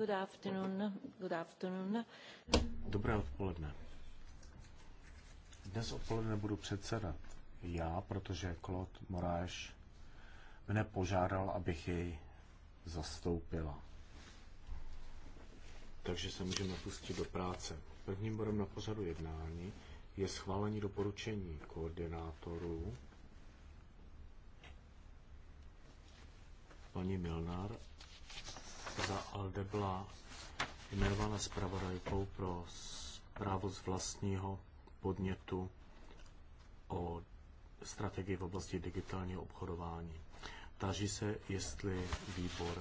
Good afternoon. Good afternoon. Dobré odpoledne. Dnes odpoledne budu předsedat já, protože Claude Moráš mne požádal, abych jej zastoupila. Takže se můžeme pustit do práce. Prvním bodem na pořadu jednání je schválení doporučení koordinátorů paní Milnar za Alde byla jmenována zpravodajkou pro zprávu z vlastního podnětu o strategii v oblasti digitálního obchodování. Táží se, jestli výbor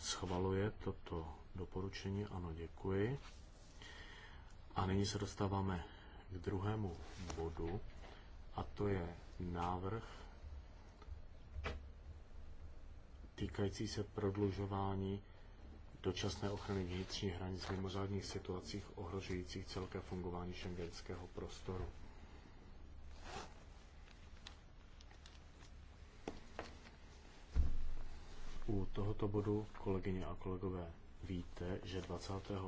schvaluje toto doporučení. Ano, děkuji. A nyní se dostáváme k druhému bodu, a to je návrh týkající se prodlužování dočasné ochrany vnitřních hranic v mimořádných situacích ohrožujících celké fungování šengenského prostoru. U tohoto bodu, kolegyně a kolegové, víte, že 25.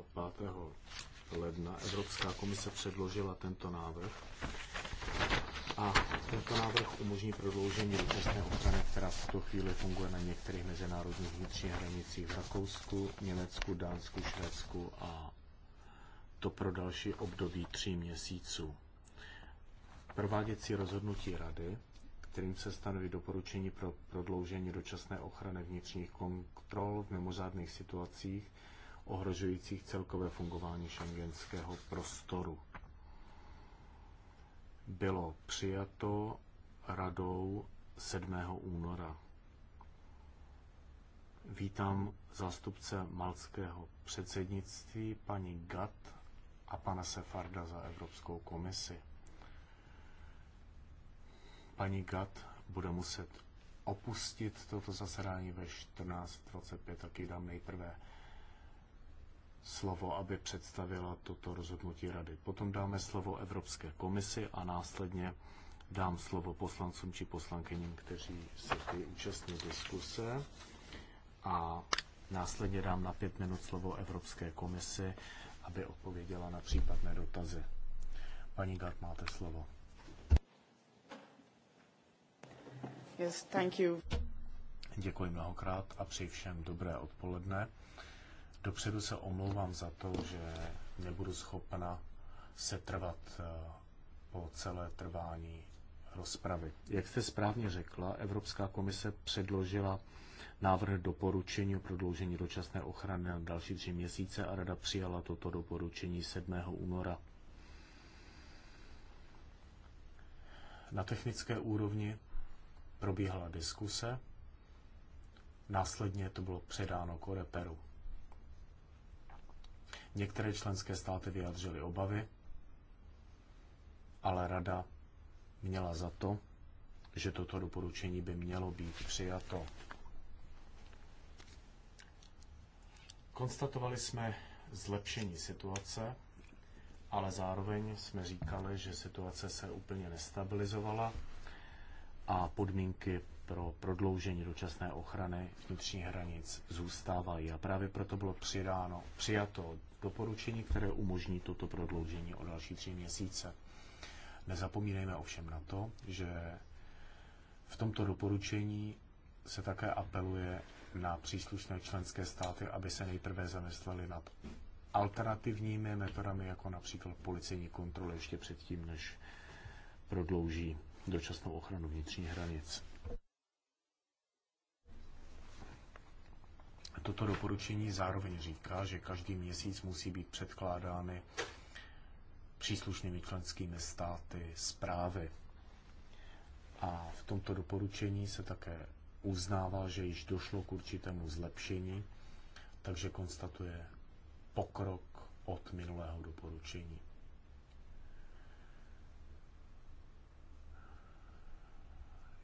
ledna Evropská komise předložila tento návrh a tento návrh umožní prodloužení dočasné ochrany, která v tuto chvíli funguje na některých mezinárodních vnitřních hranicích v Rakousku, Německu, Dánsku, Švédsku a to pro další období tří měsíců. Prováděcí rozhodnutí Rady, kterým se stanoví doporučení pro prodloužení dočasné ochrany vnitřních kontrol v mimořádných situacích ohrožujících celkové fungování šengenského prostoru bylo přijato radou 7. února. Vítám zástupce malckého předsednictví, paní Gat a pana Sefarda za Evropskou komisi. Paní Gat bude muset opustit toto zasedání ve 14.25, tak ji dám nejprve slovo, aby představila toto rozhodnutí rady. Potom dáme slovo Evropské komisi a následně dám slovo poslancům či poslankyním, kteří se ty účastní diskuse. A následně dám na pět minut slovo Evropské komisi, aby odpověděla na případné dotazy. Paní Gart, máte slovo. Yes, thank you. Děkuji mnohokrát a přeji všem dobré odpoledne. Dopředu se omlouvám za to, že nebudu schopna se trvat eh, po celé trvání rozpravy. Jak jste správně řekla, Evropská komise předložila návrh doporučení o prodloužení dočasné ochrany na další tři měsíce a Rada přijala toto doporučení 7. února. Na technické úrovni probíhala diskuse, následně to bylo předáno Koreperu. Některé členské státy vyjadřily obavy, ale rada měla za to, že toto doporučení by mělo být přijato. Konstatovali jsme zlepšení situace, ale zároveň jsme říkali, že situace se úplně nestabilizovala a podmínky pro prodloužení dočasné ochrany vnitřních hranic zůstávají. A právě proto bylo přidáno, přijato doporučení, které umožní toto prodloužení o další tři měsíce. Nezapomínejme ovšem na to, že v tomto doporučení se také apeluje na příslušné členské státy, aby se nejprve zamysleli nad alternativními metodami, jako například policejní kontroly, ještě předtím, než prodlouží dočasnou ochranu vnitřních hranic. Toto doporučení zároveň říká, že každý měsíc musí být předkládány příslušnými členskými státy zprávy. A v tomto doporučení se také uznává, že již došlo k určitému zlepšení, takže konstatuje pokrok od minulého doporučení.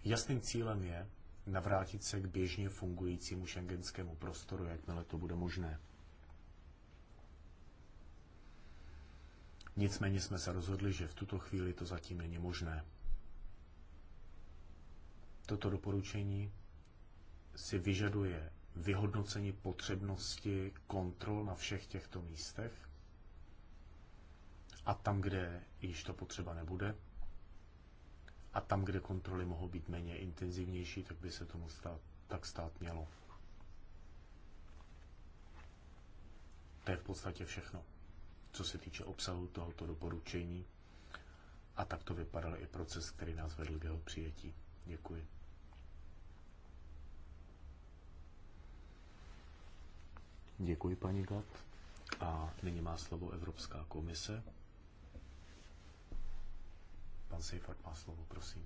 Jasným cílem je, navrátit se k běžně fungujícímu šengenskému prostoru, jakmile to bude možné. Nicméně jsme se rozhodli, že v tuto chvíli to zatím není možné. Toto doporučení si vyžaduje vyhodnocení potřebnosti kontrol na všech těchto místech a tam, kde již to potřeba nebude, a tam, kde kontroly mohou být méně intenzivnější, tak by se tomu stát, tak stát mělo. To je v podstatě všechno, co se týče obsahu tohoto doporučení. A tak to vypadal i proces, který nás vedl k jeho přijetí. Děkuji. Děkuji, paní Gat. A nyní má slovo Evropská komise. Pan Seifert má slovo, prosím.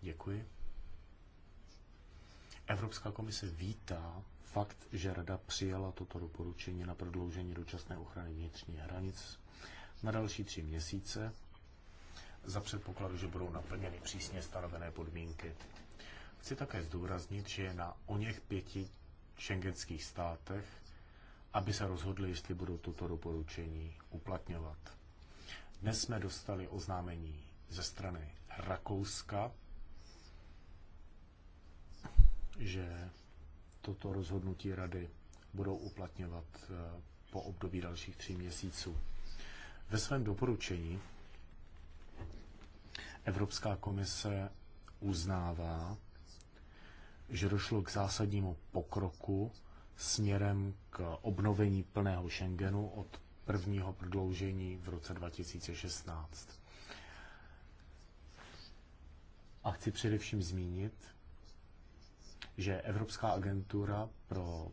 Děkuji. Evropská komise vítá fakt, že Rada přijala toto doporučení na prodloužení dočasné ochrany vnitřních hranic na další tři měsíce za předpokladu, že budou naplněny přísně stanovené podmínky. Chci také zdůraznit, že na o něch pěti šengenských státech, aby se rozhodli, jestli budou toto doporučení uplatňovat. Dnes jsme dostali oznámení ze strany Rakouska, že toto rozhodnutí rady budou uplatňovat eh, po období dalších tří měsíců. Ve svém doporučení Evropská komise uznává, že došlo k zásadnímu pokroku směrem k obnovení plného Schengenu od prvního prodloužení v roce 2016. A chci především zmínit, že Evropská agentura pro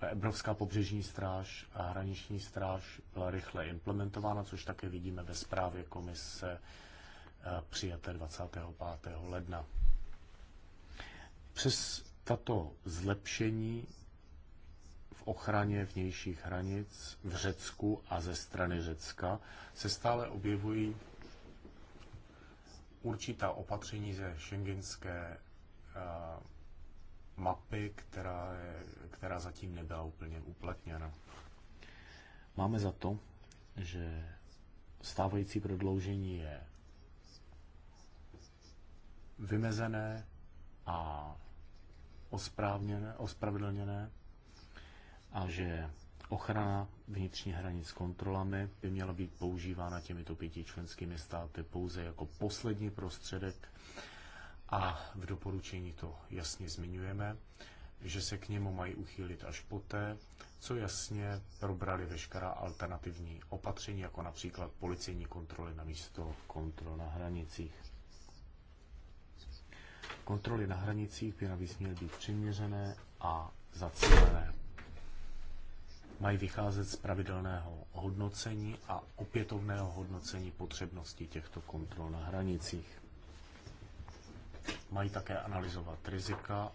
Evropská pobřežní stráž a hraniční stráž byla rychle implementována, což také vidíme ve zprávě komise eh, přijaté 25. ledna. Přes tato zlepšení ochraně vnějších hranic v Řecku a ze strany Řecka se stále objevují určitá opatření ze šengenské eh, mapy, která, je, která zatím nebyla úplně uplatněna. Máme za to, že stávající prodloužení je vymezené a ospravedlněné, a že ochrana vnitřních hranic kontrolami by měla být používána těmito pěti členskými státy pouze jako poslední prostředek a v doporučení to jasně zmiňujeme, že se k němu mají uchýlit až poté, co jasně probrali veškerá alternativní opatření, jako například policejní kontroly na místo kontrol na hranicích. Kontroly na hranicích by navíc měly být přiměřené a zacílené mají vycházet z pravidelného hodnocení a opětovného hodnocení potřebnosti těchto kontrol na hranicích. Mají také analyzovat rizika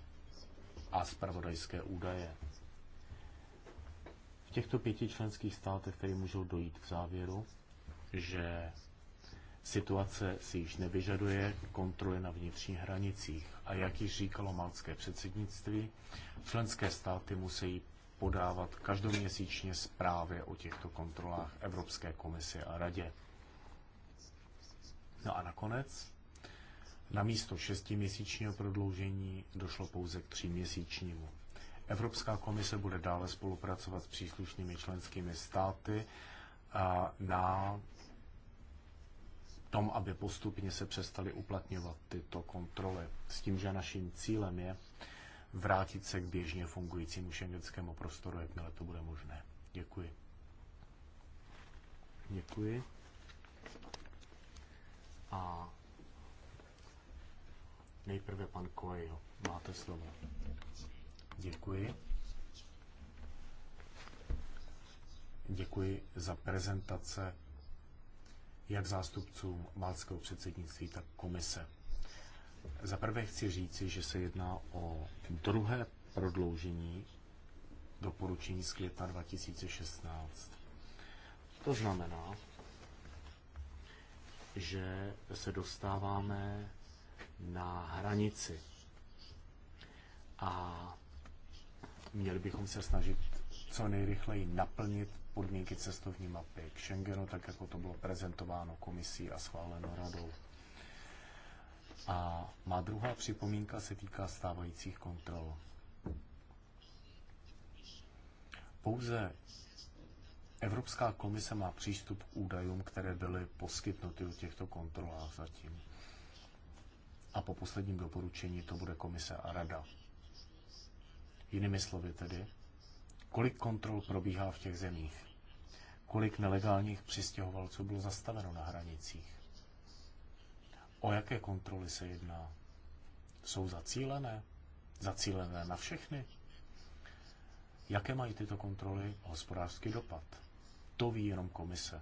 a spravodajské údaje. V těchto pěti členských státech tedy můžou dojít k závěru, že situace si již nevyžaduje kontroly na vnitřních hranicích. A jak již říkalo malské předsednictví, členské státy musí podávat každoměsíčně zprávy o těchto kontrolách Evropské komisi a radě. No a nakonec, na místo šestiměsíčního prodloužení došlo pouze k tříměsíčnímu. Evropská komise bude dále spolupracovat s příslušnými členskými státy na tom, aby postupně se přestaly uplatňovat tyto kontroly. S tím, že naším cílem je, vrátit se k běžně fungujícímu šengenskému prostoru, jakmile to bude možné. Děkuji. Děkuji. A nejprve pan Coelho. Máte slovo. Děkuji. Děkuji za prezentace jak zástupcům malského předsednictví, tak komise. Za prvé chci říci, že se jedná o druhé prodloužení doporučení z května 2016. To znamená, že se dostáváme na hranici a měli bychom se snažit co nejrychleji naplnit podmínky cestovní mapy k Schengenu, tak jako to bylo prezentováno komisí a schváleno radou. A má druhá připomínka se týká stávajících kontrol. Pouze Evropská komise má přístup k údajům, které byly poskytnuty u těchto kontrolách zatím. A po posledním doporučení to bude komise a rada. Jinými slovy tedy, kolik kontrol probíhá v těch zemích? Kolik nelegálních přistěhovalců bylo zastaveno na hranicích? O jaké kontroly se jedná? Jsou zacílené? Zacílené na všechny? Jaké mají tyto kontroly hospodářský dopad? To ví jenom komise.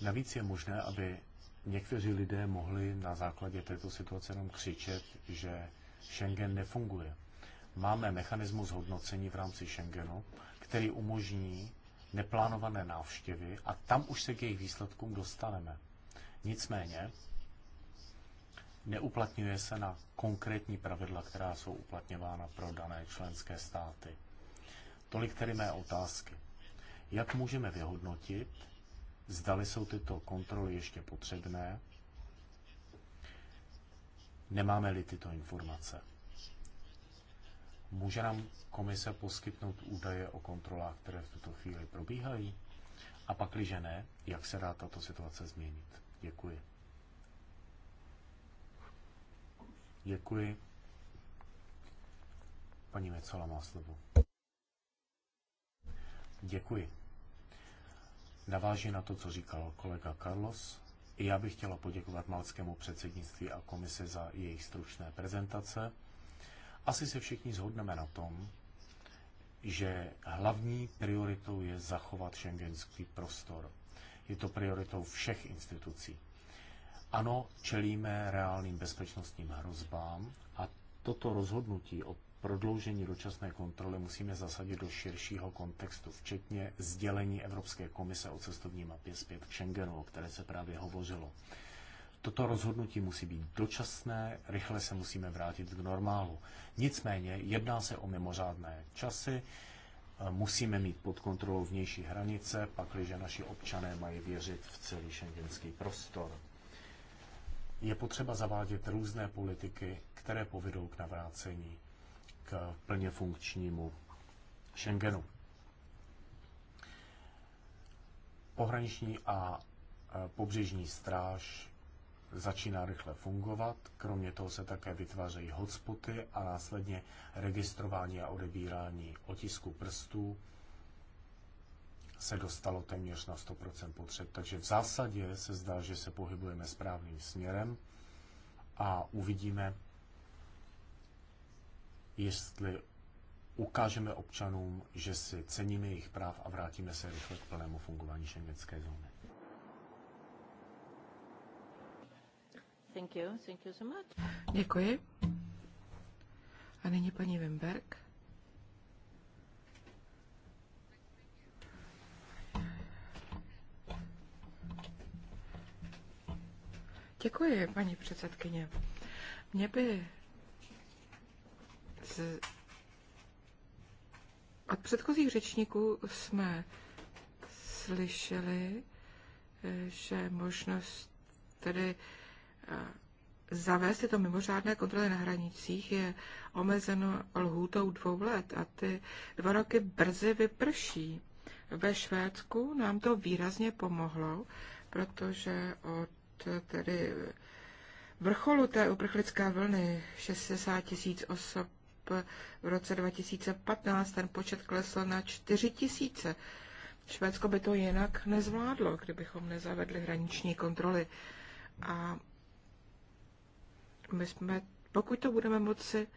Navíc je možné, aby někteří lidé mohli na základě této situace jenom křičet, že Schengen nefunguje. Máme mechanismus hodnocení v rámci Schengenu, který umožní neplánované návštěvy a tam už se k jejich výsledkům dostaneme. Nicméně neuplatňuje se na konkrétní pravidla, která jsou uplatňována pro dané členské státy. Tolik tedy mé otázky. Jak můžeme vyhodnotit, zdali jsou tyto kontroly ještě potřebné, nemáme-li tyto informace? Může nám komise poskytnout údaje o kontrolách, které v tuto chvíli probíhají? A pak, když ne, jak se dá tato situace změnit? Děkuji. Děkuji. Paní Mecola má slovo. Děkuji. Naváží na to, co říkal kolega Carlos. I já bych chtěla poděkovat malskému předsednictví a komise za jejich stručné prezentace. Asi se všichni zhodneme na tom, že hlavní prioritou je zachovat šengenský prostor. Je to prioritou všech institucí. Ano, čelíme reálným bezpečnostním hrozbám a toto rozhodnutí o prodloužení dočasné kontroly musíme zasadit do širšího kontextu, včetně sdělení Evropské komise o cestovní mapě zpět k Schengenu, o které se právě hovořilo. Toto rozhodnutí musí být dočasné, rychle se musíme vrátit k normálu. Nicméně jedná se o mimořádné časy, eh, musíme mít pod kontrolou vnější hranice, pakliže naši občané mají věřit v celý šengenský prostor. Je potřeba zavádět různé politiky, které povedou k navrácení k plně funkčnímu Schengenu. Pohraniční a eh, pobřežní stráž začíná rychle fungovat. Kromě toho se také vytvářejí hotspoty a následně registrování a odebírání otisku prstů se dostalo téměř na 100% potřeb. Takže v zásadě se zdá, že se pohybujeme správným směrem a uvidíme, jestli ukážeme občanům, že si ceníme jejich práv a vrátíme se rychle k plnému fungování šengenské zóny. Thank you. Thank you so much. Děkuji. A nyní paní Wimberg. Děkuji, paní předsedkyně. Mě by z... od předchozích řečníků jsme slyšeli, eh, že možnost tedy zavést to mimořádné kontroly na hranicích je omezeno lhůtou dvou let a ty dva roky brzy vyprší. Ve Švédsku nám to výrazně pomohlo, protože od tedy vrcholu té uprchlické vlny 60 tisíc osob v roce 2015 ten počet klesl na 4 tisíce. Švédsko by to jinak nezvládlo, kdybychom nezavedli hraniční kontroly. A my jsme, pokud to budeme moci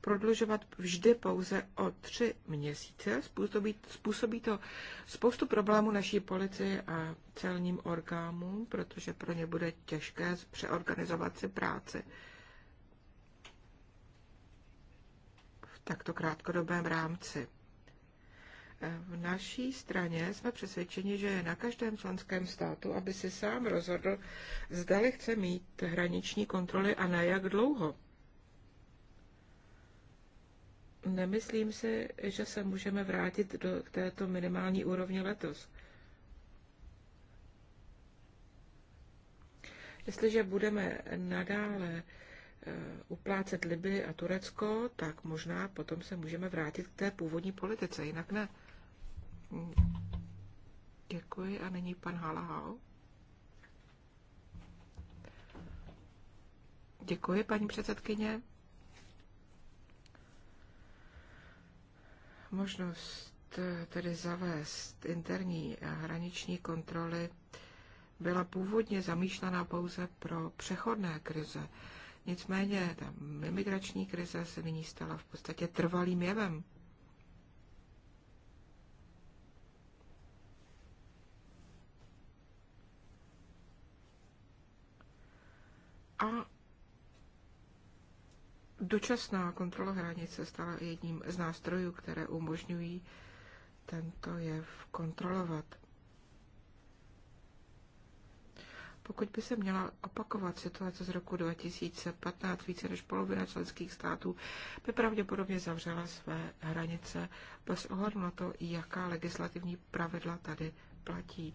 prodlužovat vždy pouze o tři měsíce, způsobí, způsobí to spoustu problémů naší policii a celním orgánům, protože pro ně bude těžké přeorganizovat si práci. takto krátkodobém rámci. V naší straně jsme přesvědčeni, že je na každém členském státu, aby si sám rozhodl, zdali chce mít hraniční kontroly a na jak dlouho. Nemyslím si, že se můžeme vrátit do této minimální úrovně letos. Jestliže budeme nadále eh, uplácet Liby a Turecko, tak možná potom se můžeme vrátit k té původní politice, jinak ne. Děkuji a nyní pan Halahal. Děkuji, paní předsedkyně. Možnost eh, tedy zavést interní a eh, hraniční kontroly byla původně zamýšlená pouze pro přechodné krize. Nicméně ta imigrační krize se nyní stala v podstatě trvalým jevem. A dočasná kontrola hranice stala jedním z nástrojů, které umožňují tento jev kontrolovat. Pokud by se měla opakovat situace z roku 2015, více než polovina členských států by pravděpodobně zavřela své hranice bez ohledu na to, jaká legislativní pravidla tady platí.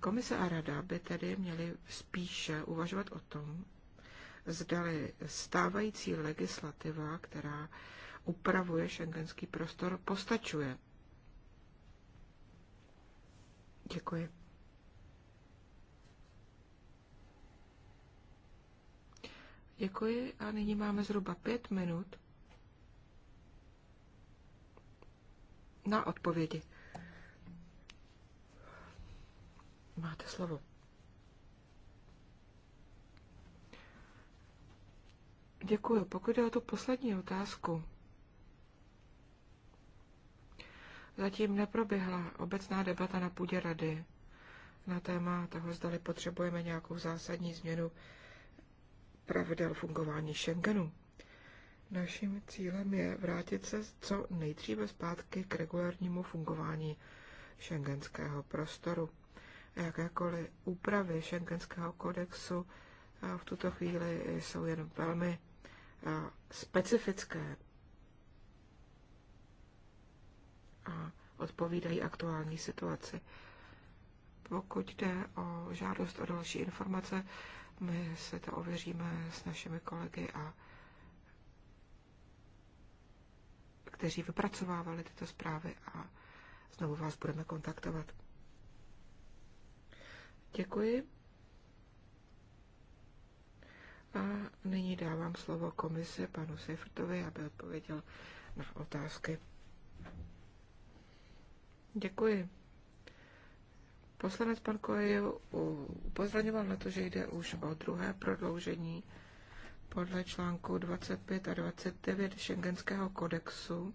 Komise a rada by tedy měly spíše uvažovat o tom, zdali stávající legislativa, která upravuje šengenský prostor, postačuje. Děkuji. Děkuji a nyní máme zhruba pět minut na odpovědi. Máte slovo. Děkuji. Pokud jde o tu poslední otázku, zatím neproběhla obecná debata na půdě rady na téma toho, zdali potřebujeme nějakou zásadní změnu pravidel fungování Schengenu. Naším cílem je vrátit se co nejdříve zpátky k regulárnímu fungování šengenského prostoru. Jakékoliv úpravy šengenského kodexu eh, v tuto chvíli jsou jen velmi specifické a odpovídají aktuální situaci. Pokud jde o žádost o další informace, my se to ověříme s našimi kolegy a kteří vypracovávali tyto zprávy a znovu vás budeme kontaktovat. Děkuji. A nyní dávám slovo komise panu Seifertovi, aby odpověděl na otázky. Děkuji. Poslanec pan Kojev upozorňoval na to, že jde už o druhé prodloužení podle článku 25 a 29 Schengenského kodexu.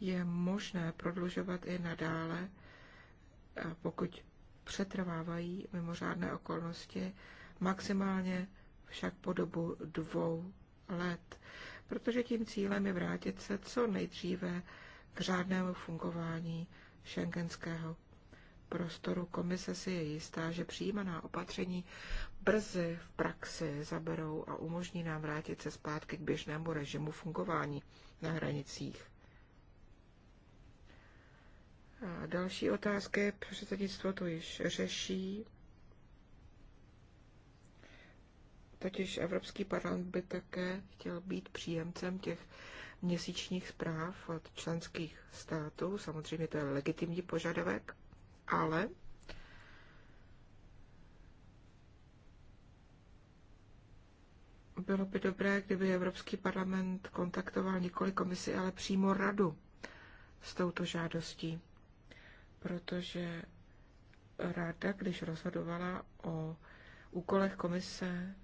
Je možné prodlužovat i nadále, pokud přetrvávají mimořádné okolnosti, maximálně však po dobu dvou let, protože tím cílem je vrátit se co nejdříve k řádnému fungování šengenského prostoru. Komise si je jistá, že přijímaná opatření brzy v praxi zaberou a umožní nám vrátit se zpátky k běžnému režimu fungování na hranicích. A další otázky předsednictvo to již řeší. Totiž Evropský parlament by také chtěl být příjemcem těch měsíčních zpráv od členských států. Samozřejmě to je legitimní požadavek, ale bylo by dobré, kdyby Evropský parlament kontaktoval nikoli komisi, ale přímo radu s touto žádostí, protože rada, když rozhodovala o úkolech komise,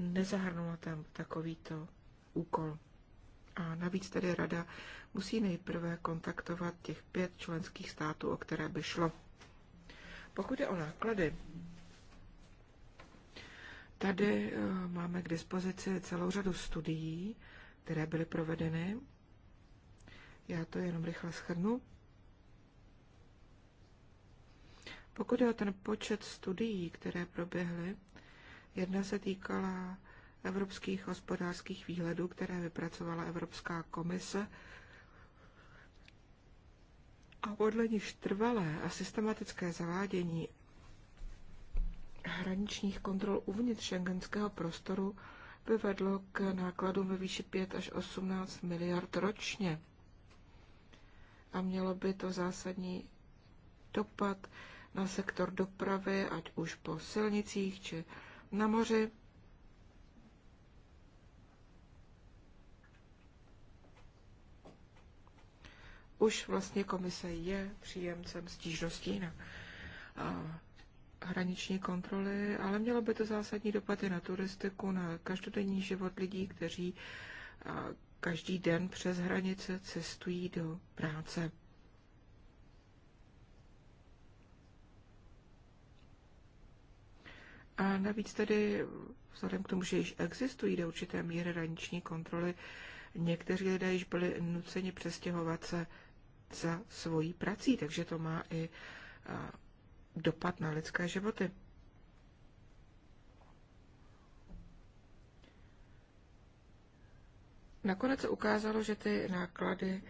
nezahrnula tam takovýto úkol. A navíc tedy rada musí nejprve kontaktovat těch pět členských států, o které by šlo. Pokud je o náklady, tady eh, máme k dispozici celou řadu studií, které byly provedeny. Já to jenom rychle schrnu. Pokud je o ten počet studií, které proběhly, Jedna se týkala evropských hospodářských výhledů, které vypracovala Evropská komise a podle nich trvalé a systematické zavádění hraničních kontrol uvnitř šengenského prostoru by vedlo k nákladům ve výši 5 až 18 miliard ročně. A mělo by to zásadní dopad na sektor dopravy, ať už po silnicích či na moři. Už vlastně komise je příjemcem stížností na hraniční kontroly, ale mělo by to zásadní dopady na turistiku, na každodenní život lidí, kteří každý den přes hranice cestují do práce. A navíc tedy, vzhledem k tomu, že již existují do určité míry hraniční kontroly, někteří lidé již byli nuceni přestěhovat se za svojí prací, takže to má i dopad na lidské životy. Nakonec se ukázalo, že ty náklady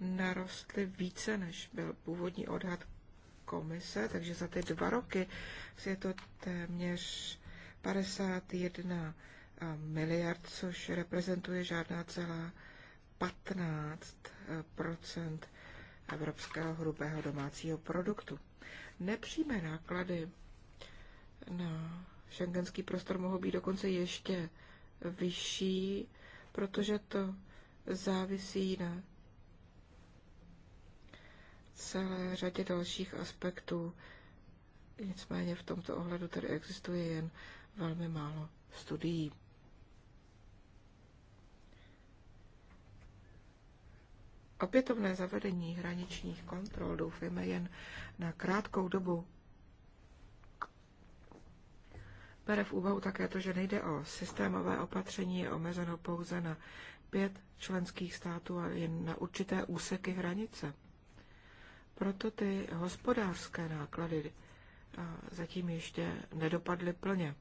narostly více, než byl původní odhad komise, takže za ty dva roky je to téměř 51 eh, miliard, což reprezentuje žádná celá 15 eh, evropského hrubého domácího produktu. Nepřímé náklady na šengenský prostor mohou být dokonce ještě vyšší, protože to závisí na celé řadě dalších aspektů. Nicméně v tomto ohledu tady existuje jen velmi málo studií. Opětovné zavedení hraničních kontrol doufejme jen na krátkou dobu. Bere v úvahu také to, že nejde o systémové opatření, je omezeno pouze na pět členských států a jen na určité úseky hranice. Proto ty hospodářské náklady eh, zatím ještě nedopadly plně.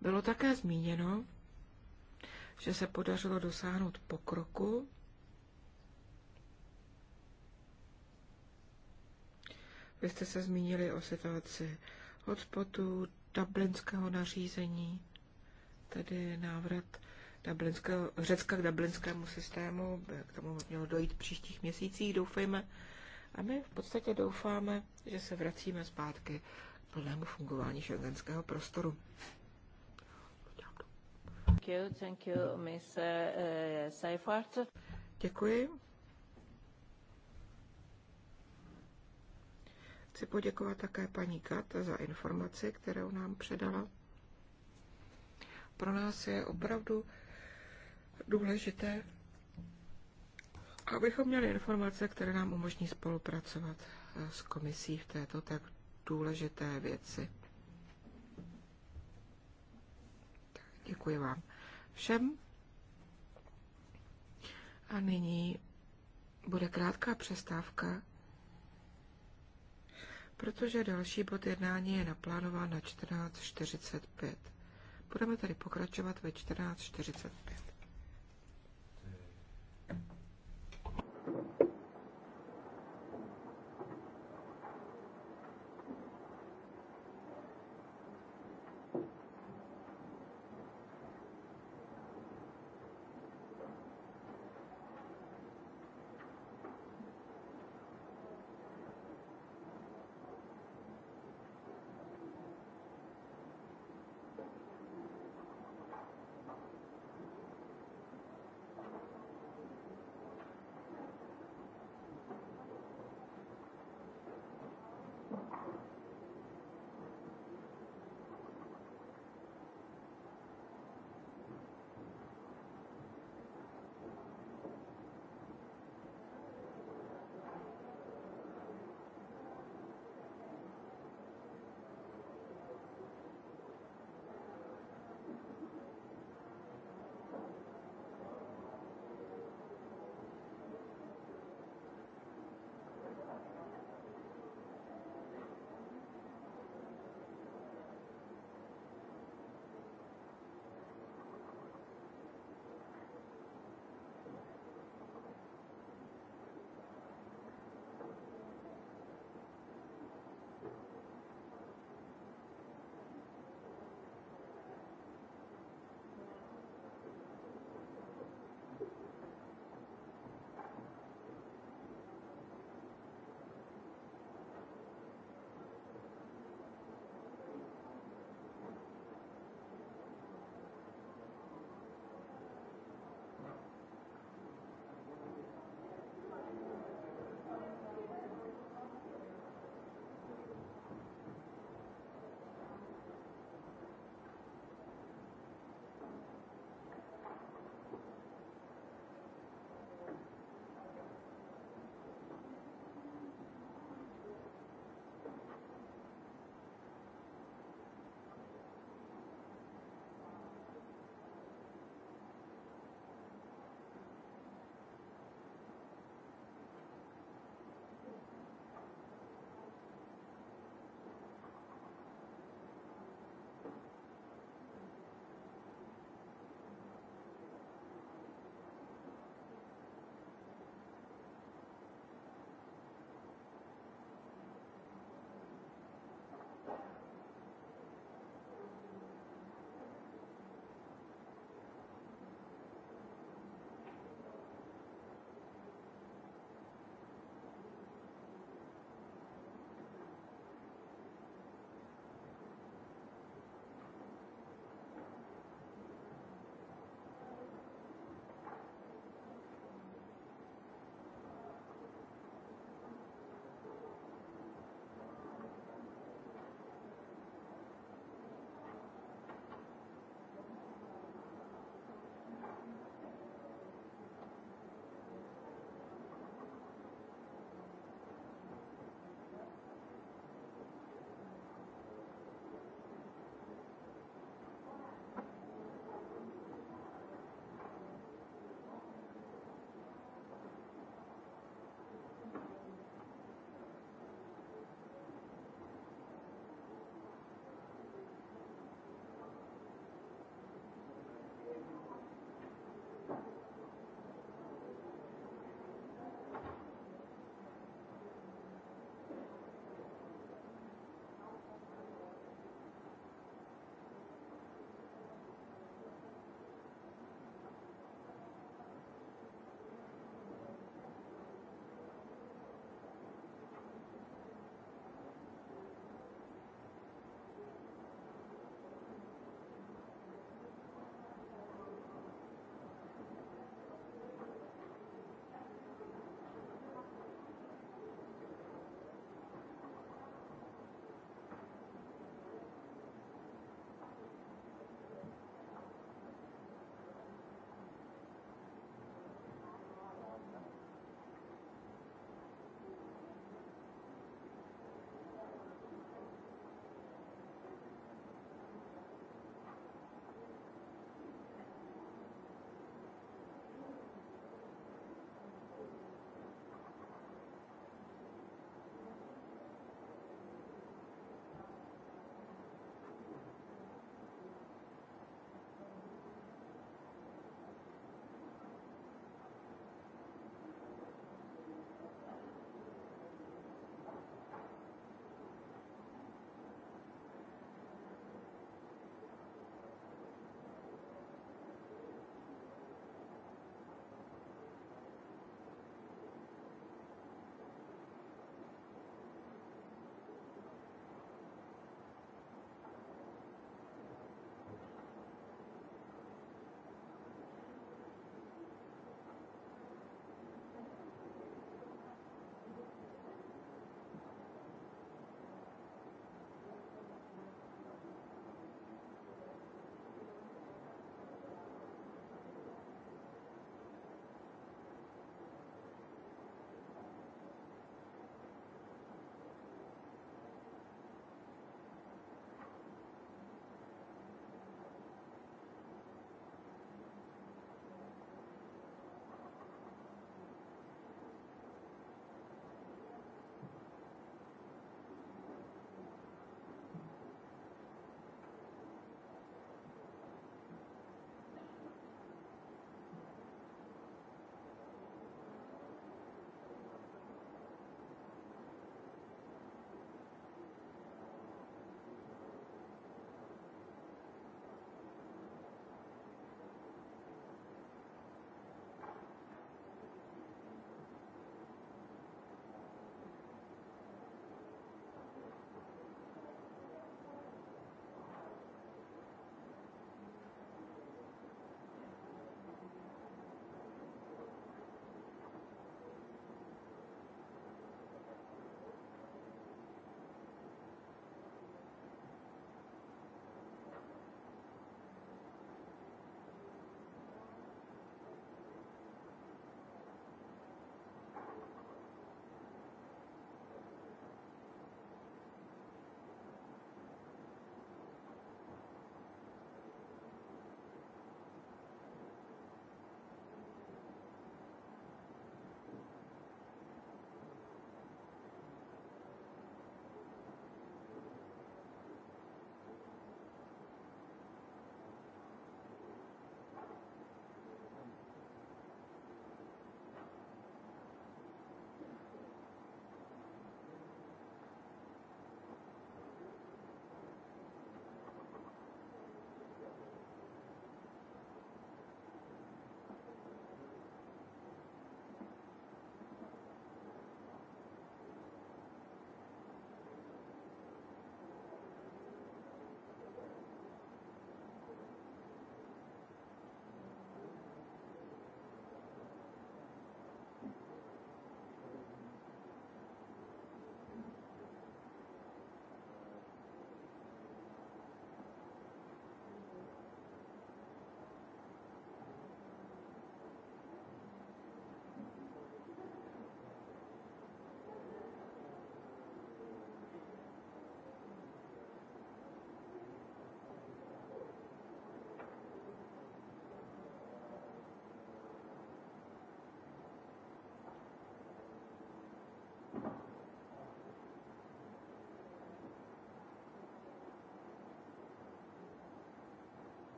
Bylo také zmíněno, že se podařilo dosáhnout pokroku Vy jste se zmínili o situaci hotspotu, dublinského nařízení tedy návrat dublinského, Řecka k dublinskému systému, k tomu mělo dojít v příštích měsících, doufejme. A my v podstatě doufáme, že se vracíme zpátky k plnému fungování šengenského prostoru. Thank you, thank you, Miss eh, Seifert. Děkuji. Chci poděkovat také paní Kat za informaci, kterou nám předala pro nás je opravdu důležité, abychom měli informace, které nám umožní spolupracovat eh, s komisí v této tak důležité věci. Děkuji vám všem. A nyní bude krátká přestávka, protože další bod jednání je naplánován na 14.45. Budeme tedy pokračovat ve 14.45.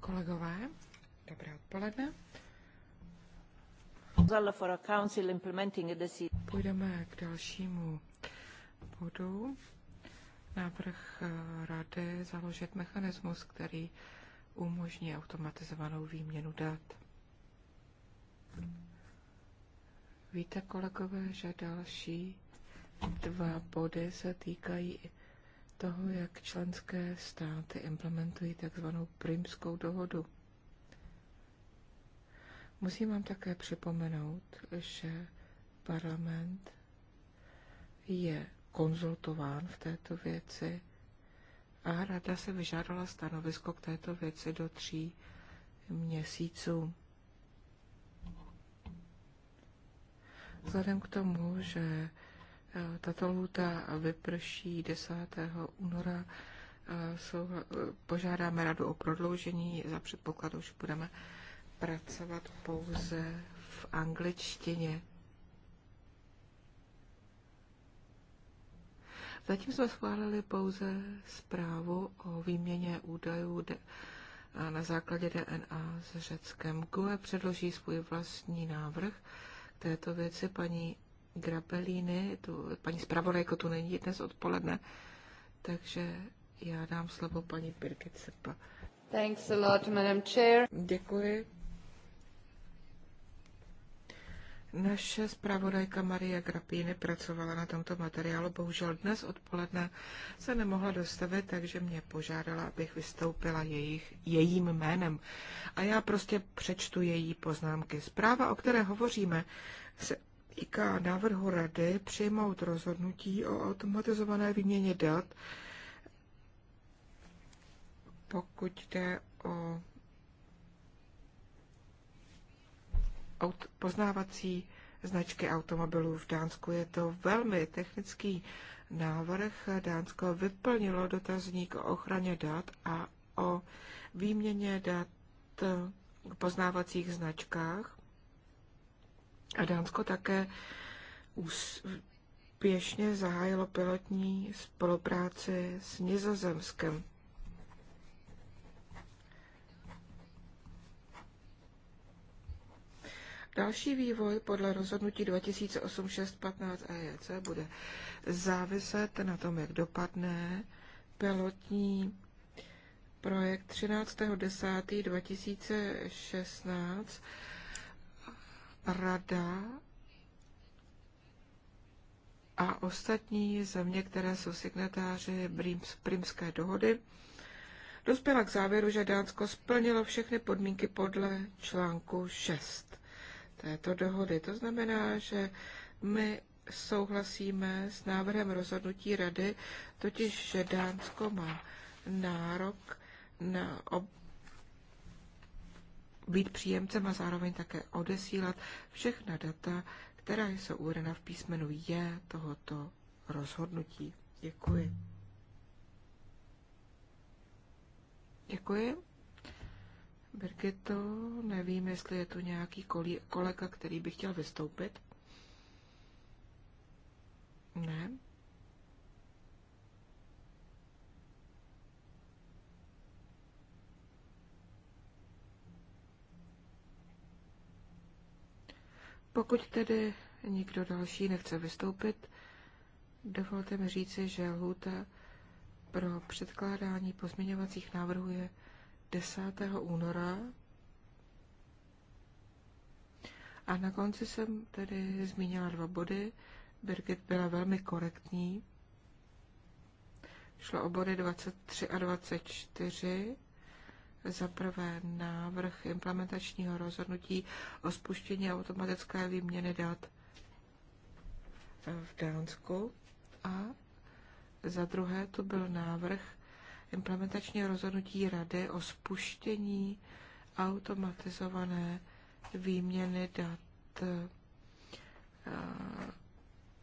Kolegové, dobré odpoledne. Půjdeme k dalšímu bodu. Návrh eh, rady založit mechanismus, který umožní automatizovanou výměnu dat. Víte, kolegové, že další dva body se týkají toho, jak členské státy implementují takzvanou Prýmskou dohodu. Musím vám také připomenout, že parlament je konzultován v této věci a rada se vyžádala stanovisko k této věci do tří měsíců. Vzhledem k tomu, že Eh, tato lhůta vyprší 10. února. Eh, požádáme radu o prodloužení za předpokladu, že budeme pracovat pouze v angličtině. Zatím jsme schválili pouze zprávu o výměně údajů eh, na základě DNA s Řeckem. GUE předloží svůj vlastní návrh této věci paní Grabelíny, tu, paní zpravodajko tu není dnes odpoledne, takže já dám slovo paní Birgit Sepa. Thanks a lot, Madam Chair. Děkuji. Naše zpravodajka Maria Grapíny pracovala na tomto materiálu, bohužel dnes odpoledne se nemohla dostavit, takže mě požádala, abych vystoupila jejich, jejím jménem. A já prostě přečtu její poznámky. Zpráva, o které hovoříme, se týká návrhu Rady přijmout rozhodnutí o automatizované výměně dat, pokud jde o poznávací značky automobilů v Dánsku. Je to velmi technický návrh. Dánsko vyplnilo dotazník o ochraně dat a o výměně dat v poznávacích značkách. A Dánsko také úspěšně zahájilo pilotní spolupráci s Nizozemskem. Další vývoj podle rozhodnutí 2008-615 EEC bude záviset na tom, jak dopadne pilotní projekt 13.10.2016 Rada a ostatní země, které jsou signatáři Primské dohody, dospěla k závěru, že Dánsko splnilo všechny podmínky podle článku 6 této dohody. To znamená, že my souhlasíme s návrhem rozhodnutí Rady, totiž že Dánsko má nárok na ob- být příjemcem a zároveň také odesílat všechna data, která jsou uvedena v písmenu J tohoto rozhodnutí. Děkuji. Děkuji. Birgito, nevím, jestli je tu nějaký kolega, který by chtěl vystoupit. Ne. Pokud tedy nikdo další nechce vystoupit, dovolte mi říci, že lhůta pro předkládání pozměňovacích návrhů je 10. února. A na konci jsem tedy zmínila dva body. Birgit byla velmi korektní. Šlo o body 23 a 24 za prvé návrh implementačního rozhodnutí o spuštění automatické výměny dat v Dánsku a za druhé to byl návrh implementačního rozhodnutí Rady o spuštění automatizované výměny dat eh,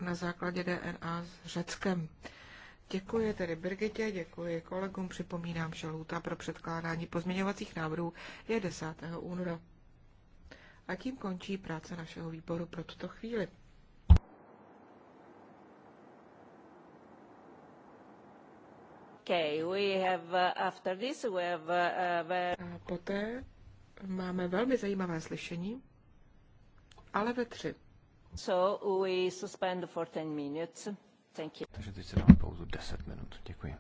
na základě DNA s Řeckem. Děkuji tedy Birgitě, děkuji kolegům. Připomínám, že lhůta pro předkládání pozměňovacích návrhů je 10. února. A tím končí práce našeho výboru pro tuto chvíli. Okay, we have, uh, after this we have, uh, uh A poté máme velmi zajímavé slyšení, ale ve tři. So we suspend for 10 minutes. Thank you. Takže teď se dáme pauzu 10 minut. Děkuji.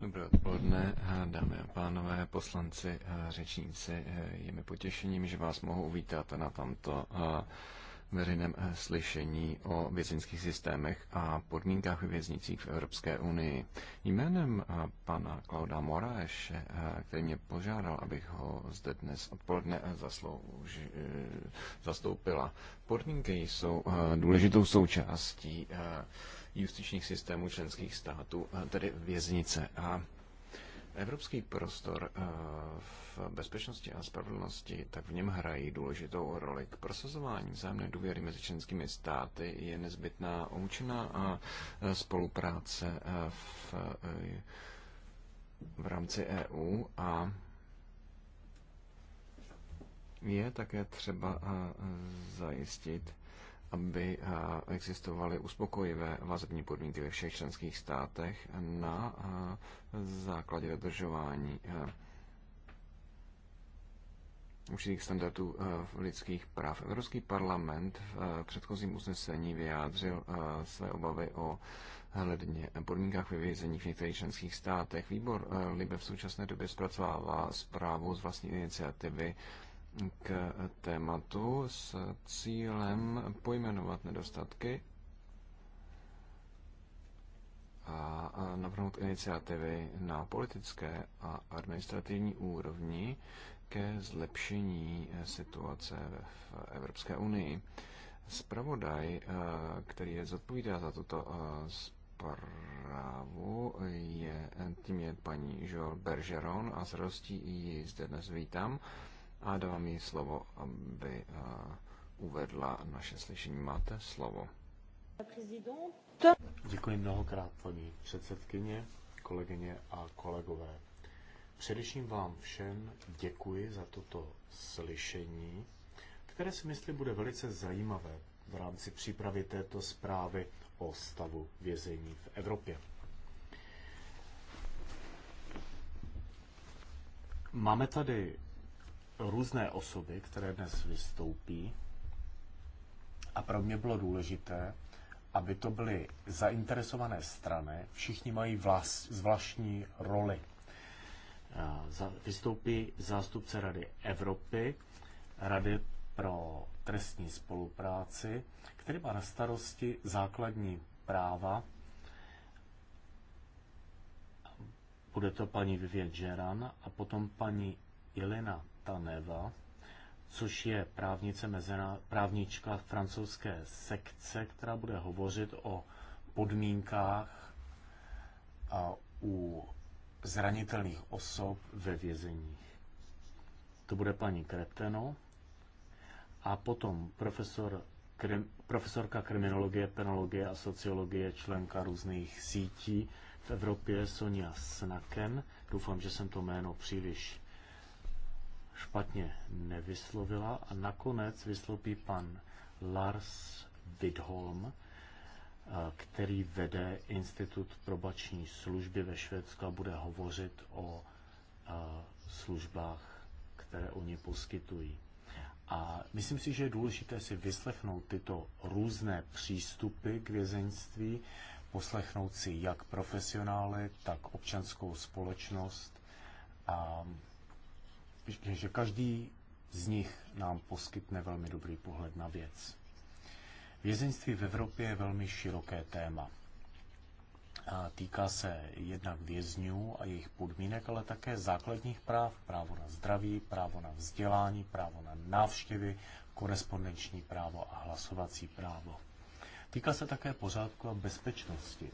Dobré odpoledne, dámy a pánové, poslanci, řečníci. Je mi potěšením, že vás mohu uvítat na tomto veřejném eh, slyšení o vězeňských systémech a podmínkách ve věznicích v Evropské unii. Jménem eh, pana Klauda Moraes, eh, který mě požádal, abych ho zde dnes odpoledne zaslouž, zastoupila. Podmínky jsou důležitou součástí justičních systémů členských států, tedy věznice a Evropský prostor eh, v bezpečnosti a spravedlnosti, tak v něm hrají důležitou roli. K prosazování vzájemné důvěry mezi členskými státy je nezbytná účinná eh, spolupráce eh, v, v rámci EU a je také třeba zajistit, aby eh, existovaly uspokojivé vazební podmínky ve všech členských státech na eh, základě dodržování eh, určitých standardů lidských práv. Evropský parlament v předchozím usnesení vyjádřil své obavy o hledně podmínkách vyvězení v některých členských státech. Výbor Libe v současné době zpracovává zprávu z vlastní iniciativy k tématu s cílem pojmenovat nedostatky a navrhnout iniciativy na politické a administrativní úrovni ke zlepšení situace v Evropské unii. Spravodaj, eh, který je zodpovídá za tuto eh, zprávu, je, tím je paní Joel Bergeron a s radostí ji zde dnes vítám a dávám jí slovo, aby uvedla naše slyšení. Máte slovo. Děkuji mnohokrát, paní předsedkyně, kolegyně a kolegové. Především vám všem děkuji za toto slyšení, které si myslím bude velice zajímavé v rámci přípravy této zprávy o stavu vězení v Evropě. Máme tady různé osoby, které dnes vystoupí. A pro mě bylo důležité, aby to byly zainteresované strany. Všichni mají vlas, zvláštní roli. Vystoupí zástupce Rady Evropy, Rady pro trestní spolupráci, který má na starosti základní práva. Bude to paní Vivian Geran a potom paní Jelena Taneva, což je právnice mezená, právnička francouzské sekce, která bude hovořit o podmínkách a u zranitelných osob ve vězeních. To bude paní Kreteno a potom profesor, krim, profesorka kriminologie, penologie a sociologie, členka různých sítí v Evropě Sonia Snaken. Doufám, že jsem to jméno příliš špatně nevyslovila a nakonec vyslopí pan Lars Vidholm, eh, který vede Institut probační služby ve Švédsku a bude hovořit o eh, službách, které oni poskytují. A myslím si, že je důležité si vyslechnout tyto různé přístupy k vězeňství, poslechnout si jak profesionály, tak občanskou společnost, a že každý z nich nám poskytne velmi dobrý pohled na věc. Vězeňství v Evropě je velmi široké téma. A týká se jednak vězňů a jejich podmínek, ale také základních práv, právo na zdraví, právo na vzdělání, právo na návštěvy, korespondenční právo a hlasovací právo. Týká se také pořádku a bezpečnosti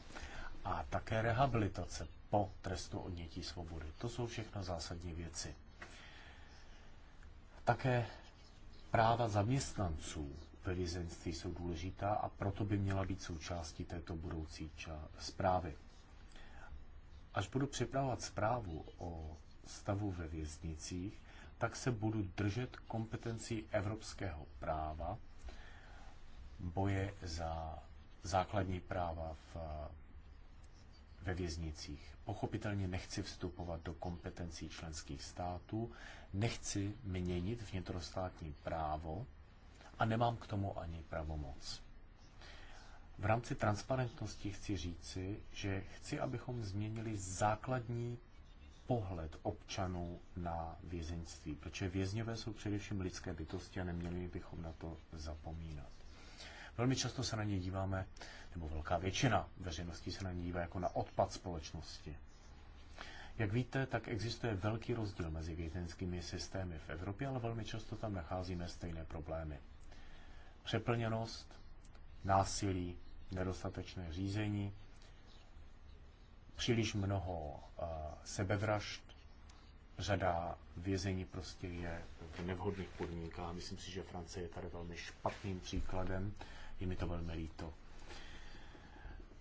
a také rehabilitace po trestu odnětí svobody. To jsou všechno zásadní věci. Také práva zaměstnanců ve vězenství jsou důležitá a proto by měla být součástí této budoucí zprávy. Až budu připravovat zprávu o stavu ve věznicích, tak se budu držet kompetencí evropského práva, boje za základní práva v ve věznicích. Pochopitelně nechci vstupovat do kompetencí členských států, nechci měnit vnitrostátní právo a nemám k tomu ani pravomoc. V rámci transparentnosti chci říci, že chci, abychom změnili základní pohled občanů na vězeňství, protože vězňové jsou především lidské bytosti a neměli bychom na to zapomínat. Velmi často se na ně díváme nebo velká většina veřejnosti se na ní dívá jako na odpad společnosti. Jak víte, tak existuje velký rozdíl mezi vězeňskými systémy v Evropě, ale velmi často tam nacházíme stejné problémy. Přeplněnost, násilí, nedostatečné řízení, příliš mnoho eh, sebevražd, řada vězení prostě je v nevhodných podmínkách. Myslím si, že Francie je tady velmi špatným příkladem. Je mi to velmi líto.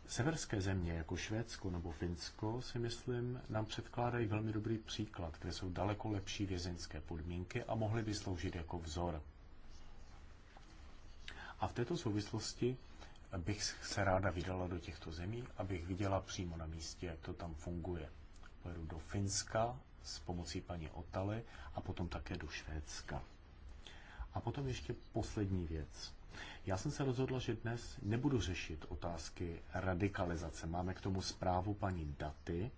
Severské země, jako Švédsko nebo Finsko, si myslím, nám předkládají velmi dobrý příklad, kde jsou daleko lepší vězeňské podmínky a mohly by sloužit jako vzor. A v této souvislosti bych se ráda vydala do těchto zemí, abych viděla přímo na místě, jak to tam funguje. Pojedu do Finska s pomocí paní Otaly a potom také do Švédska. A potom ještě poslední věc. Já jsem se rozhodla, že dnes nebudu řešit otázky radikalizace. Máme k tomu zprávu paní Daty.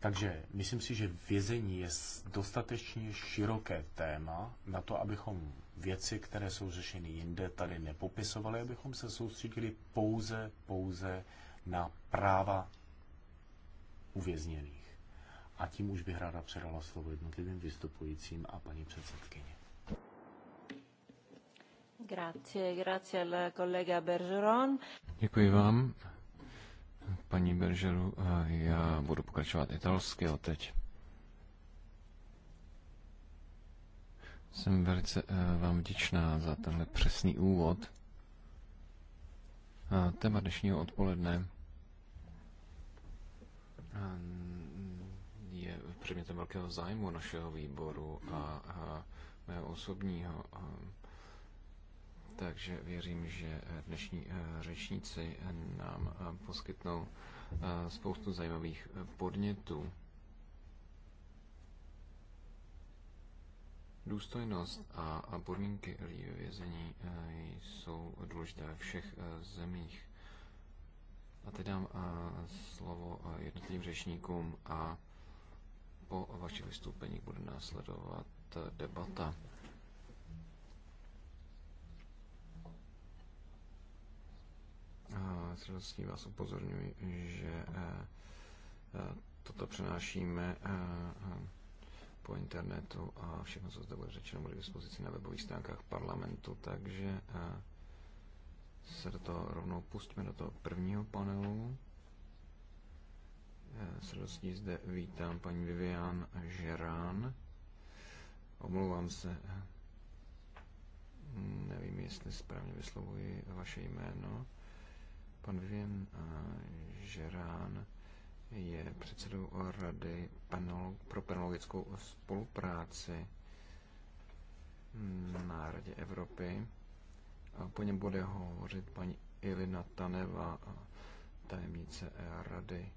Takže myslím si, že vězení je dostatečně široké téma na to, abychom věci, které jsou řešeny jinde, tady nepopisovali, abychom se soustředili pouze, pouze na práva uvězněných. A tím už bych ráda předala slovo jednotlivým vystupujícím a paní předsedkyni. Děkuji vám. Paní Bergeru, já budu pokračovat italsky od teď. Jsem velice eh, vám vděčná za tenhle přesný úvod. Téma dnešního odpoledne eh, je předmětem velkého zájmu našeho výboru a mého osobního. A eh, takže věřím, že eh, dnešní eh, řečníci eh, nám poskytnou spoustu zajímavých podnětů. Důstojnost a podmínky lidí ve vězení jsou důležité ve všech zemích. A teď dám slovo jednotlivým řečníkům a po vašich vystoupeních bude následovat debata. A vás upozorňuji, že eh, eh, toto přenášíme eh, po internetu a všechno, co zde bude řečeno, bude k dispozici na webových stránkách parlamentu, takže se do toho rovnou pustíme do toho prvního panelu. S radostí zde vítám paní Vivian Žerán. Omlouvám se, nevím, jestli správně vyslovuji vaše jméno. Pan Vivian Žerán je předsedou Rady pro penologickou spolupráci na Radě Evropy. A po něm bude hovořit paní Ilina Taneva, tajemnice Rady.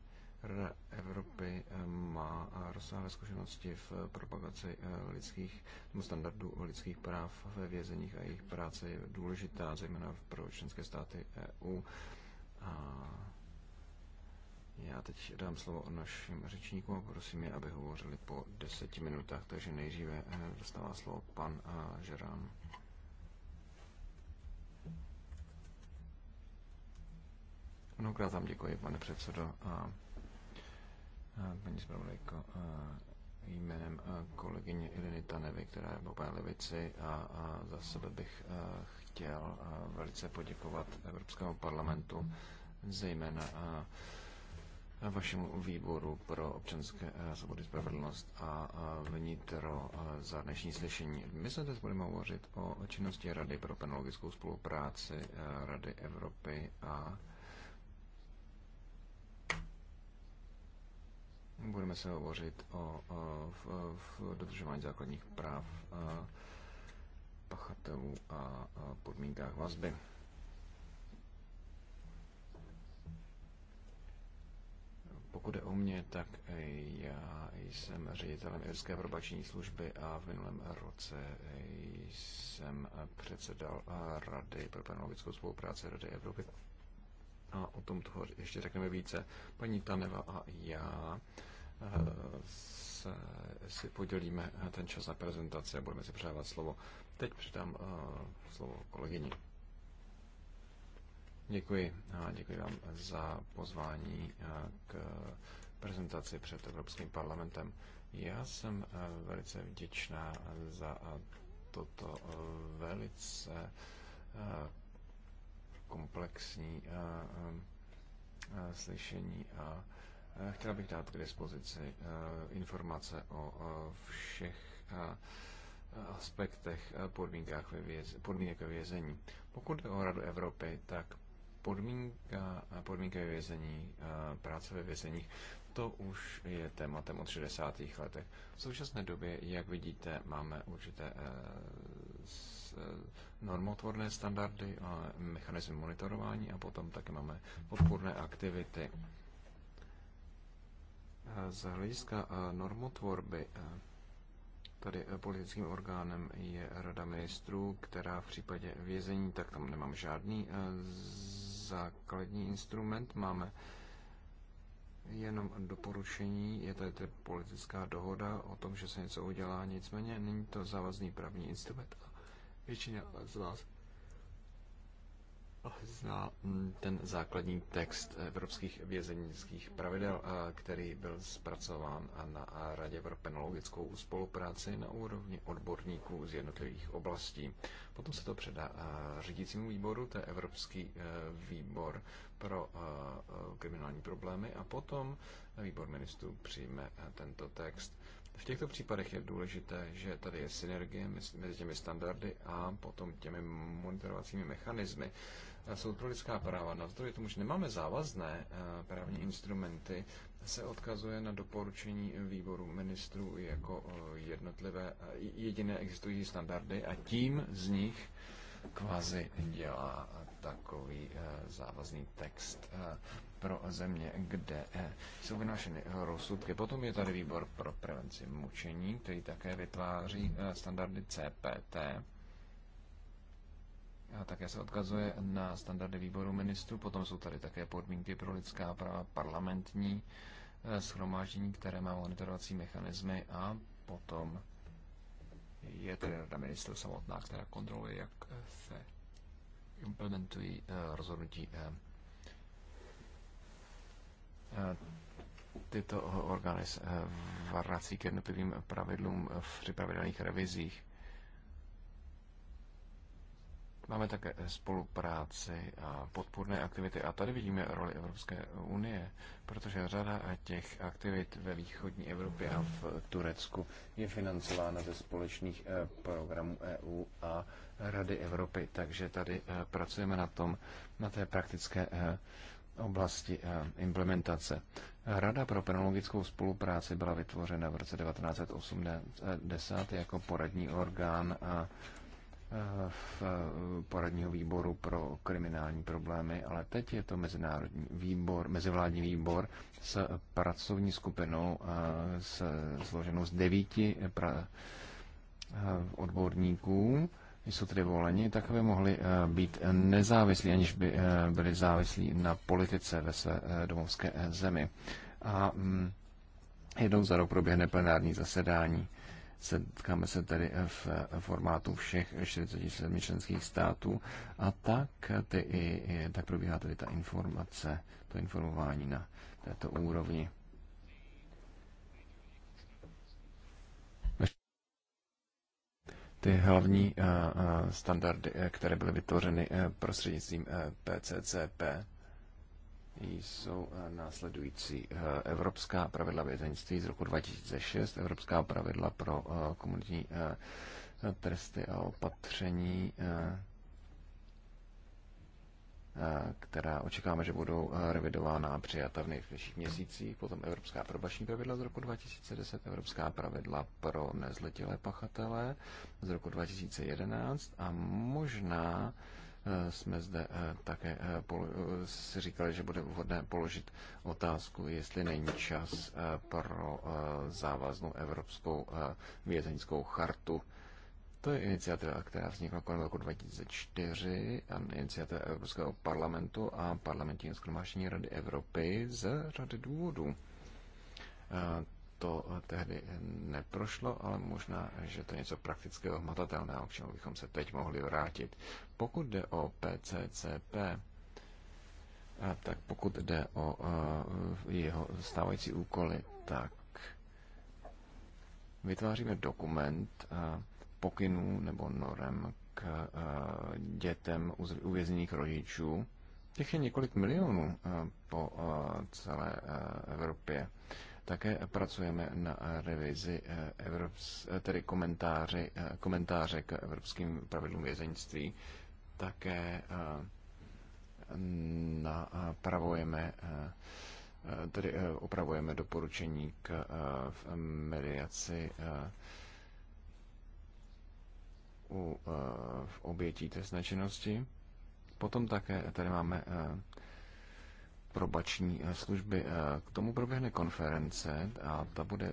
Rada Evropy má rozsáhlé zkušenosti v propagaci e, lidských standardů lidských práv ve vězeních a jejich práce je důležitá, zejména pro členské státy EU. A já teď dám slovo našim řečníkům a prosím je, aby hovořili po deseti minutách, takže nejdříve eh, dostává slovo pan žerám. Eh, Žerán. Mnohokrát vám děkuji, pane předsedo a, a paní zpravodajko jménem kolegyně Iliny Tanevy, která je v Bobé Levici a, a za sebe bych a, eh, chtěl a, velice poděkovat Evropskému parlamentu. Mm zejména vašemu výboru pro občanské svobody, spravedlnost a vnitro za dnešní slyšení. My se dnes budeme hovořit o činnosti Rady pro penologickou spolupráci Rady Evropy a budeme se hovořit o, o v, v dodržování základních práv pachatelů a podmínkách vazby. Pokud je o mě, tak já jsem ředitelem Irské probační služby a v minulém roce jsem předsedal Rady pro penologickou spolupráci Rady Evropy. A o tom toho ještě řekneme více. Paní Taneva a já eh, se, si podělíme ten čas na prezentaci a budeme si předávat slovo. Teď předám eh, slovo kolegyni. Děkuji. A děkuji vám za pozvání eh, k prezentaci před Evropským parlamentem. Já jsem eh, velice vděčná za eh, toto velice komplexní slyšení a chtěla bych dát k dispozici informace o všech aspektech podmínkách ve věz, podmínek ve vězení. Pokud jde o Radu Evropy, tak podmínka, eh, podmínka ve vězení, eh, práce ve vězeních, to už je tématem od 60. letech. V současné době, jak vidíte, máme určité eh, normotvorné standardy a mechanizmy monitorování a potom také máme podpůrné aktivity. Z hlediska normotvorby tady politickým orgánem je Rada ministrů, která v případě vězení, tak tam nemám žádný základní instrument, máme jenom doporučení, je tady tedy politická dohoda o tom, že se něco udělá, nicméně není to závazný právní instrument. Většina z vás zná mm, ten základní text evropských vězeňských pravidel, který byl zpracován na Radě pro penologickou spolupráci na úrovni odborníků z jednotlivých oblastí. Potom se to předá řídícímu výboru, to je Evropský e, výbor pro e, kriminální problémy a potom výbor ministrů přijme e, tento text. V těchto případech je důležité, že tady je synergie mezi těmi standardy a potom těmi monitorovacími mechanismy jsou pro lidská práva, navzdory tomu, že nemáme závazné eh, právní instrumenty, se odkazuje na doporučení výboru ministrů jako eh, jednotlivé, eh, jediné existující standardy a tím z nich kvazi dělá takový závazný text pro země, kde jsou vynášeny rozsudky. Potom je tady výbor pro prevenci mučení, který také vytváří standardy CPT také se odkazuje na standardy výboru ministrů. Potom jsou tady také podmínky pro lidská práva parlamentní eh, schromáždění, které má monitorovací mechanismy a potom je tady rada ministrů samotná, která kontroluje, jak eh, se implementují eh, rozhodnutí tyto orgány vrací k jednotlivým pravidlům v připravených revizích. Máme také spolupráci a podpůrné aktivity. A tady vidíme roli Evropské unie, protože řada těch aktivit ve východní Evropě a v Turecku je financována ze společných eh, programů EU a Rady Evropy. Takže tady eh, pracujeme na tom, na té praktické eh, oblasti implementace. Rada pro penologickou spolupráci byla vytvořena v roce 1980 jako poradní orgán a v eh, poradního výboru pro kriminální problémy, ale teď je to mezinárodní výbor, mezivládní výbor s pracovní skupinou eh, s, složenou z devíti pra, eh, odborníků, jsou tedy voleni, tak aby mohli být nezávislí, aniž by byli závislí na politice ve své domovské zemi. A mm, jednou za rok proběhne plenární zasedání Setkáme se tady v eh, formátu všech 47 členských států a tak, eh, ty, i, tak probíhá tady ta informace, to informování na této úrovni. Ty hlavní eh, standardy, které byly vytvořeny prostřednictvím PCCP, jsou eh, následující eh, Evropská pravidla vězeňství z roku 2006, Evropská pravidla pro eh, komunitní tresty a opatření, která očekáváme, že budou revidována a přijata v nejbližších měsících, potom Evropská probační pravidla z roku 2010, Evropská pravidla pro nezletilé pachatele z roku 2011 a možná Eh, jsme zde eh, také eh, si říkali, že bude vhodné položit otázku, jestli není čas pro závaznou evropskou vězeňskou chartu. To je iniciativa, která vznikla kolem roku 2004, iniciativa Evropského parlamentu a parlamentního schromáždění Rady Evropy z řady důvodů to tehdy neprošlo, ale možná, že to něco praktického, hmatatelného, k čemu bychom se teď mohli vrátit. Pokud jde o PCCP, a tak pokud jde o e, jeho stávající úkoly, tak vytváříme dokument e, pokynů nebo norem k e, dětem uvězněných rodičů. Těch je několik milionů po celé Evropě. Také pracujeme na revizi eh, Evrops, eh, tedy komentáři, eh, komentáře k evropským pravidlům vězeňství. Také napravujeme tedy opravujeme doporučení k mediaci u v obětí trestné činnosti. Potom také tady máme probační eh, služby. Eh, k tomu proběhne konference a ta bude,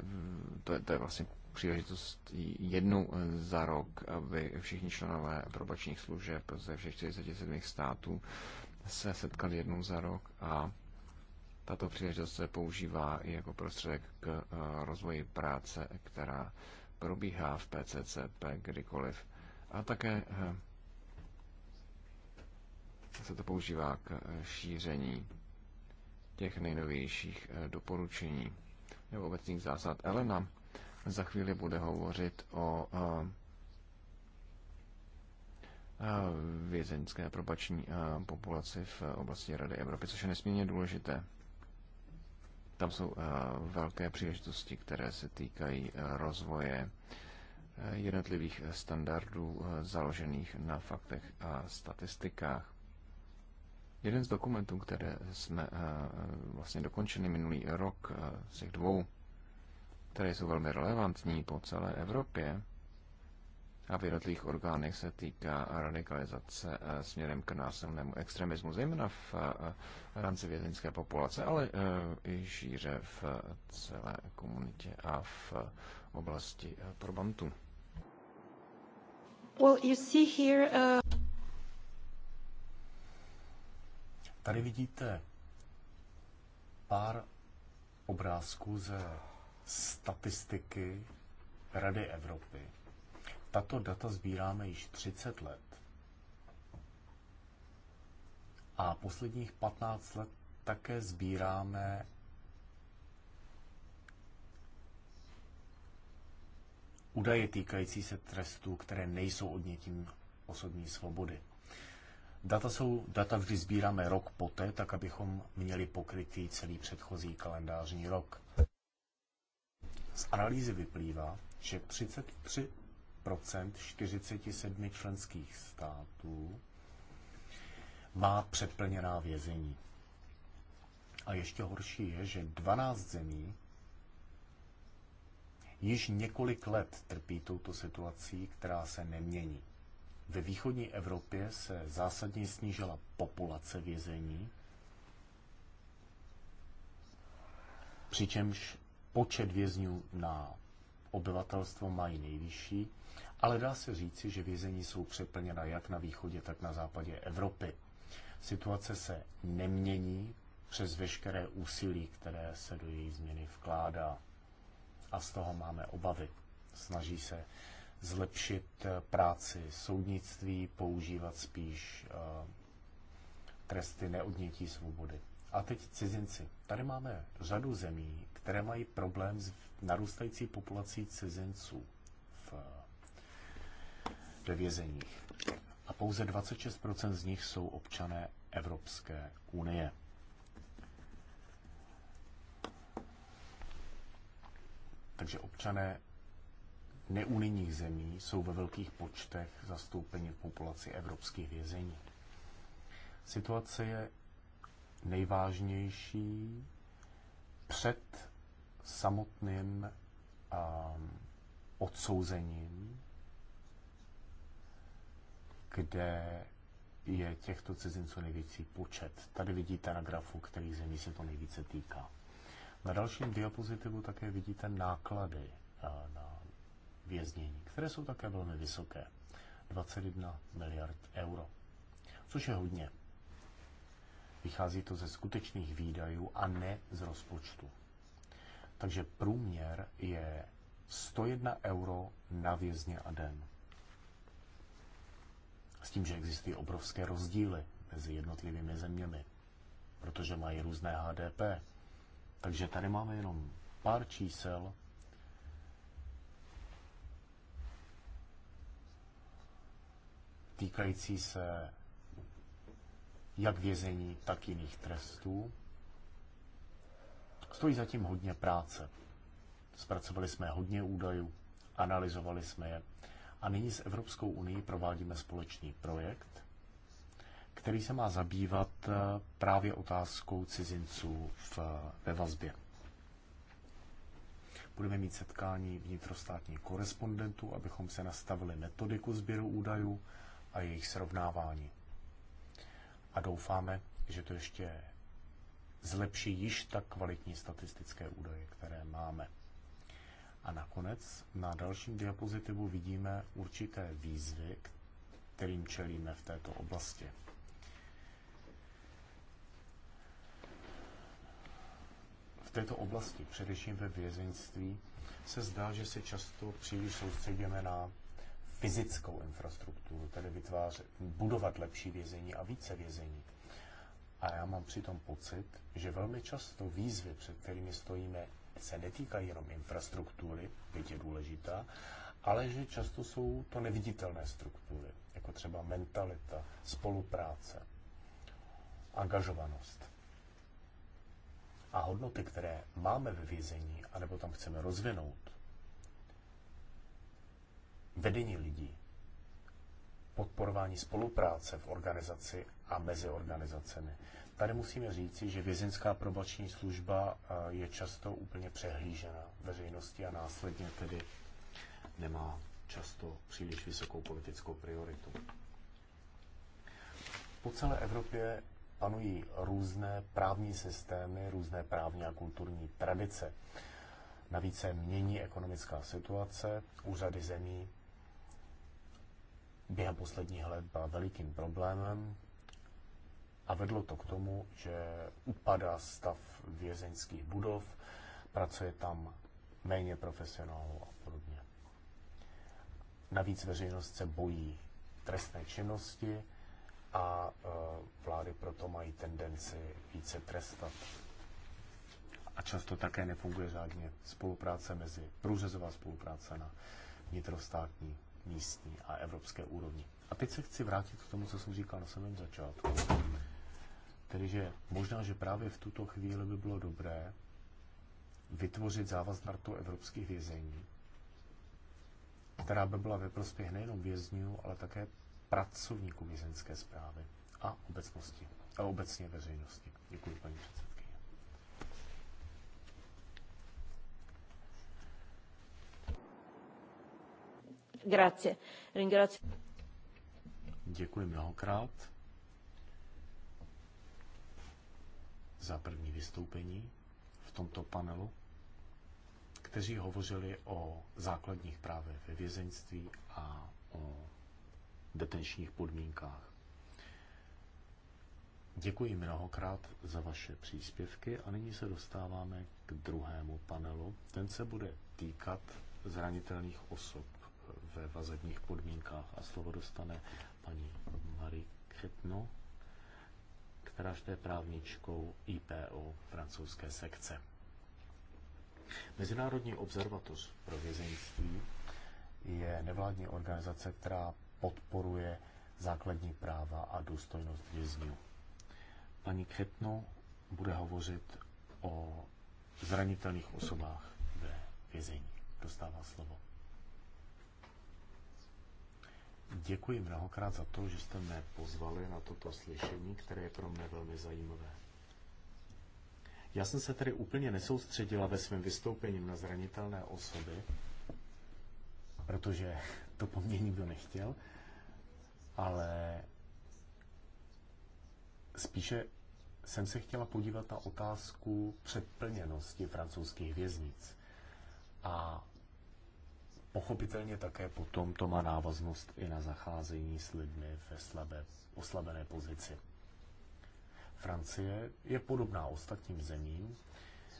to je, to je vlastně příležitost jednou eh, za rok, aby všichni členové probačních služeb ze všech 47 států se setkali jednou za rok a tato příležitost se používá i jako prostředek k rozvoji práce, která probíhá v PCCP kdykoliv. A také se to používá k šíření těch nejnovějších eh, doporučení nebo obecných zásad. Elena za chvíli bude hovořit o eh, eh, vězeňské probační populaci v oblasti Rady Evropy, což je nesmírně důležité. Tam jsou velké příležitosti, které se týkají rozvoje jednotlivých standardů založených na faktech a statistikách. Jeden z dokumentů, které jsme eh, vlastně dokončili minulý rok eh, z těch dvou, které jsou velmi relevantní po celé Evropě a v jednotlivých orgánech se týká radikalizace eh, směrem k násilnému extremismu, zejména v rámci vězeňské populace, ale i šíře v celé komunitě a v oblasti probantu. Well, you see here, uh... Tady vidíte pár obrázků ze statistiky Rady Evropy. Tato data sbíráme již 30 let. A posledních 15 let také sbíráme údaje týkající se trestů, které nejsou odnětím osobní svobody. Data, jsou, data vždy sbíráme rok poté, tak abychom měli pokrytý celý předchozí kalendářní rok. Z analýzy vyplývá, že 33 47 členských států má přeplněná vězení. A ještě horší je, že 12 zemí již několik let trpí touto situací, která se nemění. Ve východní Evropě se zásadně snížila populace vězení, přičemž počet vězňů na obyvatelstvo mají nejvyšší, ale dá se říci, že vězení jsou přeplněna jak na východě, tak na západě Evropy. Situace se nemění přes veškeré úsilí, které se do její změny vkládá. A z toho máme obavy. Snaží se zlepšit eh, práci soudnictví, používat spíš eh, tresty neodnětí svobody. A teď cizinci. Tady máme řadu zemí, které mají problém s narůstající populací cizinců v, ve vězeních. A pouze 26% z nich jsou občané Evropské unie. Takže občané neunijních zemí jsou ve velkých počtech zastoupeni v populaci evropských vězení. Situace je nejvážnější před samotným um, odsouzením, kde je těchto cizinců největší počet. Tady vidíte na grafu, kterých zemí se to nejvíce týká. Na dalším diapozitivu také vidíte náklady uh, na věznění, které jsou také velmi vysoké. 21 miliard euro, což je hodně. Vychází to ze skutečných výdajů a ne z rozpočtu. Takže průměr je 101 euro na vězně a den. S tím, že existují obrovské rozdíly mezi jednotlivými zeměmi, protože mají různé HDP. Takže tady máme jenom pár čísel, týkající se jak vězení, tak jiných trestů. Stojí zatím hodně práce. Zpracovali jsme hodně údajů, analyzovali jsme je a nyní s Evropskou unii provádíme společný projekt, který se má zabývat eh, právě otázkou cizinců v, eh, ve vazbě. Budeme mít setkání vnitrostátních korespondentů, abychom se nastavili metodiku sběru údajů, a jejich srovnávání. A doufáme, že to ještě zlepší již tak kvalitní statistické údaje, které máme. A nakonec na dalším diapozitivu vidíme určité výzvy, kterým čelíme v této oblasti. V této oblasti, především ve vězeňství, se zdá, že se často příliš soustředíme na fyzickou infrastrukturu, tedy vytvářet, budovat lepší vězení a více vězení. A já mám přitom pocit, že velmi často výzvy, před kterými stojíme, se netýkají jenom infrastruktury, byť je důležitá, ale že často jsou to neviditelné struktury, jako třeba mentalita, spolupráce, angažovanost. A hodnoty, které máme ve vězení, anebo tam chceme rozvinout, vedení lidí, podporování spolupráce v organizaci a mezi organizacemi. Tady musíme říci, že vězeňská probační služba eh, je často úplně přehlížena veřejnosti a následně tedy nemá často příliš vysokou politickou prioritu. Po celé Evropě panují různé právní systémy, různé právní a kulturní tradice. Navíc se mění ekonomická situace, úřady zemí během posledních let byla velikým problémem a vedlo to k tomu, že upadá stav vězeňských budov, pracuje tam méně profesionálů a podobně. Navíc veřejnost se bojí trestné činnosti a e, vlády proto mají tendenci více trestat. A často také nefunguje řádně spolupráce mezi průřezová spolupráce na vnitrostátní místní a evropské úrovni. A teď se chci vrátit k tomu, co jsem říkal na samém začátku. Tedy, že možná, že právě v tuto chvíli by bylo dobré vytvořit závaznou evropských vězení, která by byla ve prospěch nejenom vězňů, ale také pracovníků vězeňské zprávy a obecnosti a obecně veřejnosti. Děkuji, paní předsedkyně. Grazie. Ringrazio. Děkuji mnohokrát za první vystoupení v tomto panelu, kteří hovořili o základních právech ve vězeňství a o detenčních podmínkách. Děkuji mnohokrát za vaše příspěvky a nyní se dostáváme k druhému panelu. Ten se bude týkat zranitelných osob ve vazebních podmínkách. A slovo dostane paní Marie Kretno, která je právničkou IPO francouzské sekce. Mezinárodní observatoř pro vězeňství je nevládní organizace, která podporuje základní práva a důstojnost vězňů. Paní Kretno bude hovořit o zranitelných osobách ve vězení. Dostává slovo. Děkuji mnohokrát za to, že jste mě pozvali na toto slyšení, které je pro mě velmi zajímavé. Já jsem se tedy úplně nesoustředila ve svém vystoupení na zranitelné osoby, protože to po mně nikdo nechtěl, ale spíše jsem se chtěla podívat na otázku přeplněnosti francouzských věznic. A pochopitelně také potom to má návaznost i na zacházení s lidmi ve slabé, oslabené pozici. Francie je podobná ostatním zemím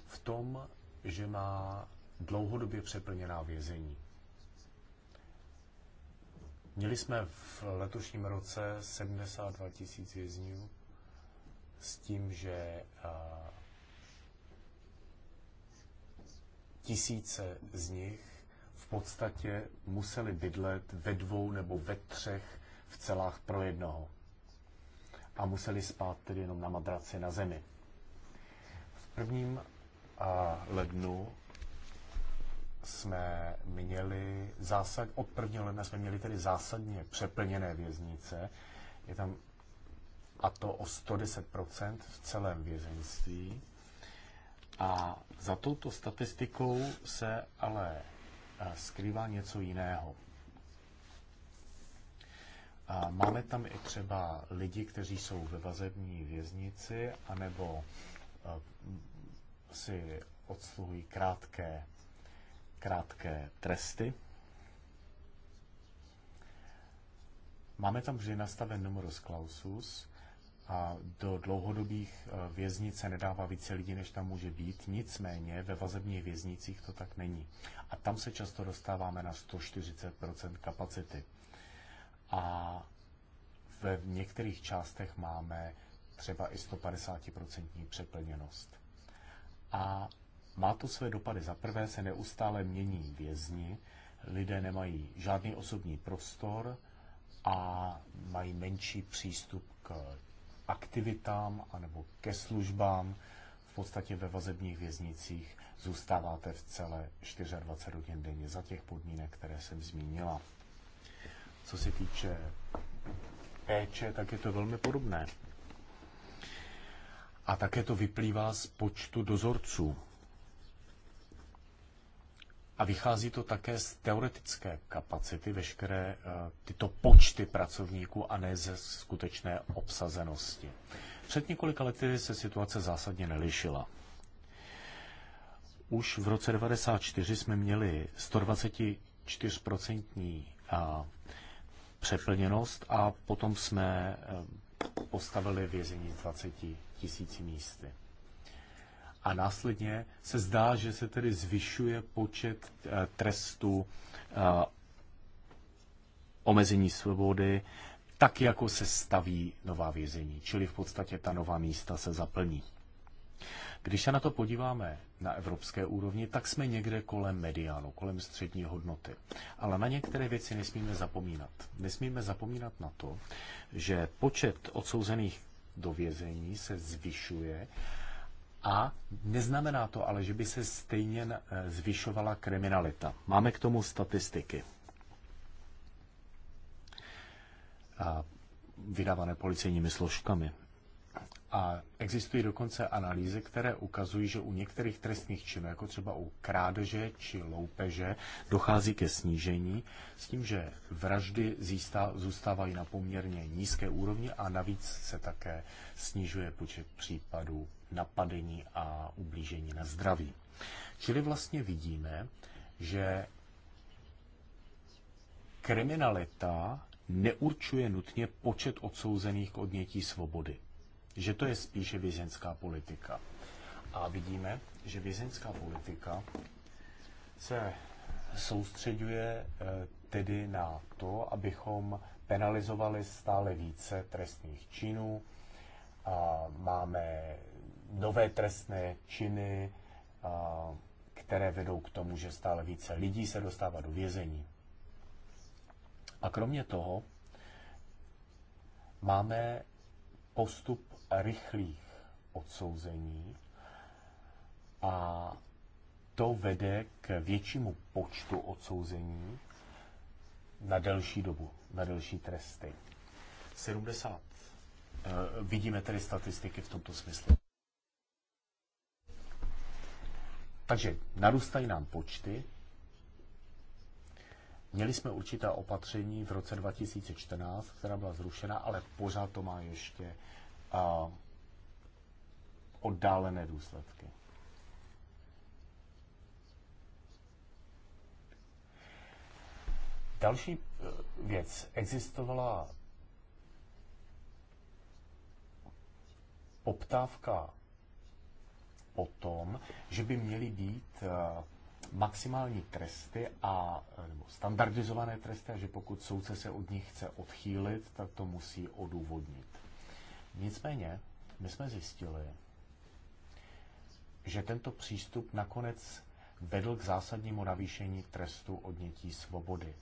v tom, že má dlouhodobě přeplněná vězení. Měli jsme v letošním roce 72 tisíc vězňů s tím, že tisíce z nich podstatě museli bydlet ve dvou nebo ve třech v celách pro jednoho. A museli spát tedy jenom na madraci na zemi. V prvním a lednu jsme měli zásad, od prvního ledna jsme měli tedy zásadně přeplněné věznice. Je tam a to o 110% v celém vězeňství. A za touto statistikou se ale skrývá něco jiného. A máme tam i třeba lidi, kteří jsou ve vazební věznici, anebo si odsluhují krátké, krátké tresty. Máme tam vždy nastaven numerus clausus, a do dlouhodobých eh, věznic se nedává více lidí, než tam může být. Nicméně ve vazebních věznicích to tak není. A tam se často dostáváme na 140 kapacity. A ve některých částech máme třeba i 150 přeplněnost. A má to své dopady. Za prvé se neustále mění vězni, lidé nemají žádný osobní prostor a mají menší přístup k aktivitám anebo ke službám. V podstatě ve vazebních věznicích zůstáváte v celé 24 hodin denně za těch podmínek, které jsem zmínila. Co se týče péče, tak je to velmi podobné. A také to vyplývá z počtu dozorců a vychází to také z teoretické kapacity, veškeré eh, tyto počty pracovníků a ne ze skutečné obsazenosti. Před několika lety se situace zásadně nelišila. Už v roce 1994 jsme měli 124% eh, přeplněnost a potom jsme eh, postavili vězení 20 tisíci místy a následně se zdá, že se tedy zvyšuje počet eh, trestů eh, omezení svobody, tak jako se staví nová vězení, čili v podstatě ta nová místa se zaplní. Když se na to podíváme na evropské úrovni, tak jsme někde kolem mediánu, kolem střední hodnoty. Ale na některé věci nesmíme zapomínat. Nesmíme zapomínat na to, že počet odsouzených do vězení se zvyšuje a neznamená to ale, že by se stejně eh, zvyšovala kriminalita. Máme k tomu statistiky. A vydávané policejními složkami. A existují dokonce analýzy, které ukazují, že u některých trestných činů, jako třeba u krádeže či loupeže, dochází ke snížení, s tím, že vraždy zůstávají na poměrně nízké úrovni a navíc se také snižuje počet případů napadení a ublížení na zdraví. Čili vlastně vidíme, že kriminalita neurčuje nutně počet odsouzených k odnětí svobody že to je spíše vězeňská politika. A vidíme, že vězeňská politika se soustředuje eh, tedy na to, abychom penalizovali stále více trestných činů. A máme nové trestné činy, a které vedou k tomu, že stále více lidí se dostává do vězení. A kromě toho máme postup rychlých odsouzení a to vede k většímu počtu odsouzení na delší dobu, na delší tresty. 70. Eh, vidíme tedy statistiky v tomto smyslu. Takže narůstají nám počty. Měli jsme určitá opatření v roce 2014, která byla zrušena, ale pořád to má ještě oddálené důsledky. Další eh, věc. Existovala poptávka o tom, že by měly být eh, maximální tresty a eh, nebo standardizované tresty a že pokud soudce se od nich chce odchýlit, tak to musí odůvodnit. Nicméně, my jsme zjistili, že tento přístup nakonec vedl k zásadnímu navýšení trestu odnětí svobody.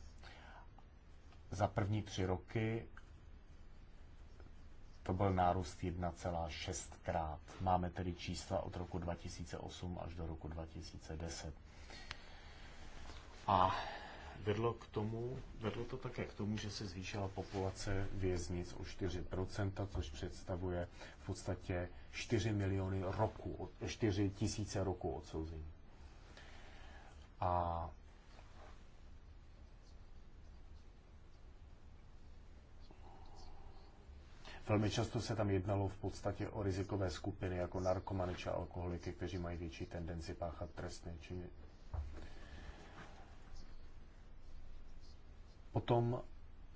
Za první tři roky to byl nárůst 1,6 krát. Máme tedy čísla od roku 2008 až do roku 2010. A Vedlo, k tomu, vedlo to také k tomu, že se zvýšila populace věznic o 4%, což představuje v podstatě 4 miliony roku, 4 tisíce roku odsouzení. A Velmi často se tam jednalo v podstatě o rizikové skupiny jako narkomany či alkoholiky, kteří mají větší tendenci páchat trestné činy, Potom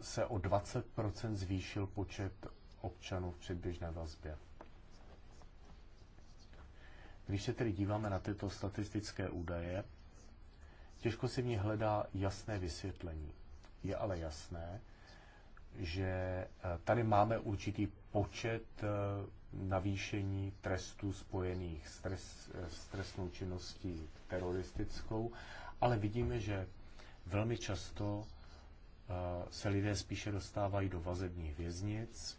se o 20 zvýšil počet občanů v předběžné vazbě. Když se tedy díváme na tyto statistické údaje, těžko se v nich hledá jasné vysvětlení. Je ale jasné, že eh, tady máme určitý počet eh, navýšení trestů spojených s, trest, s trestnou činností teroristickou, ale vidíme, že velmi často se lidé spíše dostávají do vazebních věznic.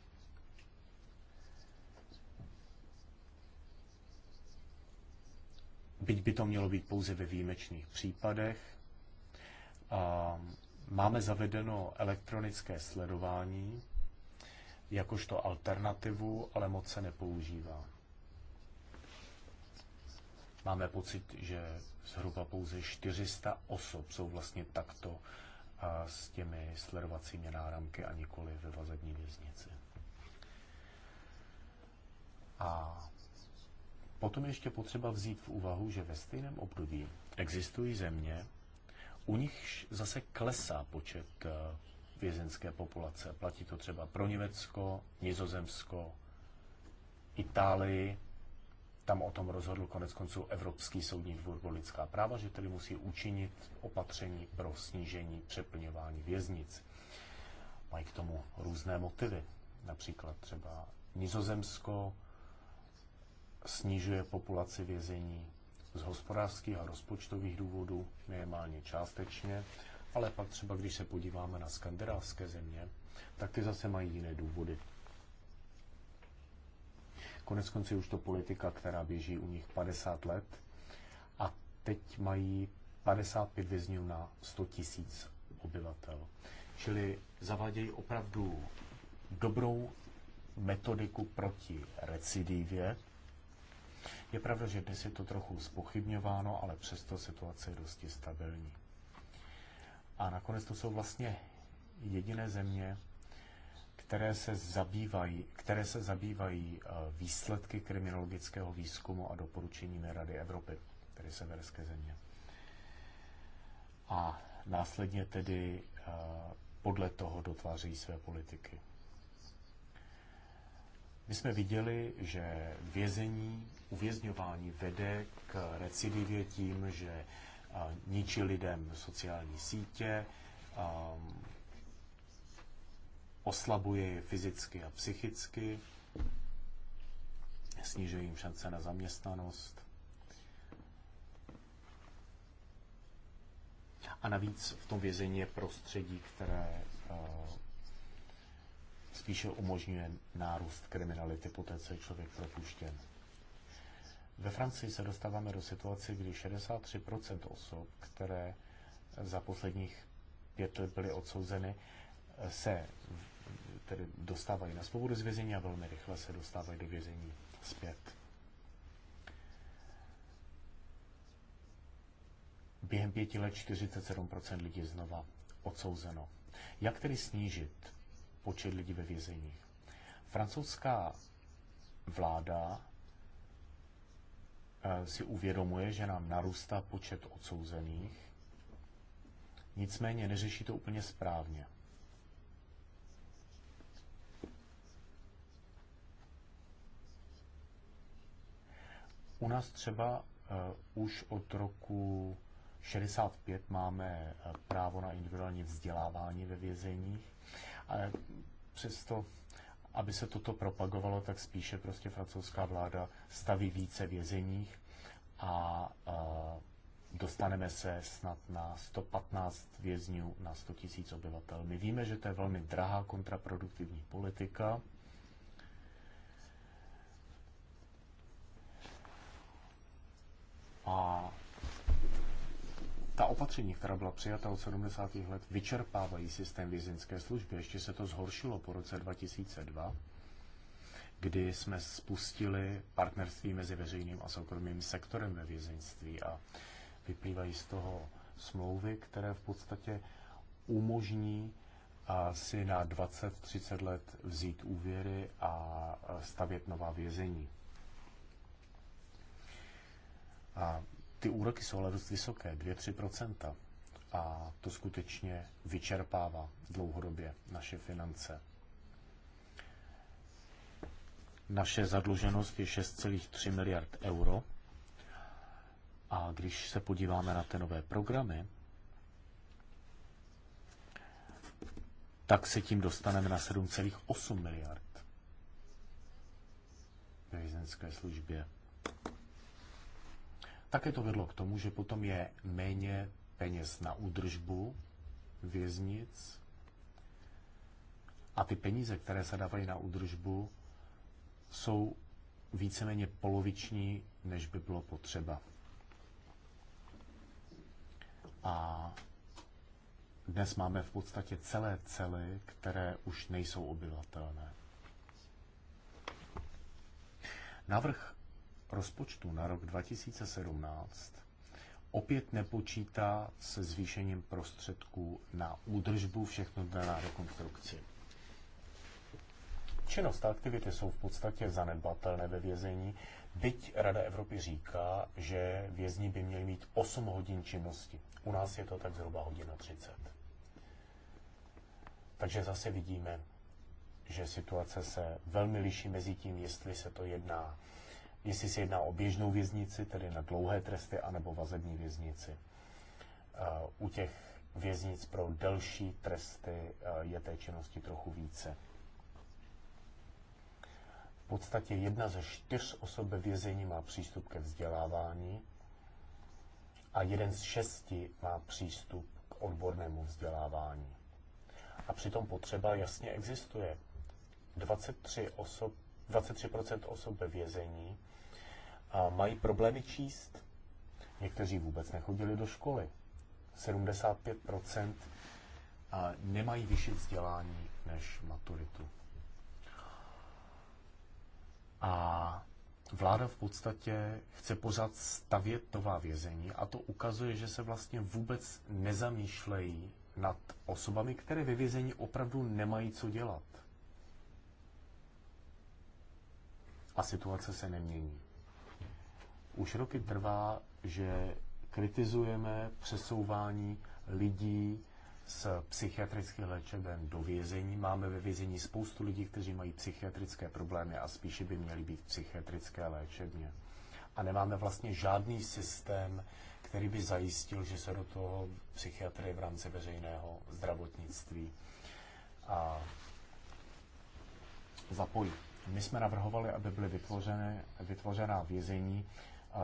Byť by to mělo být pouze ve výjimečných případech. Máme zavedeno elektronické sledování jakožto alternativu, ale moc se nepoužívá. Máme pocit, že zhruba pouze 400 osob jsou vlastně takto s těmi sledovacími náramky a nikoli ve vazební věznici. A potom ještě potřeba vzít v úvahu, že ve stejném období existují země, u nichž zase klesá počet eh, vězenské populace. Platí to třeba pro Německo, Nizozemsko, Itálii tam o tom rozhodl konec konců Evropský soudní dvůr pro lidská práva, že tedy musí učinit opatření pro snížení přeplňování věznic. Mají k tomu různé motivy. Například třeba Nizozemsko snižuje populaci vězení z hospodářských a rozpočtových důvodů, minimálně částečně, ale pak třeba, když se podíváme na skandinávské země, tak ty zase mají jiné důvody. Konec konců už to politika, která běží u nich 50 let a teď mají 55 vězňů na 100 tisíc obyvatel. Čili zavádějí opravdu dobrou metodiku proti recidivě. Je pravda, že dnes je to trochu zpochybňováno, ale přesto situace je dosti stabilní. A nakonec to jsou vlastně jediné země, které se zabývají, které se zabývají eh, výsledky kriminologického výzkumu a doporučeními Rady Evropy, tedy severské země. A následně tedy eh, podle toho dotváří své politiky. My jsme viděli, že vězení, uvězňování vede k recidivě tím, že eh, ničí lidem sociální sítě, oslabuje je fyzicky a psychicky, snižuje jim šance na zaměstnanost. A navíc v tom vězení je prostředí, které eh, spíše umožňuje nárůst kriminality poté, co je člověk propuštěn. Ve Francii se dostáváme do situace, kdy 63% osob, které za posledních pět let byly odsouzeny, se tedy dostávají na svobodu z vězení a velmi rychle se dostávají do vězení zpět. Během pěti let 47% lidí je znova odsouzeno. Jak tedy snížit počet lidí ve vězeních? Francouzská vláda eh, si uvědomuje, že nám narůstá počet odsouzených, nicméně neřeší to úplně správně. U nás třeba eh, už od roku 65 máme eh, právo na individuální vzdělávání ve vězeních. přesto, aby se toto propagovalo, tak spíše prostě francouzská vláda staví více vězeních a eh, dostaneme se snad na 115 vězňů na 100 000 obyvatel. My víme, že to je velmi drahá kontraproduktivní politika, A ta opatření, která byla přijata od 70. let, vyčerpávají systém vězeňské služby. Ještě se to zhoršilo po roce 2002, kdy jsme spustili partnerství mezi veřejným a soukromým sektorem ve vězeňství a vyplývají z toho smlouvy, které v podstatě umožní si na 20-30 let vzít úvěry a stavět nová vězení. A ty úroky jsou ale dost vysoké, 2-3%. A to skutečně vyčerpává dlouhodobě naše finance. Naše zadluženost je 6,3 miliard euro. A když se podíváme na ty nové programy, tak se tím dostaneme na 7,8 miliard ve vězenské službě. Také to vedlo k tomu, že potom je méně peněz na údržbu věznic a ty peníze, které se dávají na údržbu, jsou víceméně poloviční, než by bylo potřeba. A dnes máme v podstatě celé cely, které už nejsou obyvatelné. Navrh rozpočtu na rok 2017 opět nepočítá se zvýšením prostředků na údržbu všechno na rekonstrukci. Činnost a aktivity jsou v podstatě zanedbatelné ve vězení, byť Rada Evropy říká, že vězni by měli mít 8 hodin činnosti. U nás je to tak zhruba hodina 30. Takže zase vidíme, že situace se velmi liší mezi tím, jestli se to jedná jestli se jedná o běžnou věznici, tedy na dlouhé tresty, anebo vazební věznici. Eh, u těch věznic pro delší tresty eh, je té činnosti trochu více. V podstatě jedna ze čtyř osob ve vězení má přístup ke vzdělávání a jeden z šesti má přístup k odbornému vzdělávání. A přitom potřeba jasně existuje. 23, osob, 23% osob ve vězení a mají problémy číst. Někteří vůbec nechodili do školy. 75% a nemají vyšší vzdělání než maturitu. A vláda v podstatě chce pořád stavět nová vězení a to ukazuje, že se vlastně vůbec nezamýšlejí nad osobami, které ve vězení opravdu nemají co dělat. A situace se nemění už roky trvá, že kritizujeme přesouvání lidí z psychiatrických léčeben do vězení. Máme ve vězení spoustu lidí, kteří mají psychiatrické problémy a spíše by měli být psychiatrické léčebně. A nemáme vlastně žádný systém, který by zajistil, že se do toho psychiatry v rámci veřejného zdravotnictví a zapojí. My jsme navrhovali, aby byly vytvořeny, vytvořená vězení,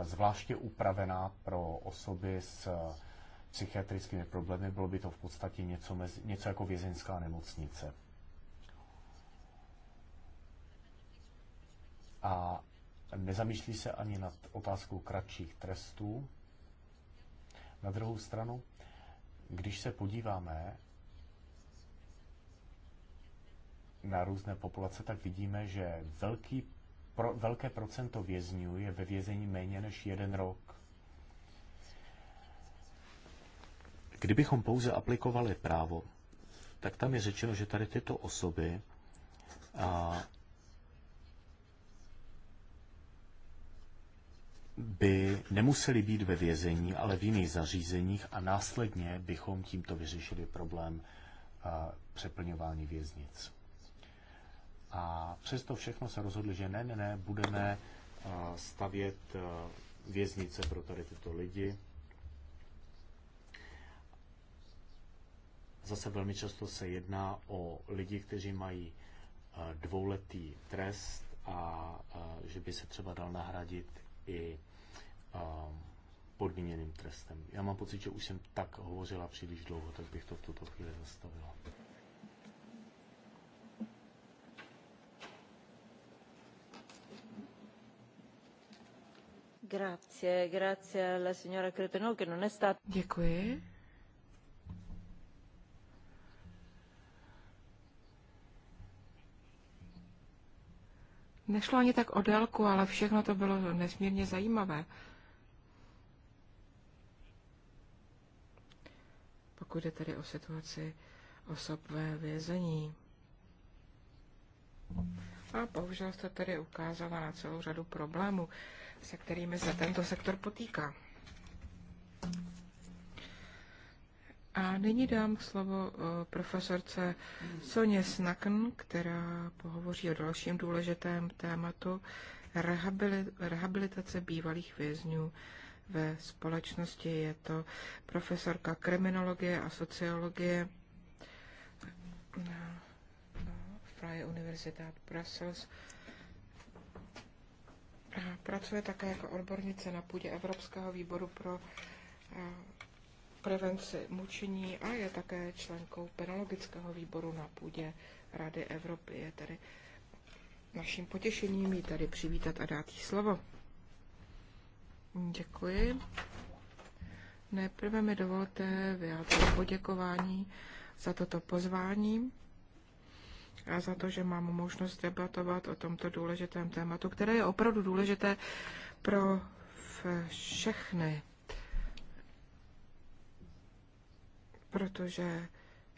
zvláště upravená pro osoby s eh, psychiatrickými problémy. Bylo by to v podstatě něco, mezi, něco jako vězeňská nemocnice. A nezamýšlí se ani nad otázkou kratších trestů. Na druhou stranu, když se podíváme na různé populace, tak vidíme, že velký pro, velké procento vězňů je ve vězení méně než jeden rok. Kdybychom pouze aplikovali právo, tak tam je řečeno, že tady tyto osoby a, by nemuseli být ve vězení, ale v jiných zařízeních a následně bychom tímto vyřešili problém a, přeplňování věznic. A přesto všechno se rozhodli, že ne, ne, ne, budeme eh, stavět eh, věznice pro tady tyto lidi. Zase velmi často se jedná o lidi, kteří mají eh, dvouletý trest a že by se třeba dal nahradit i podmíněným trestem. Já mám pocit, že už jsem tak hovořila příliš dlouho, tak bych to v tuto chvíli zastavila. Děkuji. Nešlo ani tak o délku, ale všechno to bylo nesmírně zajímavé. Pokud jde tedy o situaci osob ve vězení. A bohužel jste tedy ukázala na celou řadu problémů, se kterými se tento sektor potýká. A nyní dám slovo eh, profesorce Soně Snakn, která pohovoří o dalším důležitém tématu rehabilitace bývalých vězňů ve společnosti. Je to profesorka kriminologie a sociologie na Freie Universität Brussels Pracuje také jako odbornice na půdě Evropského výboru pro eh, prevenci mučení a je také členkou penologického výboru na půdě Rady Evropy. Je tedy naším potěšením ji tady přivítat a dát jí slovo. Děkuji. Nejprve mi dovolte vyjádřit poděkování za toto pozvání a za to, že mám možnost debatovat o tomto důležitém tématu, které je opravdu důležité pro všechny. Protože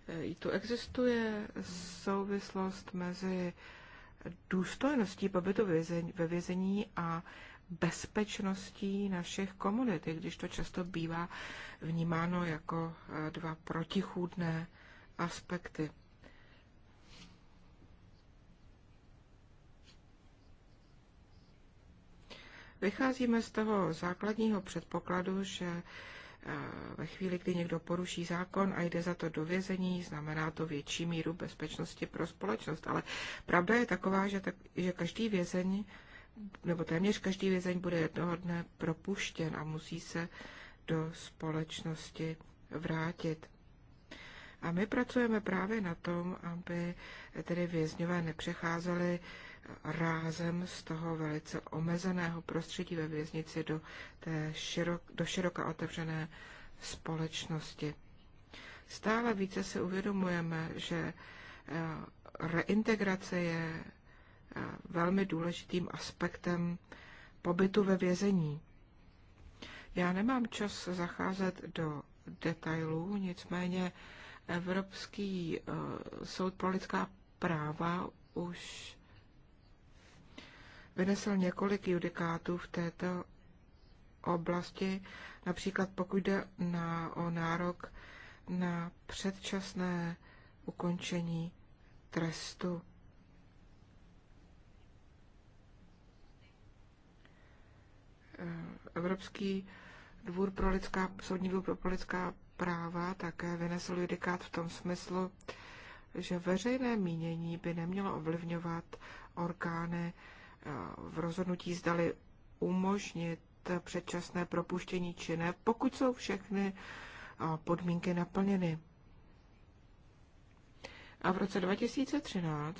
eh, i tu existuje souvislost mezi důstojností pobytu ve vězení a bezpečností našich komunit, když to často bývá vnímáno jako eh, dva protichůdné aspekty. Vycházíme z toho základního předpokladu, že eh, ve chvíli, kdy někdo poruší zákon a jde za to do vězení, znamená to větší míru bezpečnosti pro společnost. Ale pravda je taková, že, tak, že každý vězeň, nebo téměř každý vězeň bude jednoho dne propuštěn a musí se do společnosti vrátit. A my pracujeme právě na tom, aby tedy vězňové nepřecházeli rázem z toho velice omezeného prostředí ve věznici do, té širok, do široka otevřené společnosti. Stále více se uvědomujeme, že eh, reintegrace je eh, velmi důležitým aspektem pobytu ve vězení. Já nemám čas zacházet do detailů, nicméně Evropský eh, soud pro lidská práva už vynesl několik judikátů v této oblasti, například pokud jde na, o nárok na předčasné ukončení trestu. Evropský dvůr pro lidská, soudní dvůr pro lidská práva také vynesl judikát v tom smyslu, že veřejné mínění by nemělo ovlivňovat orgány v rozhodnutí zdali umožnit předčasné propuštění či ne, pokud jsou všechny podmínky naplněny. A v roce 2013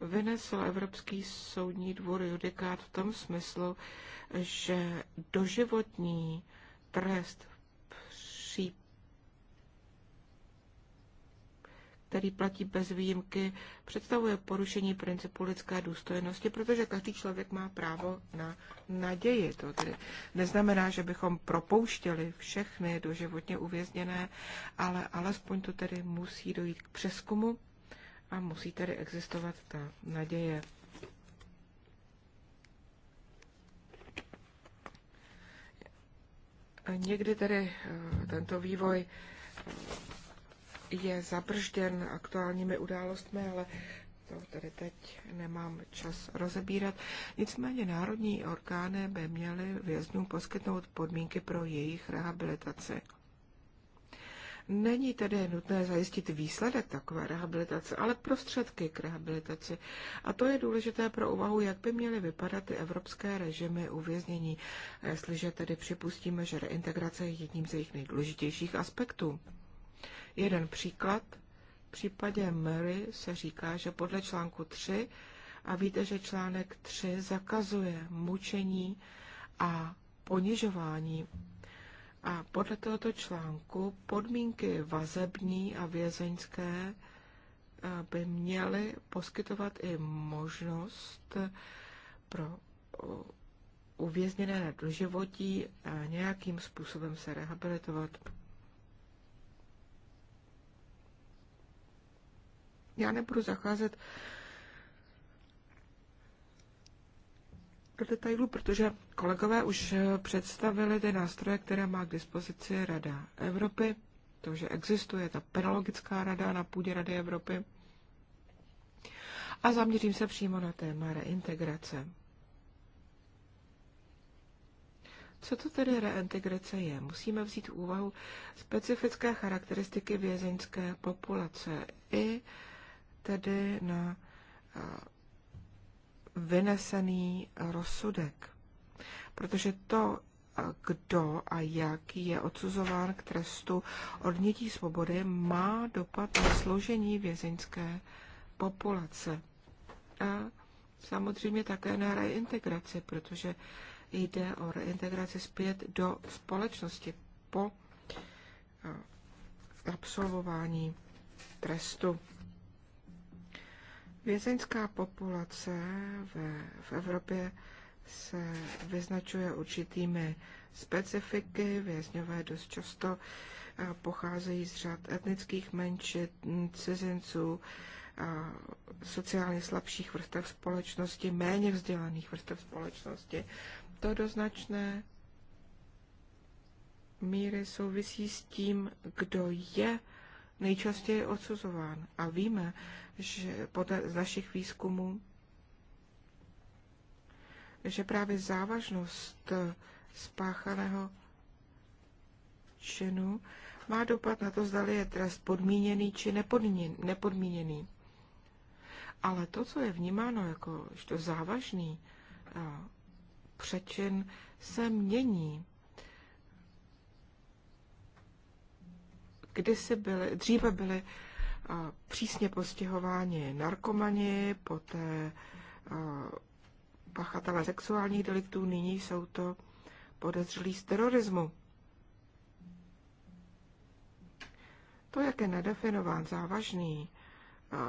vynesl Evropský soudní dvůr judikát v tom smyslu, že doživotní trest který platí bez výjimky, představuje porušení principu lidské důstojnosti, protože každý člověk má právo na naději. To tedy neznamená, že bychom propouštěli všechny doživotně uvězněné, ale alespoň to tedy musí dojít k přeskumu a musí tedy existovat ta naděje. Někdy tedy eh, tento vývoj je zabržděn aktuálními událostmi, ale to tady teď nemám čas rozebírat. Nicméně národní orgány by měly vězňům poskytnout podmínky pro jejich rehabilitaci. Není tedy nutné zajistit výsledek takové rehabilitace, ale prostředky k rehabilitaci. A to je důležité pro úvahu, jak by měly vypadat ty evropské režimy uvěznění, jestliže tedy připustíme, že reintegrace je jedním z jejich nejdůležitějších aspektů. Jeden příklad. V případě Mary se říká, že podle článku 3, a víte, že článek 3 zakazuje mučení a ponižování. A podle tohoto článku podmínky vazební a vězeňské eh, by měly poskytovat i možnost eh, pro eh, uvězněné na doživotí nějakým způsobem se rehabilitovat. Já nebudu zacházet do detailu, protože kolegové už představili ty nástroje, které má k dispozici Rada Evropy, to, že existuje ta penologická rada na půdě Rady Evropy. A zaměřím se přímo na téma reintegrace. Co to tedy reintegrace je? Musíme vzít v úvahu specifické charakteristiky vězeňské populace i tedy na eh, vynesený rozsudek. Protože to, eh, kdo a jak je odsuzován k trestu odnětí svobody, má dopad na složení vězeňské populace. A samozřejmě také na reintegraci, protože jde o reintegraci zpět do společnosti po eh, absolvování trestu. Vězeňská populace ve, v Evropě se vyznačuje určitými specifiky. Vězňové dost často eh, pocházejí z řad etnických menšin, cizinců, sociálně slabších vrstev společnosti, méně vzdělaných vrstev společnosti. To do značné míry souvisí s tím, kdo je nejčastěji odsuzován. A víme, že podle z našich výzkumů, že právě závažnost eh, spáchaného činu má dopad na to, zda je trest podmíněný či nepodmíněný. Ale to, co je vnímáno jako to závažný eh, přečin, se mění. kdysi byly, dříve byly přísně postihováni narkomani, poté pachatelé sexuálních deliktů, nyní jsou to podezřelí z terorismu. To, jak je nadefinován závažný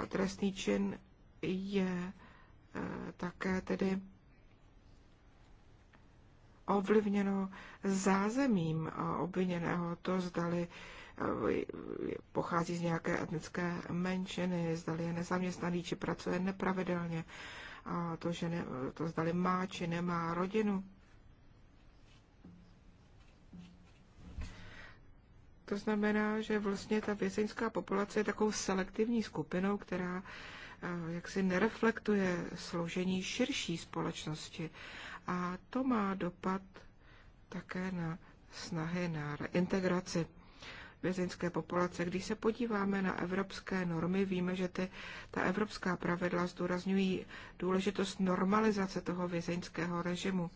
trestný čin, je také tedy ovlivněno zázemím obviněného, to zdali pochází z nějaké etnické menšiny, zdali je nezaměstnaný, či pracuje nepravidelně, a to, že ne, to zdali má, či nemá rodinu. To znamená, že vlastně ta vězeňská populace je takovou selektivní skupinou, která eh, jaksi nereflektuje složení širší společnosti. A to má dopad také na snahy na integraci vězeňské populace. Když se podíváme na evropské normy, víme, že ty, ta evropská pravidla zdůrazňují důležitost normalizace toho vězeňského režimu.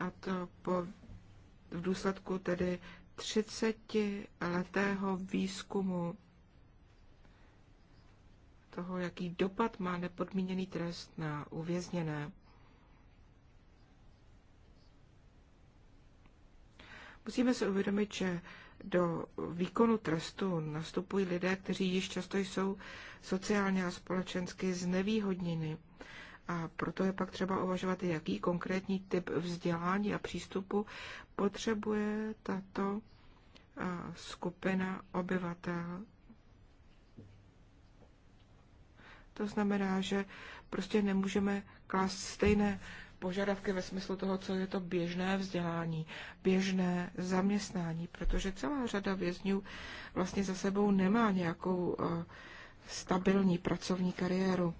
A to po, v důsledku tedy 30 letého výzkumu toho, jaký dopad má nepodmíněný trest na uvězněné. Musíme si uvědomit, že do výkonu trestu nastupují lidé, kteří již často jsou sociálně a společensky znevýhodněni. A proto je pak třeba uvažovat, jaký konkrétní typ vzdělání a přístupu potřebuje tato skupina obyvatel. To znamená, že prostě nemůžeme klást stejné požadavky ve smyslu toho, co je to běžné vzdělání, běžné zaměstnání, protože celá řada vězňů vlastně za sebou nemá nějakou eh, stabilní pracovní kariéru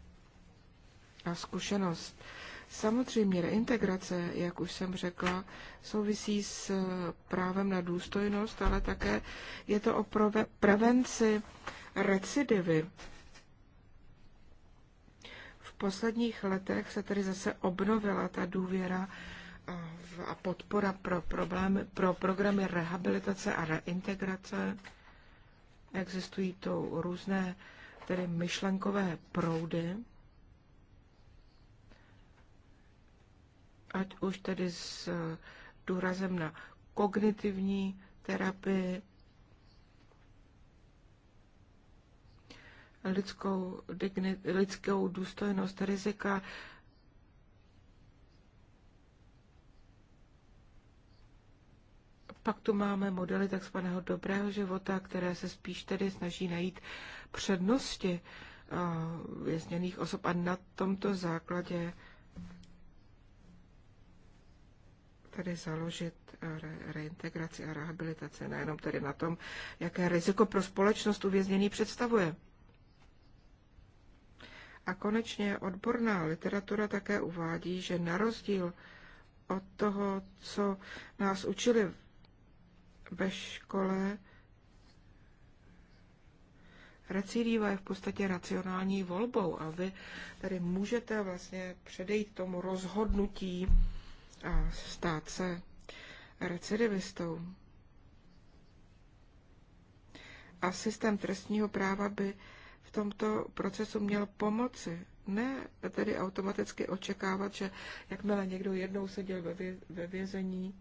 a zkušenost. Samozřejmě reintegrace, jak už jsem řekla, souvisí s eh, právem na důstojnost, ale také je to o prevenci recidivy posledních letech se tedy zase obnovila ta důvěra eh, a podpora pro, problémy, pro programy rehabilitace a reintegrace. Existují to různé tedy myšlenkové proudy, ať už tedy s důrazem na kognitivní terapii lidskou, dignit, lidskou důstojnost, rizika, Pak tu máme modely takzvaného dobrého života, které se spíš tedy snaží najít přednosti vězněných osob a na tomto základě tedy založit re- reintegraci a rehabilitaci, nejenom tedy na tom, jaké riziko pro společnost uvězněný představuje. A konečně odborná literatura také uvádí, že na rozdíl od toho, co nás učili ve škole, recidiva je v podstatě racionální volbou a vy tady můžete vlastně předejít tomu rozhodnutí a stát se recidivistou. A systém trestního práva by tomto procesu měl pomoci. Ne tedy automaticky očekávat, že jakmile někdo jednou seděl ve, vě, ve vězení,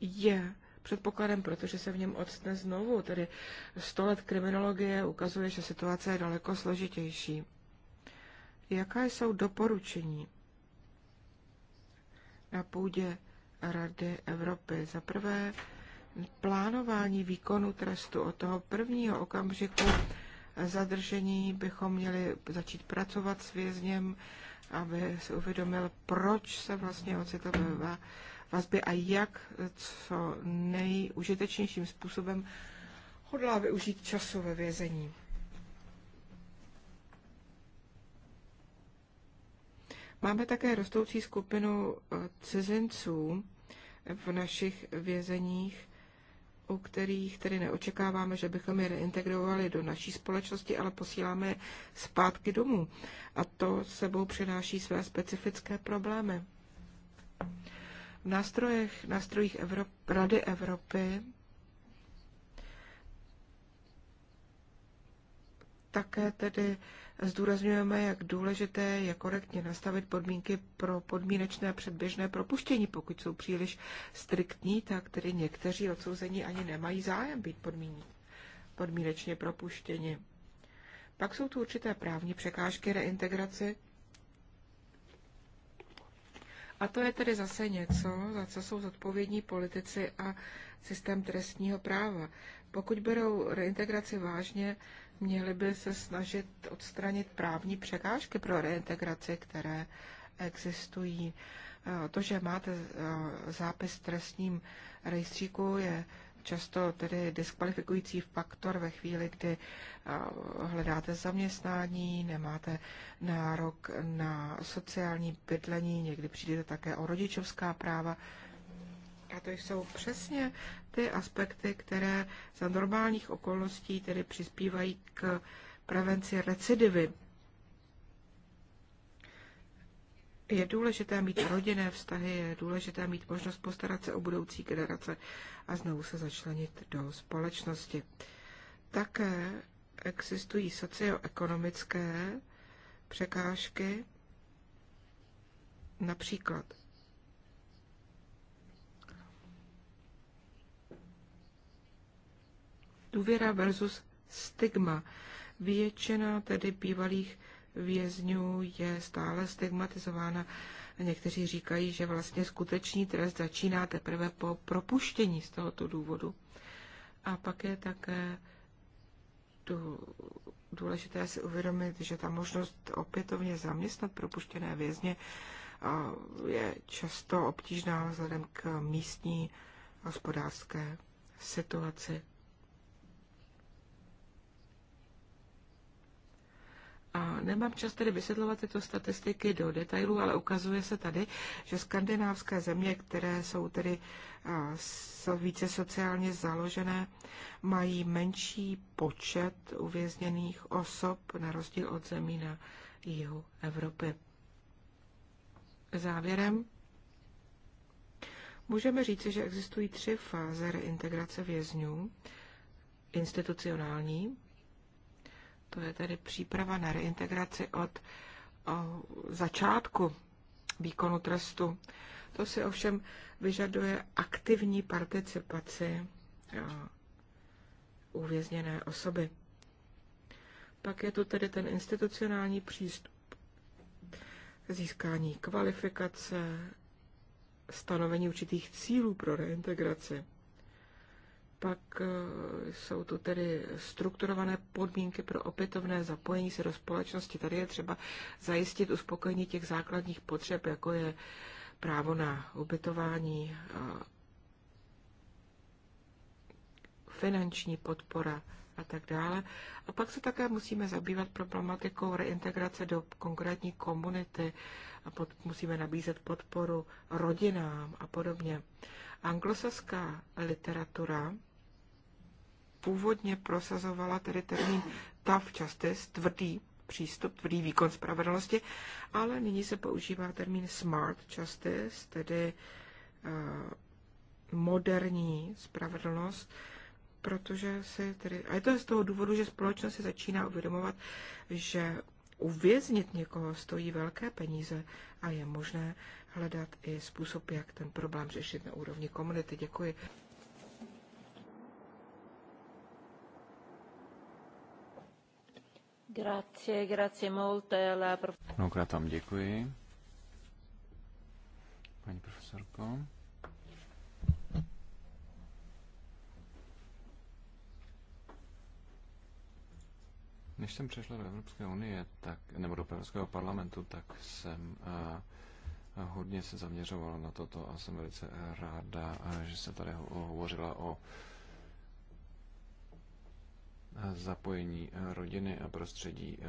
je předpokladem, protože se v něm odstne znovu. Tedy 100 let kriminologie ukazuje, že situace je daleko složitější. Jaká jsou doporučení na půdě Rady Evropy. Za prvé, plánování výkonu trestu od toho prvního okamžiku zadržení bychom měli začít pracovat s vězněm, aby se uvědomil, proč se vlastně ocitl ve vazbě a jak co nejužitečnějším způsobem hodlá využít času ve vězení. Máme také rostoucí skupinu eh, cizinců v našich vězeních, u kterých tedy neočekáváme, že bychom je reintegrovali do naší společnosti, ale posíláme je zpátky domů. A to sebou přináší své specifické problémy. V nástrojech, nástrojích Evrop, Rady Evropy také tedy zdůrazňujeme, jak důležité je korektně nastavit podmínky pro podmínečné předběžné propuštění. Pokud jsou příliš striktní, tak tedy někteří odsouzení ani nemají zájem být podmíní, podmínečně propuštěni. Pak jsou tu určité právní překážky reintegrace. A to je tedy zase něco, za co jsou zodpovědní politici a systém trestního práva. Pokud berou reintegraci vážně, Měli by se snažit odstranit právní překážky pro reintegraci, které existují. Eh, to, že máte eh, zápis v trestním rejstříku, je často tedy diskvalifikující faktor ve chvíli, kdy eh, hledáte zaměstnání, nemáte nárok na sociální bydlení, někdy přijdete také o rodičovská práva. A to jsou přesně ty aspekty, které za normálních okolností tedy přispívají k prevenci recidivy. Je důležité mít rodinné vztahy, je důležité mít možnost postarat se o budoucí generace a znovu se začlenit do společnosti. Také existují socioekonomické překážky, například důvěra versus stigma. Většina tedy bývalých vězňů je stále stigmatizována. Někteří říkají, že vlastně skutečný trest začíná teprve po propuštění z tohoto důvodu. A pak je také důležité si uvědomit, že ta možnost opětovně zaměstnat propuštěné vězně je často obtížná vzhledem k místní hospodářské situaci. A nemám čas tedy vysvětlovat tyto statistiky do detailů, ale ukazuje se tady, že skandinávské země, které jsou tedy více sociálně založené, mají menší počet uvězněných osob na rozdíl od zemí na jihu Evropy. Závěrem můžeme říci, že existují tři fáze reintegrace vězňů. Institucionální, to je tedy příprava na reintegraci od začátku výkonu trestu. To si ovšem vyžaduje aktivní participaci uvězněné osoby. Pak je tu tedy ten institucionální přístup, získání kvalifikace, stanovení určitých cílů pro reintegraci. Pak eh, jsou tu tedy strukturované podmínky pro opětovné zapojení se do společnosti. Tady je třeba zajistit uspokojení těch základních potřeb, jako je právo na ubytování, finanční podpora a tak dále. A pak se také musíme zabývat problematikou reintegrace do konkrétní komunity a pod, musíme nabízet podporu rodinám a podobně. Anglosaská literatura původně prosazovala tedy termín tough justice, tvrdý přístup, tvrdý výkon spravedlnosti, ale nyní se používá termín smart justice, tedy eh, moderní spravedlnost, protože si tedy, a je to z toho důvodu, že společnost se začíná uvědomovat, že uvěznit někoho stojí velké peníze a je možné hledat i způsob, jak ten problém řešit na úrovni komunity. Děkuji. Grazie, grazie molte la... Mnohokrát vám děkuji. Paní profesorko. Než jsem přešla do Evropské unie, tak, nebo do Evropského parlamentu, tak jsem a, eh, a hodně se zaměřovala na toto a jsem velice ráda, a, eh, že se tady ho, hovořila o zapojení eh, rodiny a prostředí, eh,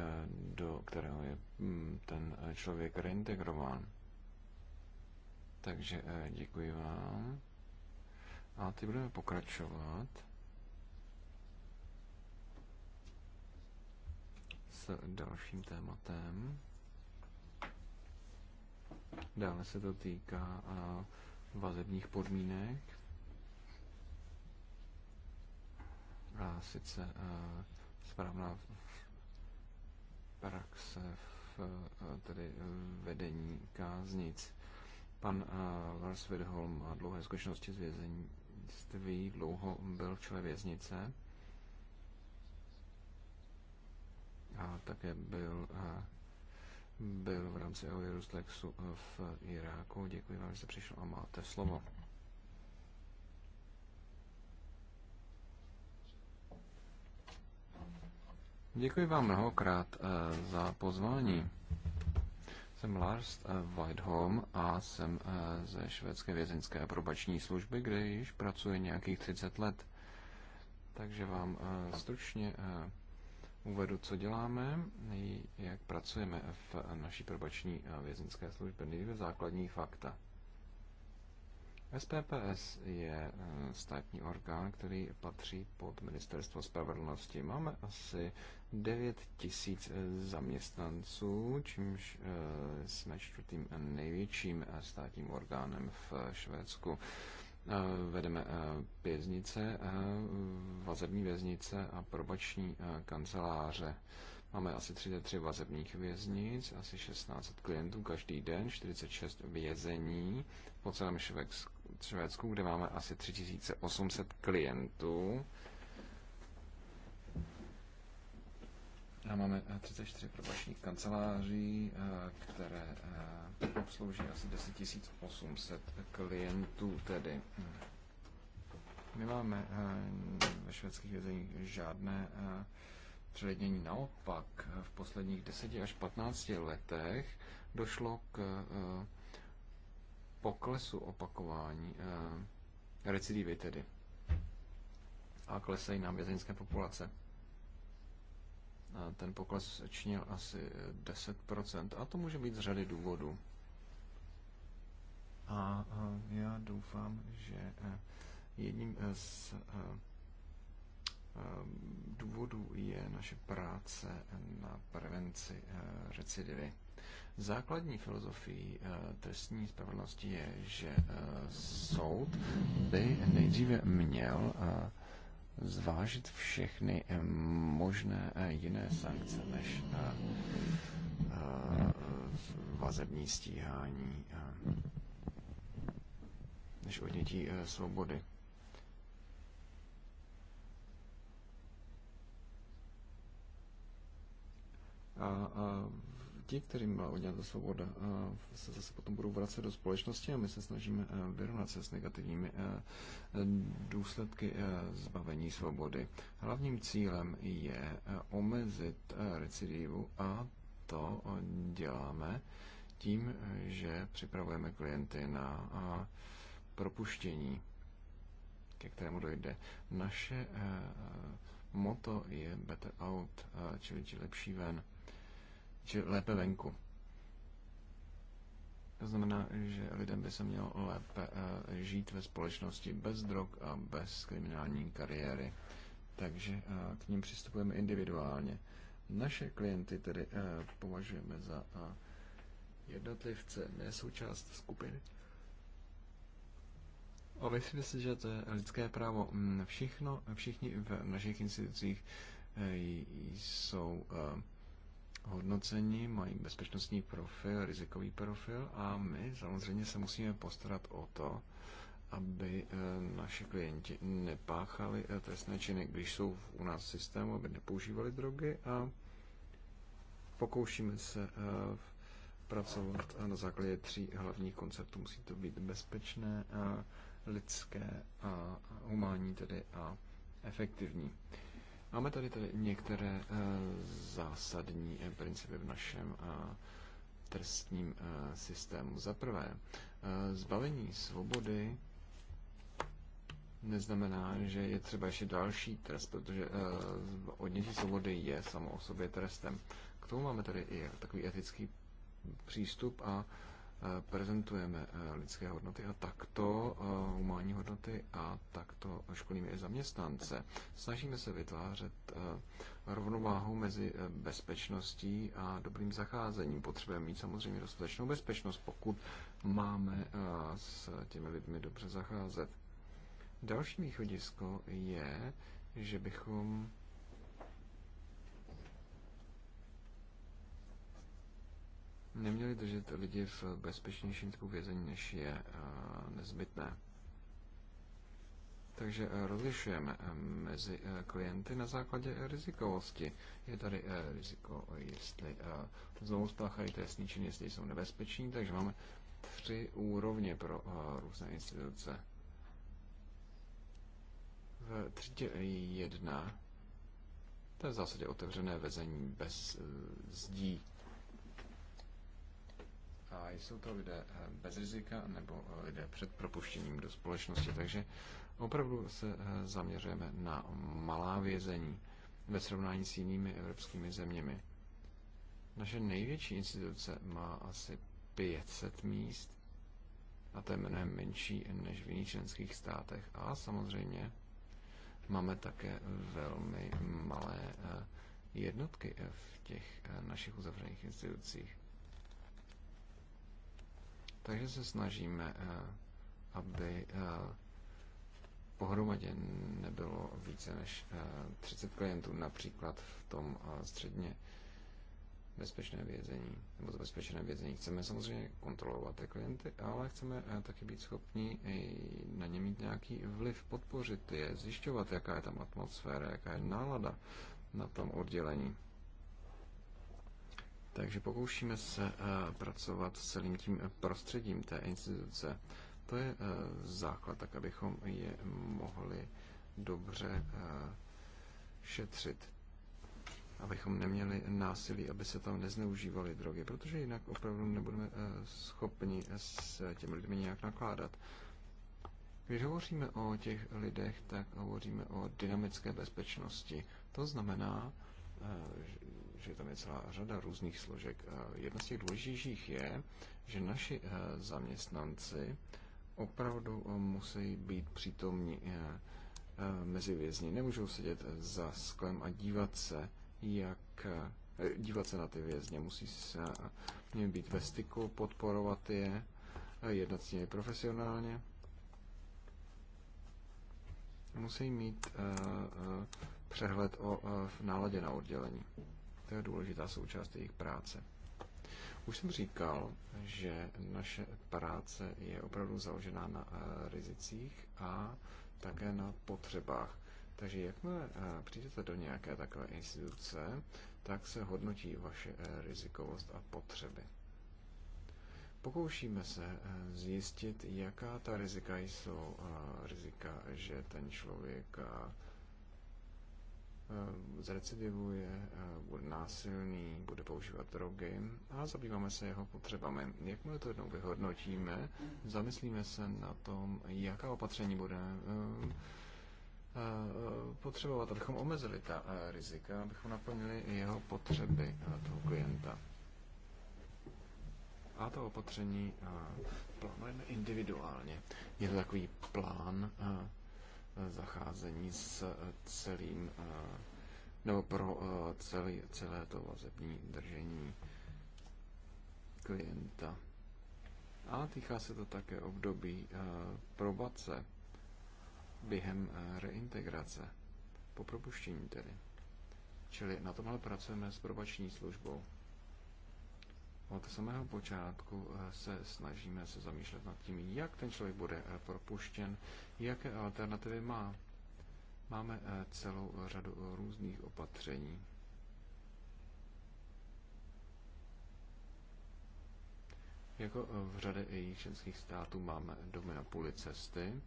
do kterého je mm, ten eh, člověk reintegrován. Takže děkuji vám. A ty budeme pokračovat s dalším tématem. Dále se to týká vazebních podmínek. a sice a, eh, správná praxe v a, eh, tedy eh, vedení káznic. Pan Lars Widholm má dlouhé zkušenosti z vězeňství, dlouho byl v čele věznice a také byl a, byl v rámci Eurostlexu v Iráku. Děkuji vám, že jste přišel a máte slovo. Děkuji vám mnohokrát eh, za pozvání. Jsem Lars eh, Whiteholm a jsem eh, ze švédské vězeňské probační služby, kde již pracuji nějakých 30 let. Takže vám stručně uvedu, co děláme, jak pracujeme v naší probační uh, vězeňské službě. Nejdříve základní fakta. SPPS je eh, státní orgán, který patří pod Ministerstvo spravedlnosti. Máme asi 9 tisíc eh, zaměstnanců, čímž eh, jsme čtvrtým největším státním orgánem v Švédsku. Vedeme věznice, vazební věznice a probační kanceláře. Máme asi 33 vazebních věznic, asi 16 klientů každý den, 46 vězení po celém Švédsku Švédsku, kde máme asi 3800 klientů. A máme 34 eh, probačních kanceláří, eh, které eh, obslouží asi 10 800 klientů tedy. My máme ve švédských vězeních žádné přelidnění. Naopak, v posledních 10 až 15 letech došlo k poklesu opakování, eh, recidivy tedy, a klesají nám vězeňské populace. A ten pokles činil asi 10%, eh, a to může být z řady důvodů. A já doufám, že eh, jedním z důvodů je naše práce na prevenci recidivy. Základní filozofií eh, trestní spravedlnosti je, že eh, soud by nejdříve měl eh, zvážit všechny možné jiné sankce než vazební stíhání než odnětí svobody. A, a ti, kterým byla odňata svoboda, se zase potom budou vracet do společnosti a my se snažíme eh, vyrovnat se s negativními eh, důsledky eh, zbavení svobody. Hlavním cílem je omezit recidivu a to děláme tím, že připravujeme klienty na propuštění, ke kterému dojde. Naše moto je better out, čili lepší ven že lépe venku. To znamená, že lidem by se mělo lépe eh, žít ve společnosti bez drog a bez kriminální kariéry. Takže eh, k ním přistupujeme individuálně. Naše klienty tedy eh, považujeme za jednotlivce, ne součást skupiny. A myslím si, že to je lidské právo. Mm, všechno, všichni v našich institucích jsou hodnocení, mají bezpečnostní profil, rizikový profil a my samozřejmě se musíme postarat o to, aby eh, naši klienti nepáchali eh, trestné činy, když jsou u nás v systému, aby nepoužívali drogy a pokoušíme se eh, pracovat na základě tří hlavních konceptů. Musí to být bezpečné, lidské a humánní tedy a efektivní. Máme tady tedy některé eh, zásadní eh, principy v našem eh, trestním systému. Za prvé, zbavení svobody neznamená, že je třeba ještě další trest, protože odnětí svobody je samo o sobě trestem. K tomu máme tady i takový etický přístup a prezentujeme eh, lidské hodnoty a takto eh, humánní hodnoty a takto školíme i zaměstnance. Snažíme se vytvářet eh, rovnováhu mezi bezpečností a dobrým zacházením. Potřebujeme mít samozřejmě dostatečnou bezpečnost, pokud máme s těmi lidmi dobře zacházet. Další východisko je, že bychom neměli držet lidi v bezpečnějším typu vězení, než je eh, nezbytné. Takže eh, rozlišujeme eh, mezi klienty na základě rizikovosti. Je tady riziko, jestli znovu spáchají trestní čin, jestli jsou nebezpeční, takže máme tři úrovně pro různé instituce. V třídě jedna. to je v zásadě otevřené vezení bez zdí a jsou to lidé eh, bez rizika nebo eh, lidé před propuštěním do společnosti. Takže opravdu se eh, zaměřujeme na malá vězení ve srovnání s jinými evropskými zeměmi. Naše největší instituce má asi 500 míst a to je mnohem menší než v jiných členských státech. A samozřejmě máme také velmi malé jednotky v těch našich uzavřených institucích. Takže se snažíme, eh, aby eh, pohromadě nebylo více než 30 eh, klientů, například v tom středně bezpečné vězení nebo zabezpečené vězení. Chceme samozřejmě kontrolovat ty klienty, ale chceme taky být schopni na ně mít nějaký vliv, podpořit je, zjišťovat, jaká je tam atmosféra, jaká je nálada na tom oddělení. Takže pokoušíme se eh, pracovat s celým tím eh, prostředím té instituce. To je eh, základ, tak abychom je mohli dobře šetřit abychom neměli násilí, aby se tam nezneužívaly drogy, protože jinak opravdu nebudeme schopni s těmi lidmi nějak nakládat. Když hovoříme o těch lidech, tak hovoříme o dynamické bezpečnosti. To znamená, že tam je celá řada různých složek. Eh, jedna z těch důležitějších je, že naši eh, zaměstnanci opravdu eh, musí být přítomní mezi vězni. Nemůžou sedět za sklem a dívat se, jak dívat se na ty vězně. Musí se mě být ve styku, podporovat je, jednat s nimi profesionálně. Musí mít přehled o náladě na oddělení to je důležitá součást jejich práce. Už jsem říkal, že naše práce je opravdu založená na eh, rizicích a také na potřebách. Takže jakmile eh, přijdete do nějaké takové instituce, tak se hodnotí vaše eh, rizikovost a potřeby. Pokoušíme se zjistit, jaká ta rizika jsou. Rizika, že ten člověk Eh, zrecidivuje, eh, bude násilný, bude používat drogy a zabýváme se jeho potřebami. Jakmile to jednou vyhodnotíme, zamyslíme se na tom, jaká opatření bude eh, potřebovat, abychom omezili ta rizika, abychom naplnili jeho potřeby toho klienta. A to opatření plánujeme individuálně. Je to takový plán zacházení s eh, celým, eh, nebo pro eh, celý, celé to vazební držení klienta. A týká se to také období probace během reintegrace, po propuštění tedy. Čili na tomhle pracujeme s probační službou. Od samého počátku eh, se snažíme se zamýšlet nad tím, jak ten člověk bude eh, propuštěn, jaké alternativy má. Máme eh, celou řadu různých opatření. Jako v řadě jejich členských států máme domy na půli cesty,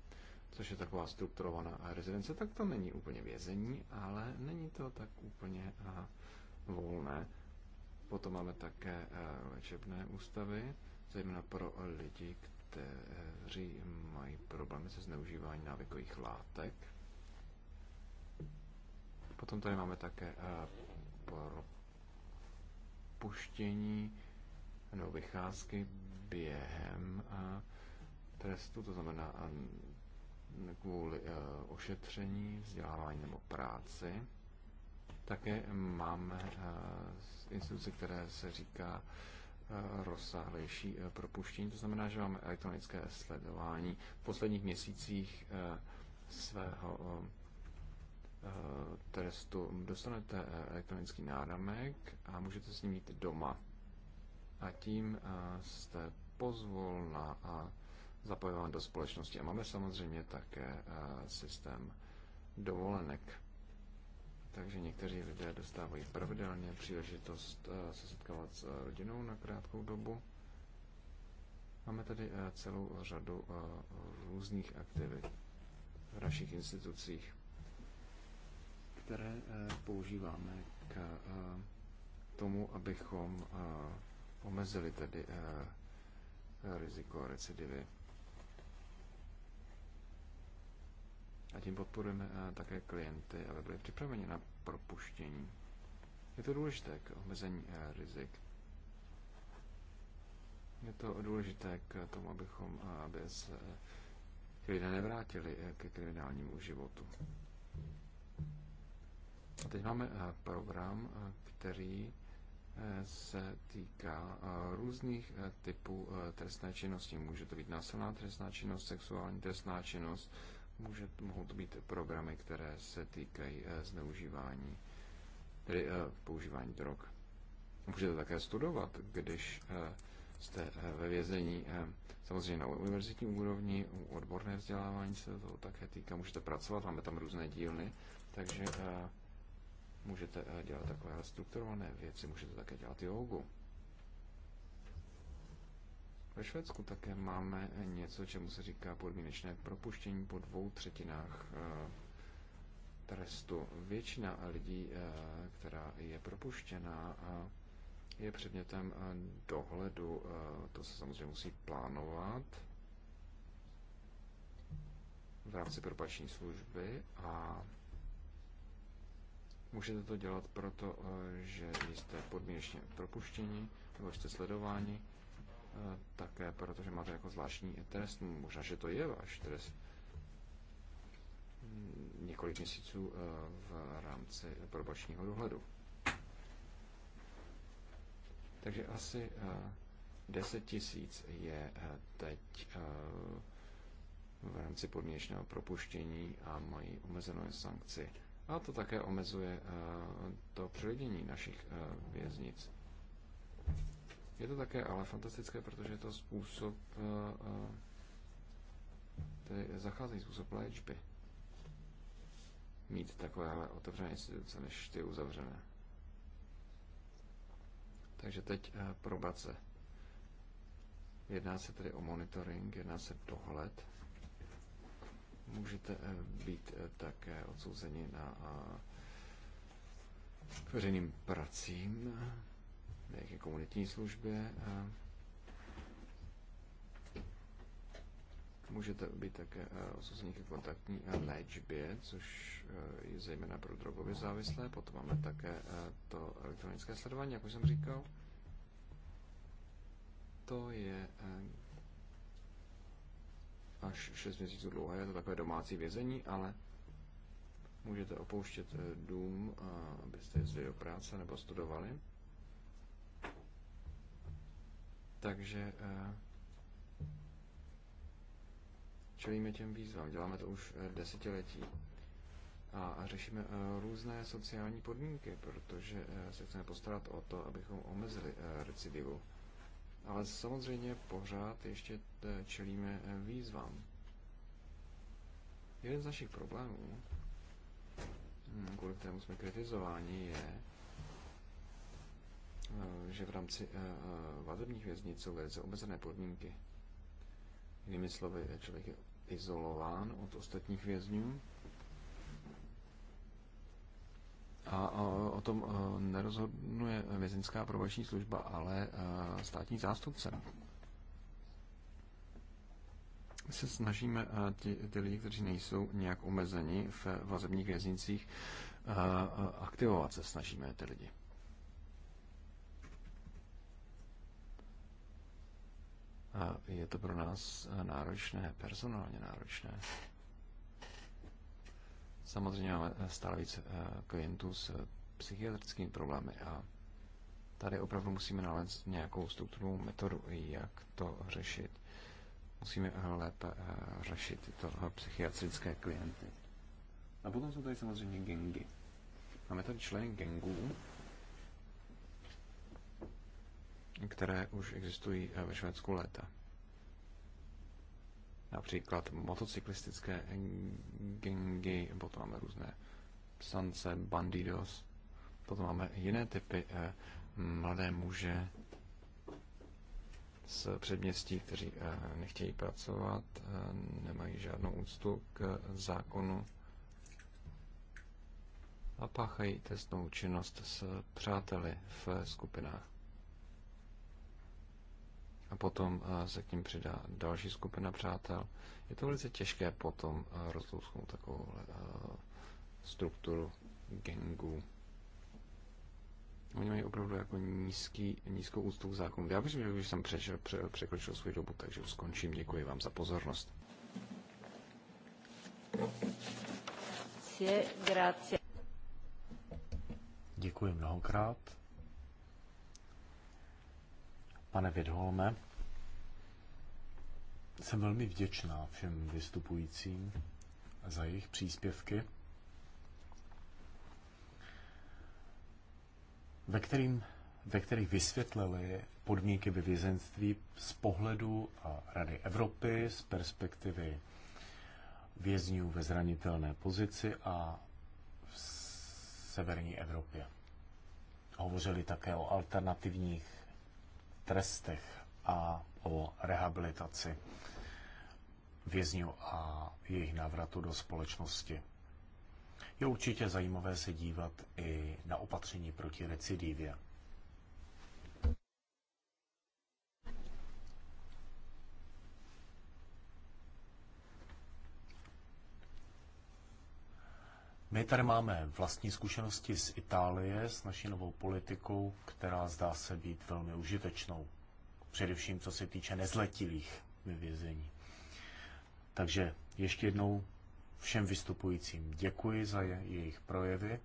což je taková strukturovaná rezidence, tak to není úplně vězení, ale není to tak úplně volné. Potom máme také eh, léčebné ústavy, zejména pro lidi, kteří mají problémy se zneužívání návykových látek. Potom tady máme také eh, propuštění nebo vycházky během eh, trestu, to znamená kvůli ošetření, vzdělávání nebo práci. Také máme eh, instituci, které se říká eh, rozsáhlejší eh, propuštění. To znamená, že máme elektronické sledování v posledních měsících svého trestu. Dostanete elektronický náramek a můžete s ním jít doma. A tím jste pozvolna a zapojován do společnosti. A máme samozřejmě také systém dovolenek. Takže někteří lidé dostávají pravidelně příležitost eh, se setkávat s eh, rodinou na krátkou dobu. Máme tady eh, celou řadu různých aktivit v našich institucích, které používáme k tomu, abychom omezili tedy riziko recidivy. A tím podporujeme eh, také klienty, aby byli připraveni na propuštění. Je to důležité k omezení eh, rizik. Je to důležité k tomu, abychom, eh, aby se ti lidé nevrátili ke kriminálnímu životu. A teď máme program, který se týká různých typů trestné činnosti. Může to být násilná trestná činnost, sexuální trestná činnost, Může, mohou to být programy, které se týkají eh, zneužívání, tedy eh, používání drog. Můžete také studovat, když eh, jste ve vězení. Samozřejmě na univerzitní úrovni, u odborné vzdělávání se to také týká. Můžete pracovat, máme tam různé dílny, takže můžete dělat takové strukturované věci, můžete také dělat jogu. Ve Švédsku také máme něco, čemu se říká podmínečné propuštění po dvou třetinách eh, trestu. Většina lidí, eh, která je propuštěná, eh, je předmětem dohledu. To se samozřejmě musí plánovat v rámci propační služby a můžete to dělat proto, že jste podmínečně propuštěni nebo jste sledováni Eh, také protože máte jako zvláštní trest. Možná, že to je váš trest. Hmm, několik měsíců eh, v rámci probačního dohledu. Takže asi 10 eh, tisíc je teď v rámci podměšného propuštění a mají omezenou sankci. A to také omezuje to přelidění našich věznic. Je to také ale fantastické, protože je to způsob, eh, eh, tedy zacházení způsob léčby. Mít takovéhle otevřené instituce, než ty uzavřené. Takže teď eh, probace. Jedná se tedy o monitoring, jedná se dohled. Můžete být také odsouzeni na veřejným pracím ke komunitní službě. A můžete být také osvozený ke kontaktní léčbě, což je zejména pro drogově závislé. Potom máme také to elektronické sledování, jak už jsem říkal. To je až 6 měsíců dlouhé, je to takové domácí vězení, ale můžete opouštět e, dům, abyste jezdili do práce nebo studovali. Takže eh, čelíme těm výzvám. Děláme to už eh, desetiletí. A řešíme eh, různé sociální podmínky, protože se chceme postarat o to, abychom omezili recidivu. Ale samozřejmě pořád ještě čelíme výzvám. Jeden z našich problémů, hm, kvůli kterému jsme kritizováni, je, Eh, že v rámci eh, eh, vazebních věznic jsou velice omezené podmínky. Jinými slovy, člověk je izolován od ostatních vězňů. A o tom nerozhodnuje vězeňská probační služba, ale státní zástupce. My se snažíme ty, ty lidi, kteří nejsou nějak omezeni v vazebních věznicích, aktivovat se snažíme ty lidi. A je to pro nás eh, náročné, personálně náročné. Samozřejmě máme eh, stále více eh, klientů s psychiatrickými problémy a tady opravdu musíme nalézt nějakou strukturu, metodu, jak to řešit. Musíme lépe řešit tyto psychiatrické klienty. A potom jsou tady samozřejmě gengy. Máme tady člen gengů, které už existují eh, ve Švédsku léta. Například motocyklistické gengy, potom máme různé psance, bandidos, potom máme jiné typy eh, mladé muže z předměstí, kteří eh, nechtějí pracovat, nemají žádnou úctu k zákonu a páchají testnou činnost s přáteli v skupinách a potom eh, se k ním přidá další skupina přátel. Je to velice těžké potom eh, rozlousknout takovou eh, strukturu gangů. Oni mají opravdu jako nízký, nízkou úctu k zákonu. Já bych že už jsem přešel, pře, překročil svůj dobu, takže už skončím. Děkuji vám za pozornost. Děkuji mnohokrát. Pane Vidholme, jsem velmi vděčná všem vystupujícím za jejich příspěvky, ve, kterým, ve kterých vysvětlili podmínky ve vězenství z pohledu Rady Evropy, z perspektivy vězňů ve zranitelné pozici a v severní Evropě. Hovořili také o alternativních trestech a o rehabilitaci vězňů a jejich návratu do společnosti. Je určitě zajímavé se dívat i na opatření proti recidivě. My tady máme vlastní zkušenosti z Itálie s naší novou politikou, která zdá se být velmi užitečnou. Především co se týče nezletilých ve vězení. Takže ještě jednou všem vystupujícím děkuji za je, jejich projevy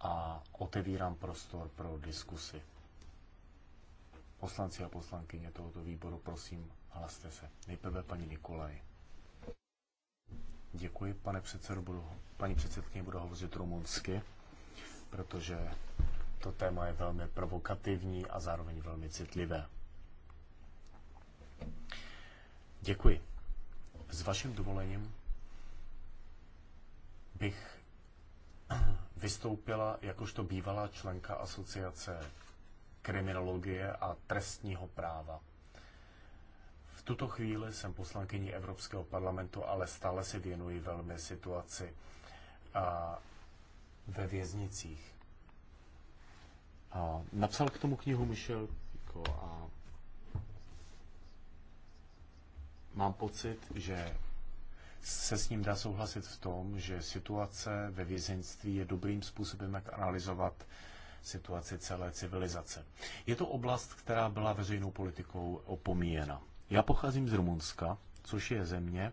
a otevírám prostor pro diskusy. Poslanci a poslankyně tohoto výboru, prosím, hlaste se. Nejprve paní Nikolaj. Děkuji, pane předsedo, budu, paní předsedkyně, budu hovořit rumunsky, protože to téma je velmi provokativní a zároveň velmi citlivé. Děkuji. S vaším dovolením bych vystoupila jakožto bývalá členka asociace kriminologie a trestního práva v tuto chvíli jsem poslankyní Evropského parlamentu, ale stále se věnuji velmi situaci a ve věznicích. A napsal k tomu knihu Michel a mám pocit, že se s ním dá souhlasit v tom, že situace ve vězeňství je dobrým způsobem, jak analyzovat situaci celé civilizace. Je to oblast, která byla veřejnou politikou opomíjena. Já pocházím z Rumunska, což je země,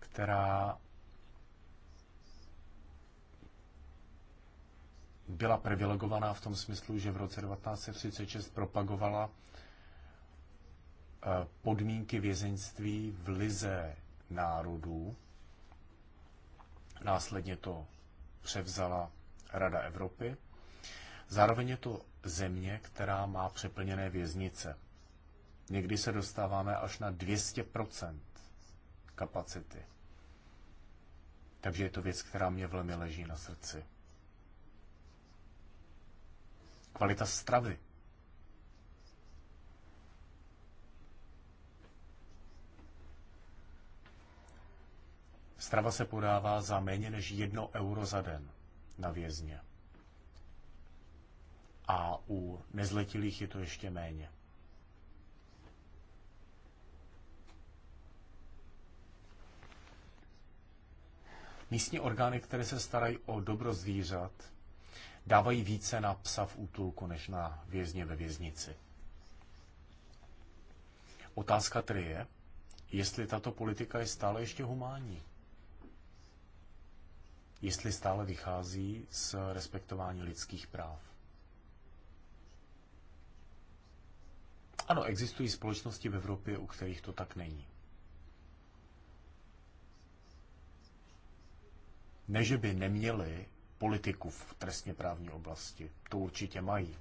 která byla privilegovaná v tom smyslu, že v roce 1936 propagovala eh, podmínky vězeňství v lize národů. Následně to převzala Rada Evropy. Zároveň je to země, která má přeplněné věznice. Někdy se dostáváme až na 200% kapacity. Takže je to věc, která mě velmi leží na srdci. Kvalita stravy. Strava se podává za méně než jedno euro za den na vězně. A u nezletilých je to ještě méně. Místní orgány, které se starají o dobro zvířat, dávají více na psa v útulku než na vězně ve věznici. Otázka tedy je, jestli tato politika je stále ještě humánní. Jestli stále vychází z respektování lidských práv. Ano, existují společnosti v Evropě, u kterých to tak není. Ne, že by neměli politiku v trestně právní oblasti. To určitě mají.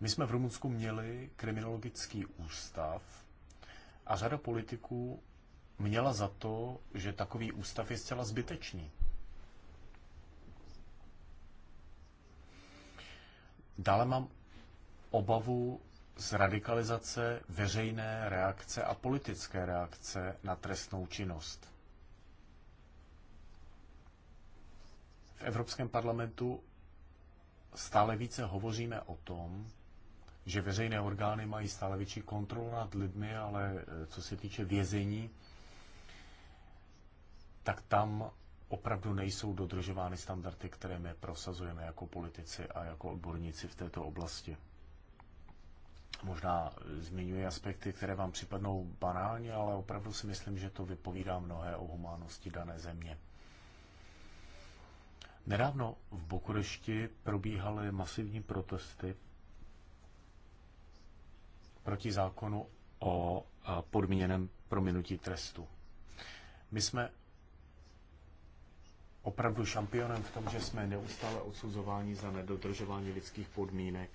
My jsme v Rumunsku měli kriminologický ústav a řada politiků měla za to, že takový ústav je zcela zbytečný. Dále mám obavu z radikalizace, veřejné reakce a politické reakce na trestnou činnost. V Evropském parlamentu stále více hovoříme o tom, že veřejné orgány mají stále větší kontrolu nad lidmi, ale eh, co se týče vězení, tak tam opravdu nejsou dodržovány standardy, které my prosazujeme jako politici a jako odborníci v této oblasti. Možná zmiňuji aspekty, které vám připadnou banální, ale opravdu si myslím, že to vypovídá mnohé o humánosti dané země. Nedávno v Bukurešti probíhaly masivní protesty proti zákonu o podmíněném prominutí trestu. My jsme opravdu šampionem v tom, že jsme neustále odsuzováni za nedodržování lidských podmínek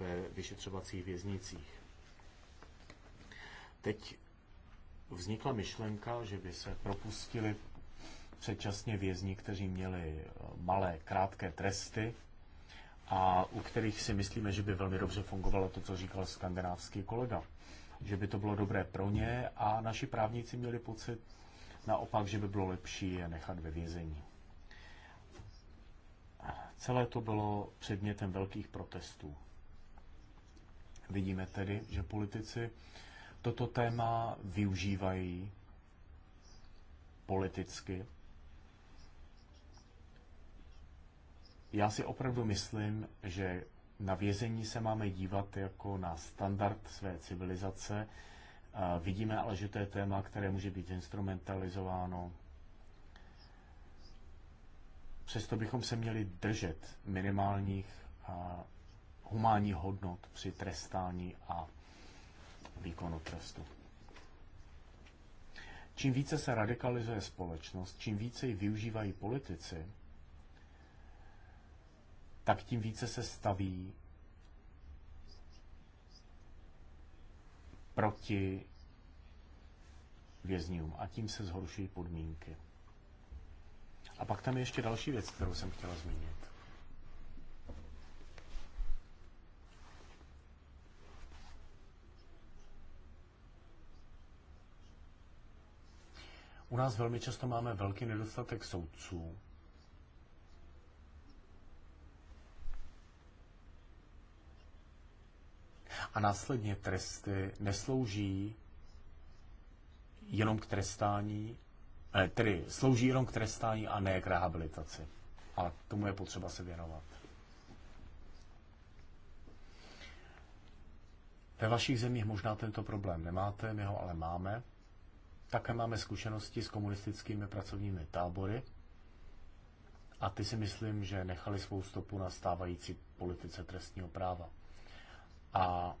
ve vyšetřovacích věznicích. Teď vznikla myšlenka, že by se propustili předčasně vězni, kteří měli eh, malé, krátké tresty a u kterých si myslíme, že by velmi dobře fungovalo to, co říkal skandinávský kolega. Že by to bylo dobré pro ně a naši právníci měli pocit naopak, že by bylo lepší je nechat ve vězení. Celé to bylo předmětem velkých protestů. Vidíme tedy, že politici toto téma využívají politicky. Já si opravdu myslím, že na vězení se máme dívat jako na standard své civilizace. Vidíme ale, že to je téma, které může být instrumentalizováno Přesto bychom se měli držet minimálních humánních hodnot při trestání a výkonu trestu. Čím více se radikalizuje společnost, čím více ji využívají politici, tak tím více se staví proti vězňům a tím se zhorší podmínky. A pak tam je ještě další věc, kterou jsem chtěla zmínit. U nás velmi často máme velký nedostatek soudců. A následně tresty neslouží jenom k trestání, Eh, tedy slouží jenom k trestání a ne k rehabilitaci. A tomu je potřeba se věnovat. Ve vašich zemích možná tento problém nemáte, my ho ale máme. Také máme zkušenosti s komunistickými pracovními tábory a ty si myslím, že nechali svou stopu na stávající politice trestního práva. A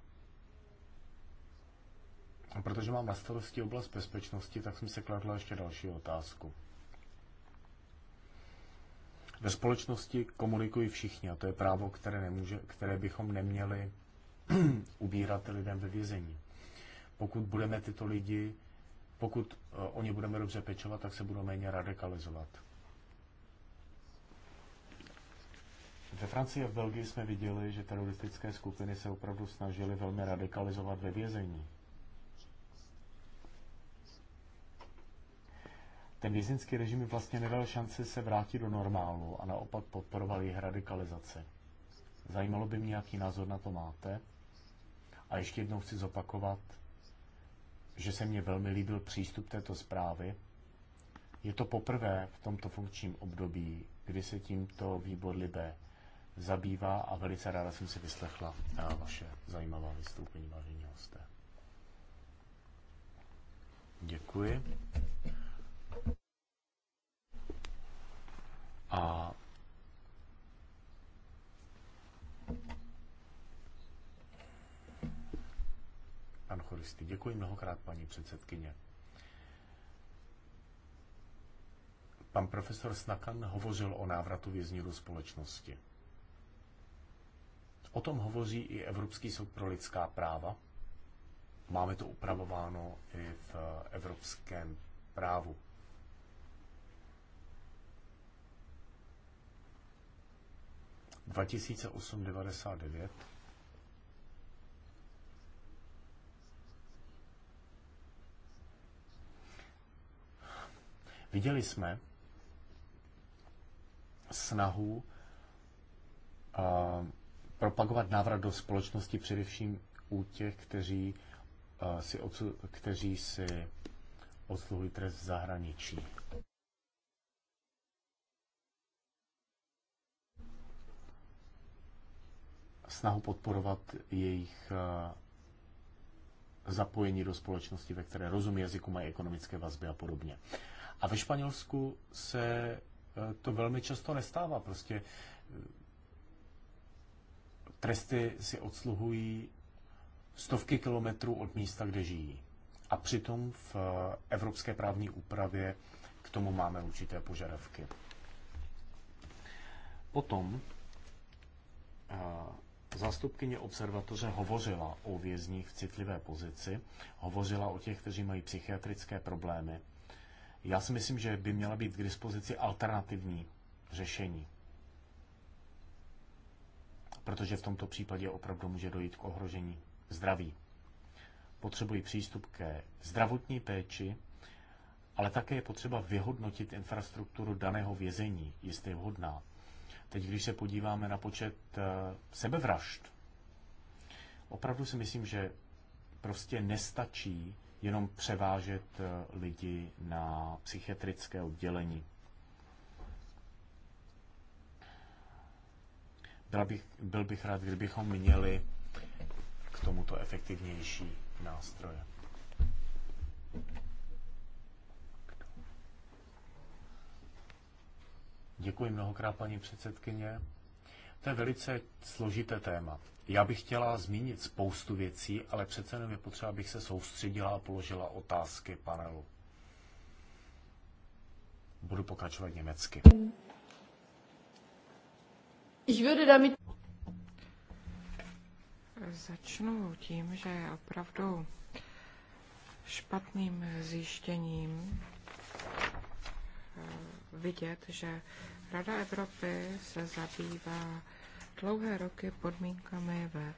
a protože mám na starosti oblast bezpečnosti, tak jsem se kladla ještě další otázku. Ve společnosti komunikují všichni a to je právo, které, nemůže, které bychom neměli ubírat lidem ve vězení. Pokud budeme tyto lidi, pokud eh, o ně budeme dobře pečovat, tak se budou méně radikalizovat. Ve Francii a v Belgii jsme viděli, že teroristické skupiny se opravdu snažily velmi radikalizovat ve vězení. ten vězinský režim vlastně nedal šanci se vrátit do normálu a naopak podporoval jejich radikalizaci. Zajímalo by mě, jaký názor na to máte. A ještě jednou chci zopakovat, že se mně velmi líbil přístup této zprávy. Je to poprvé v tomto funkčním období, kdy se tímto výbor Libe zabývá a velice ráda jsem si vyslechla eh, vaše zajímavá vystoupení, vážení hosté. Děkuji. A Pan Choristy, děkuji mnohokrát, paní předsedkyně. Pan profesor Snakan hovořil o návratu vězňů do společnosti. O tom hovoří i Evropský soud pro lidská práva. Máme to upravováno i v evropském právu. 2008-99. Viděli jsme snahu propagovat návrat do společnosti především u těch, kteří si, odsu, kteří si odsluhují trest v zahraničí. snahu podporovat jejich eh, zapojení do společnosti, ve které rozumí jazyku, mají ekonomické vazby a podobně. A ve Španělsku se eh, to velmi často nestává. Prostě eh, tresty si odsluhují stovky kilometrů od místa, kde žijí. A přitom v evropské právní úpravě k tomu máme určité požadavky. Potom Zástupkyně observatoře hovořila o vězních v citlivé pozici, hovořila o těch, kteří mají psychiatrické problémy. Já si myslím, že by měla být k dispozici alternativní řešení. Protože v tomto případě opravdu může dojít k ohrožení zdraví. Potřebují přístup ke zdravotní péči, ale také je potřeba vyhodnotit infrastrukturu daného vězení, jestli je vhodná. Teď, když se podíváme na počet eh, sebevražd, opravdu si myslím, že prostě nestačí jenom převážet eh, lidi na psychiatrické oddělení. Byl bych, byl bych rád, kdybychom měli k tomuto efektivnější nástroje. Děkuji mnohokrát, paní předsedkyně. To je velice složité téma. Já bych chtěla zmínit spoustu věcí, ale přece jenom je potřeba, abych se soustředila a položila otázky panelu. Budu pokračovat německy. Ich würde damit... Začnu tím, že je opravdu špatným zjištěním, Eh, vidět, že Rada Evropy se zabývá dlouhé roky podmínkami ve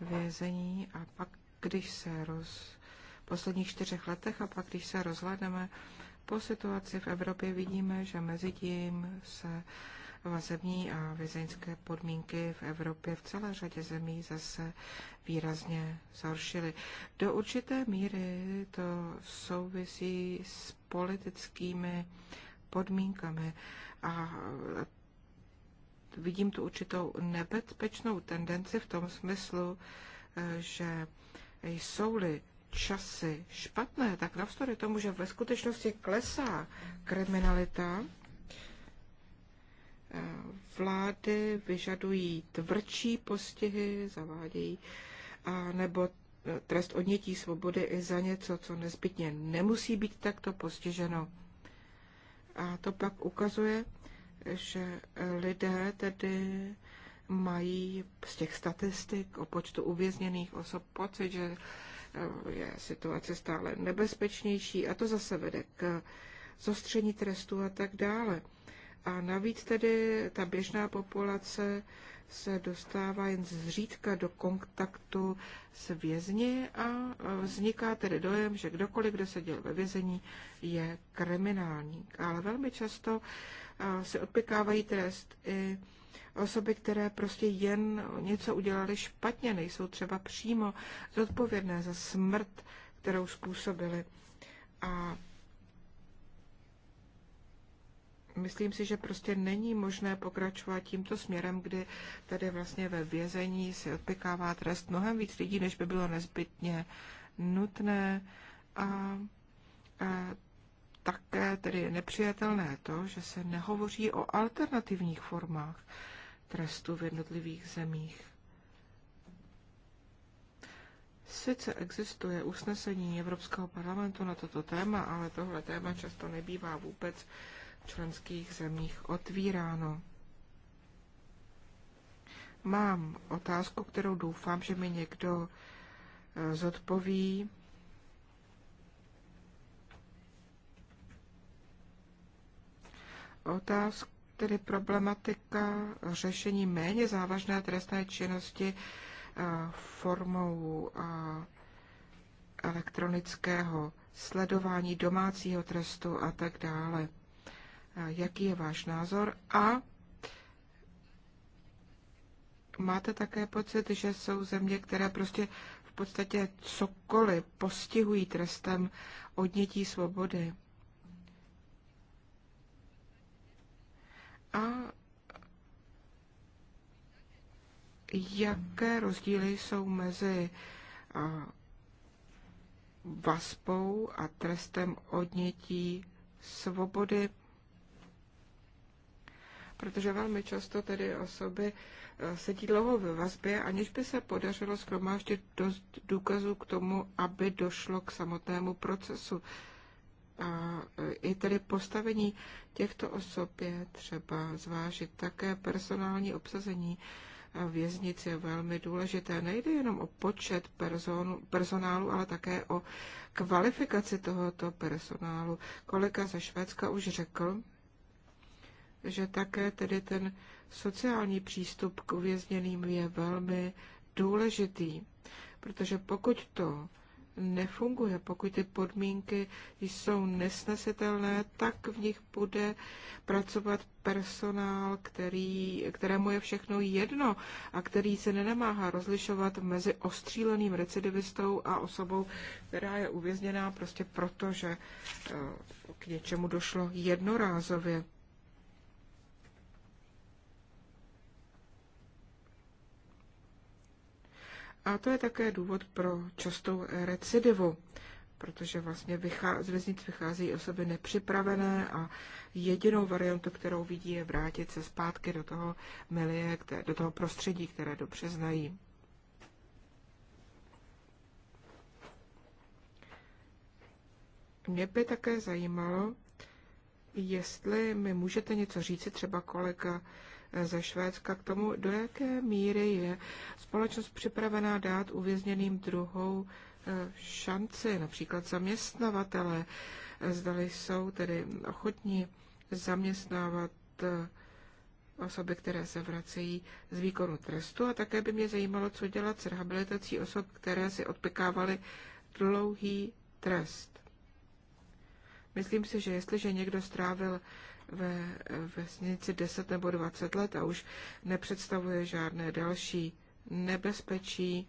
vězení a pak, když se roz... v posledních čtyřech letech a pak, když se rozhlédneme po situaci v Evropě, vidíme, že mezi tím se vazební a vězeňské podmínky v Evropě v celé řadě zemí zase výrazně zhoršily. Do určité míry to souvisí s politickými podmínkami a vidím tu určitou nebezpečnou tendenci v tom smyslu, eh, že jsou-li časy špatné, tak navzdory tomu, že ve skutečnosti klesá kriminalita, eh, vlády vyžadují tvrdší postihy, zavádějí, a nebo eh, trest odnětí svobody i za něco, co nezbytně nemusí být takto postiženo. A to pak ukazuje, že lidé tedy mají z těch statistik o počtu uvězněných osob pocit, že eh, je situace stále nebezpečnější a to zase vede k zostření trestů a tak dále. A navíc tedy ta běžná populace se dostává jen zřídka do kontaktu s vězni a e, vzniká tedy dojem, že kdokoliv, kdo seděl ve vězení, je kriminálník. Ale velmi často e, se odpikávají trest i osoby, které prostě jen něco udělali špatně, nejsou třeba přímo zodpovědné za smrt, kterou způsobili. A myslím si, že prostě není možné pokračovat tímto směrem, kdy tady vlastně ve vězení se odpikává trest mnohem víc lidí, než by bylo nezbytně nutné. A, a také tedy je nepřijatelné to, že se nehovoří o alternativních formách trestu v jednotlivých zemích. Sice existuje usnesení Evropského parlamentu na toto téma, ale tohle téma často nebývá vůbec členských zemích otvíráno. Mám otázku, kterou doufám, že mi někdo eh, zodpoví. Otázka, tedy problematika řešení méně závažné trestné činnosti eh, formou eh, elektronického sledování domácího trestu a tak dále jaký je váš názor a máte také pocit, že jsou země, které prostě v podstatě cokoliv postihují trestem odnětí svobody. A jaké rozdíly jsou mezi vaspou a trestem odnětí svobody? protože velmi často tedy osoby eh, sedí dlouho ve vazbě, aniž by se podařilo schromáždit dost důkazů k tomu, aby došlo k samotnému procesu. A eh, i tedy postavení těchto osob je třeba zvážit. Také personální obsazení eh, věznic je velmi důležité. Nejde jenom o počet personu, personálu, ale také o kvalifikaci tohoto personálu. Kolega ze Švédska už řekl, že také tedy ten sociální přístup k uvězněným je velmi důležitý, protože pokud to nefunguje, pokud ty podmínky jsou nesnesitelné, tak v nich bude pracovat personál, který, kterému je všechno jedno a který se nenamáhá rozlišovat mezi ostříleným recidivistou a osobou, která je uvězněná prostě proto, že eh, k něčemu došlo jednorázově. A to je také důvod pro častou recidivu, protože vlastně z věznic vycházejí osoby nepřipravené a jedinou variantu, kterou vidí, je vrátit se zpátky do toho milie, do toho prostředí, které dobře znají. Mě by také zajímalo, jestli mi můžete něco říci, třeba kolega ze Švédska k tomu, do jaké míry je společnost připravená dát uvězněným druhou eh, šanci, například zaměstnavatele, zdali jsou tedy ochotní zaměstnávat eh, osoby, které se vracejí z výkonu trestu. A také by mě zajímalo, co dělat s rehabilitací osob, které si odpekávaly dlouhý trest. Myslím si, že jestliže někdo strávil ve vesnici 10 nebo 20 let a už nepředstavuje žádné další nebezpečí.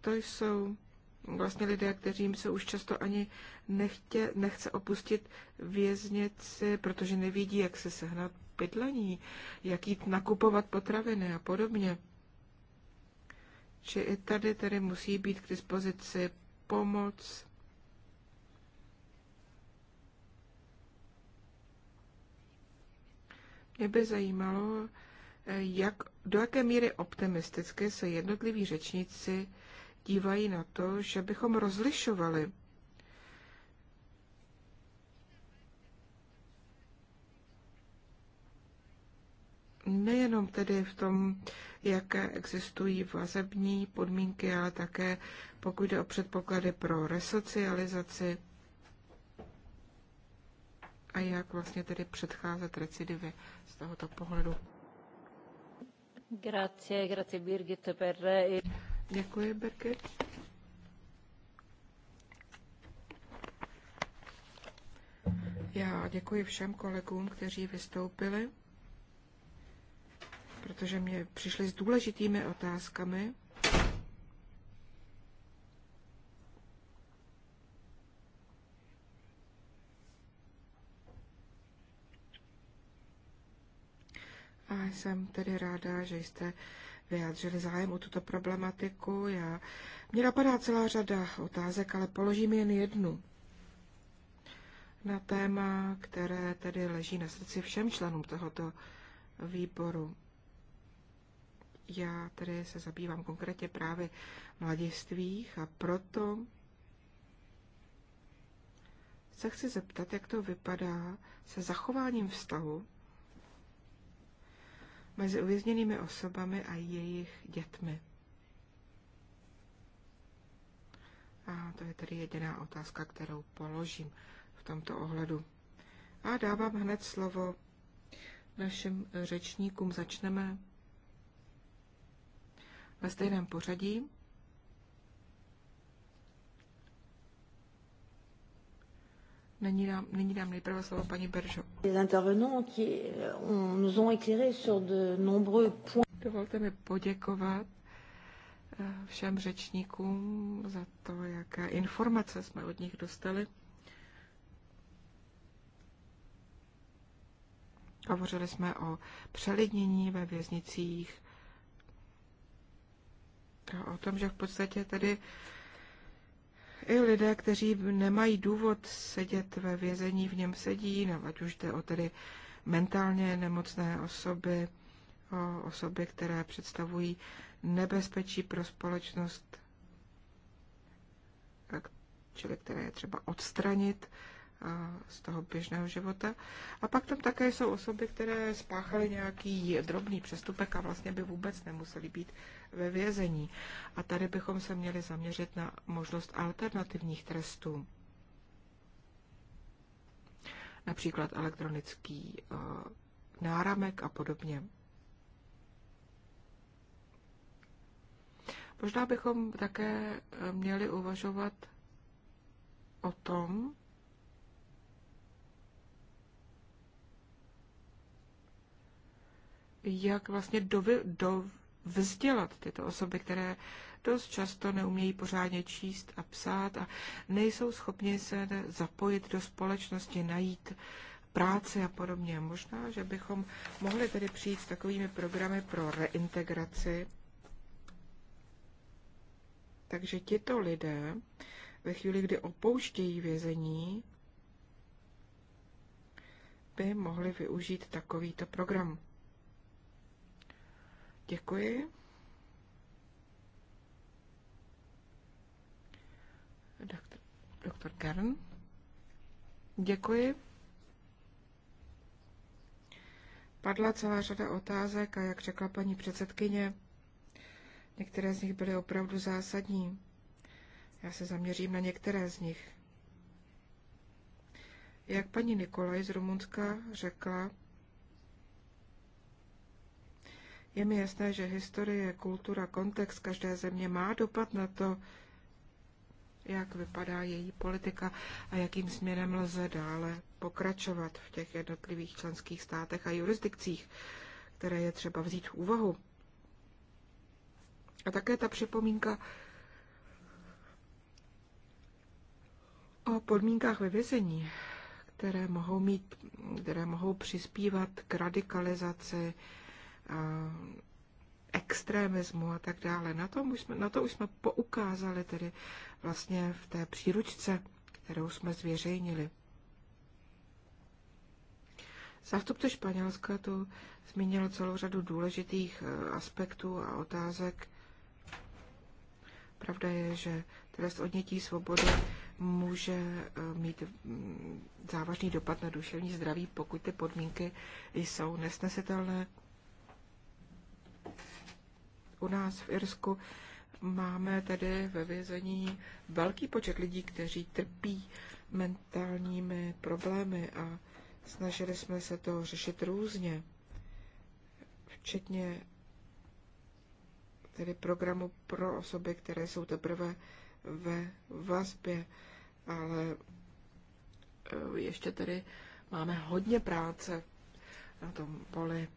To jsou vlastně lidé, kteřím se už často ani nechtě, nechce opustit věznici, protože nevidí, jak se sehnat bydlení, jak jít nakupovat potraviny a podobně. Či i tady tedy musí být k dispozici pomoc, Mě by zajímalo, eh, jak, do jaké míry optimisticky se jednotliví řečníci dívají na to, že bychom rozlišovali nejenom tedy v tom, jaké existují vazební podmínky, ale také pokud jde o předpoklady pro resocializaci a jak vlastně tedy předcházet recidivy z tohoto pohledu. Grazie, grazie Birgit per... Děkuji, Birgit. Já děkuji všem kolegům, kteří vystoupili, protože mě přišli s důležitými otázkami. jsem tedy ráda, že jste vyjádřili zájem o tuto problematiku. Já, mě napadá celá řada otázek, ale položím jen jednu na téma, které tedy leží na srdci všem členům tohoto výboru. Já tedy se zabývám konkrétně právě mladistvích a proto se chci zeptat, jak to vypadá se zachováním vztahu mezi uvězněnými osobami a jejich dětmi. A to je tedy jediná otázka, kterou položím v tomto ohledu. A dávám hned slovo našim řečníkům. Začneme ve stejném pořadí. Nyní dám, nejprve slovo paní Beržo. Euh, Dovolte mi poděkovat eh, všem řečníkům za to, jaké informace jsme od nich dostali. Hovořili jsme o přelidnění ve věznicích, a o tom, že v podstatě tedy i lidé, kteří nemají důvod sedět ve vězení, v něm sedí, nebo ať už jde o tedy mentálně nemocné osoby, o osoby, které představují nebezpečí pro společnost, čili které je třeba odstranit z toho běžného života. A pak tam také jsou osoby, které spáchaly nějaký drobný přestupek a vlastně by vůbec nemuseli být ve vězení. A tady bychom se měli zaměřit na možnost alternativních trestů. Například elektronický eh, náramek a podobně. Možná bychom také eh, měli uvažovat o tom, jak vlastně dovy, dovzdělat tyto osoby, které dost často neumějí pořádně číst a psát a nejsou schopni se zapojit do společnosti, najít práci a podobně. Možná, že bychom mohli tedy přijít s takovými programy pro reintegraci. Takže tito lidé ve chvíli, kdy opouštějí vězení, by mohli využít takovýto program. Děkuji. Doktor, doktor Kern. Děkuji. Padla celá řada otázek a jak řekla paní předsedkyně, některé z nich byly opravdu zásadní. Já se zaměřím na některé z nich. Jak paní Nikolaj z Rumunska řekla, Je mi jasné, že historie, kultura, kontext každé země má dopad na to, jak vypadá její politika a jakým směrem lze dále pokračovat v těch jednotlivých členských státech a jurisdikcích, které je třeba vzít v úvahu. A také ta připomínka o podmínkách ve vězení, které mohou, mít, které mohou přispívat k radikalizaci extremismu a tak dále. Na, to už jsme, na to už jsme poukázali tedy vlastně v té příručce, kterou jsme zveřejnili. Zástupce Španělska tu zmínil celou řadu důležitých eh, aspektů a otázek. Pravda je, že trest odnětí svobody může eh, mít mm, závažný dopad na duševní zdraví, pokud ty podmínky jsou nesnesitelné u nás v Irsku máme tedy ve vězení velký počet lidí, kteří trpí mentálními problémy a snažili jsme se to řešit různě, včetně tedy programu pro osoby, které jsou teprve ve vazbě, ale eh, ještě tedy máme hodně práce na tom poli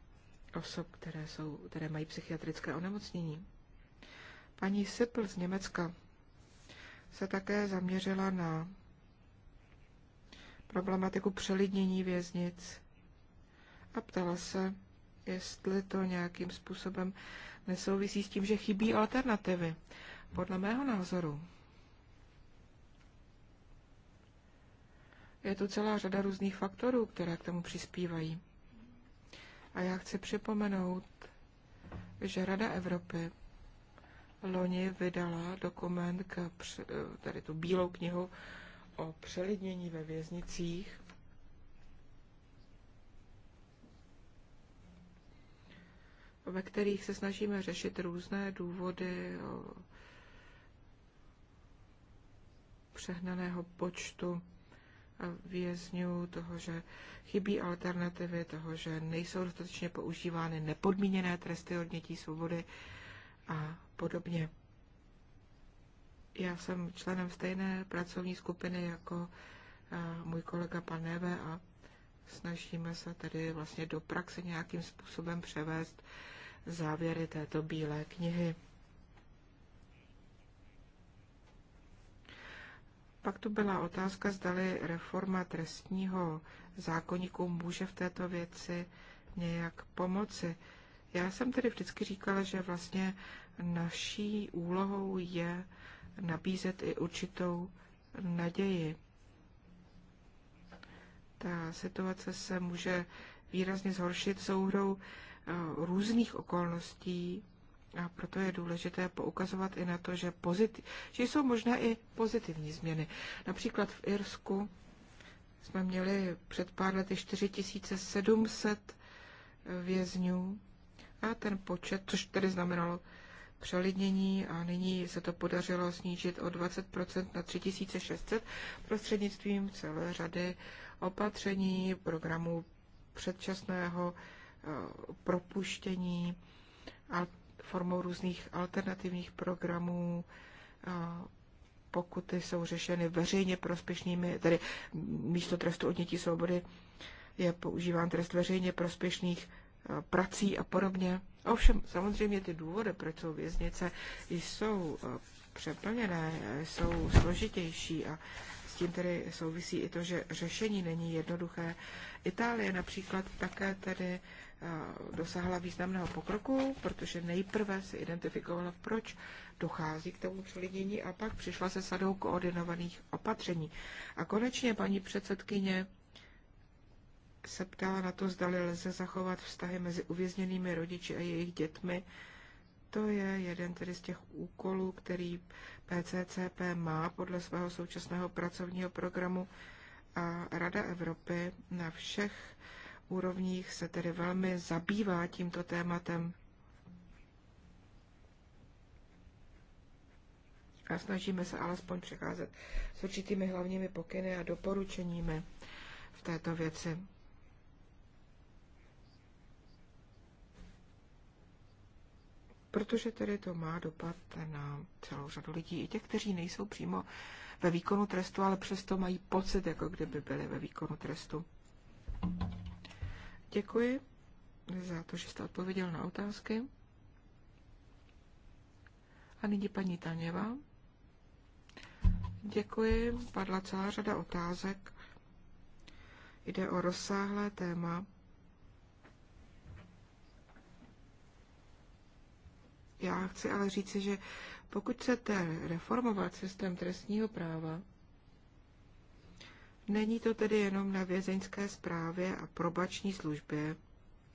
osob, které, jsou, které mají psychiatrické onemocnění. Paní Sippel z Německa se také zaměřila na problematiku přelidnění věznic a ptala se, jestli to nějakým způsobem nesouvisí s tím, že chybí alternativy. Podle mého názoru je tu celá řada různých faktorů, které k tomu přispívají. A já chci připomenout, že Rada Evropy loni vydala dokument, k, tady tu bílou knihu o přelidnění ve věznicích. ve kterých se snažíme řešit různé důvody přehnaného počtu vězňů, toho, že chybí alternativy, toho, že nejsou dostatečně používány nepodmíněné tresty odnětí svobody a podobně. Já jsem členem stejné pracovní skupiny jako můj kolega pan Neve a snažíme se tedy vlastně do praxe nějakým způsobem převést závěry této bílé knihy. Pak tu byla otázka, zdali reforma trestního zákonníku může v této věci nějak pomoci. Já jsem tedy vždycky říkala, že vlastně naší úlohou je nabízet i určitou naději. Ta situace se může výrazně zhoršit souhrou eh, různých okolností, a proto je důležité poukazovat i na to, že, pozitiv, že jsou možné i pozitivní změny. Například v Irsku jsme měli před pár lety 4700 vězňů a ten počet, což tedy znamenalo přelidnění a nyní se to podařilo snížit o 20% na 3600 prostřednictvím celé řady opatření, programů předčasného eh, propuštění a formou různých alternativních programů. Pokuty jsou řešeny veřejně prospěšnými, tedy místo trestu odnětí svobody je používán trest veřejně prospěšných prací a podobně. Ovšem, samozřejmě ty důvody, proč jsou věznice, jsou přeplněné, jsou složitější a s tím tedy souvisí i to, že řešení není jednoduché. Itálie například také tedy dosáhla významného pokroku, protože nejprve se identifikovala, proč dochází k tomu přelidění a pak přišla se sadou koordinovaných opatření. A konečně paní předsedkyně se ptala na to, zdali lze zachovat vztahy mezi uvězněnými rodiči a jejich dětmi. To je jeden tedy z těch úkolů, který PCCP má podle svého současného pracovního programu a Rada Evropy na všech úrovních se tedy velmi zabývá tímto tématem a snažíme se alespoň přecházet s určitými hlavními pokyny a doporučeními v této věci. Protože tedy to má dopad na celou řadu lidí, i těch, kteří nejsou přímo ve výkonu trestu, ale přesto mají pocit, jako kdyby byli ve výkonu trestu. Děkuji za to, že jste odpověděl na otázky. A nyní paní Taněva. Děkuji, padla celá řada otázek. Jde o rozsáhlé téma. Já chci ale říci, že pokud chcete reformovat systém trestního práva, Není to tedy jenom na vězeňské správě a probační službě,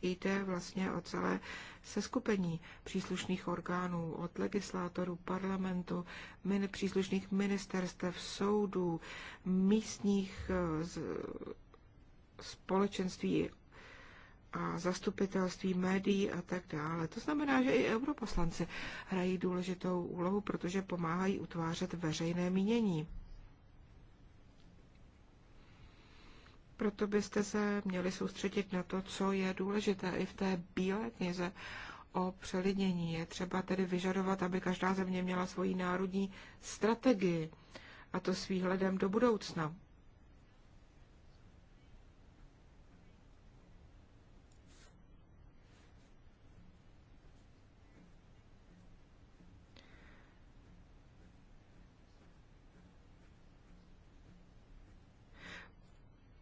jde vlastně o celé seskupení příslušných orgánů, od legislátorů, parlamentu, min, příslušných ministerstev, soudů, místních eh, z, společenství a zastupitelství médií a tak dále. To znamená, že i europoslanci hrají důležitou úlohu, protože pomáhají utvářet veřejné mínění. Proto byste se měli soustředit na to, co je důležité i v té bílé knize o přelidnění. Je třeba tedy vyžadovat, aby každá země měla svoji národní strategii, a to s výhledem do budoucna.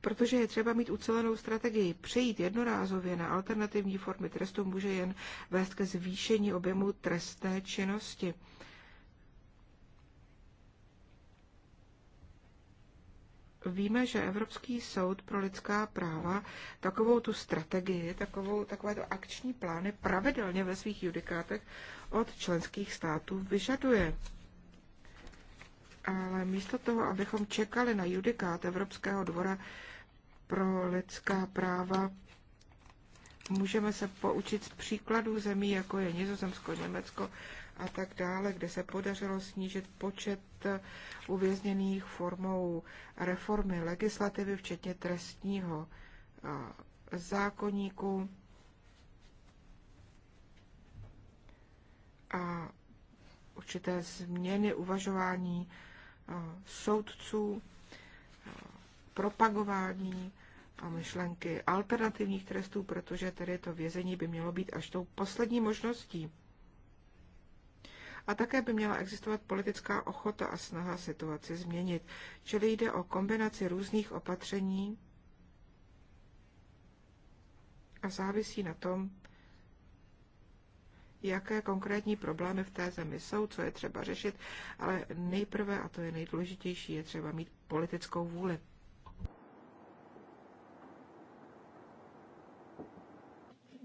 protože je třeba mít ucelenou strategii. Přejít jednorázově na alternativní formy trestu může jen vést ke zvýšení objemu trestné činnosti. Víme, že Evropský soud pro lidská práva takovou tu strategii, takovou, takovéto akční plány pravidelně ve svých judikátech od členských států vyžaduje. Ale místo toho, abychom čekali na judikát Evropského dvora, pro lidská práva. Můžeme se poučit z příkladů zemí, jako je Nizozemsko, Německo a tak dále, kde se podařilo snížit počet uvězněných formou reformy legislativy, včetně trestního zákoníku. A určité změny uvažování soudců propagování a myšlenky alternativních trestů, protože tedy to vězení by mělo být až tou poslední možností. A také by měla existovat politická ochota a snaha situaci změnit. Čili jde o kombinaci různých opatření a závisí na tom, jaké konkrétní problémy v té zemi jsou, co je třeba řešit, ale nejprve, a to je nejdůležitější, je třeba mít politickou vůli.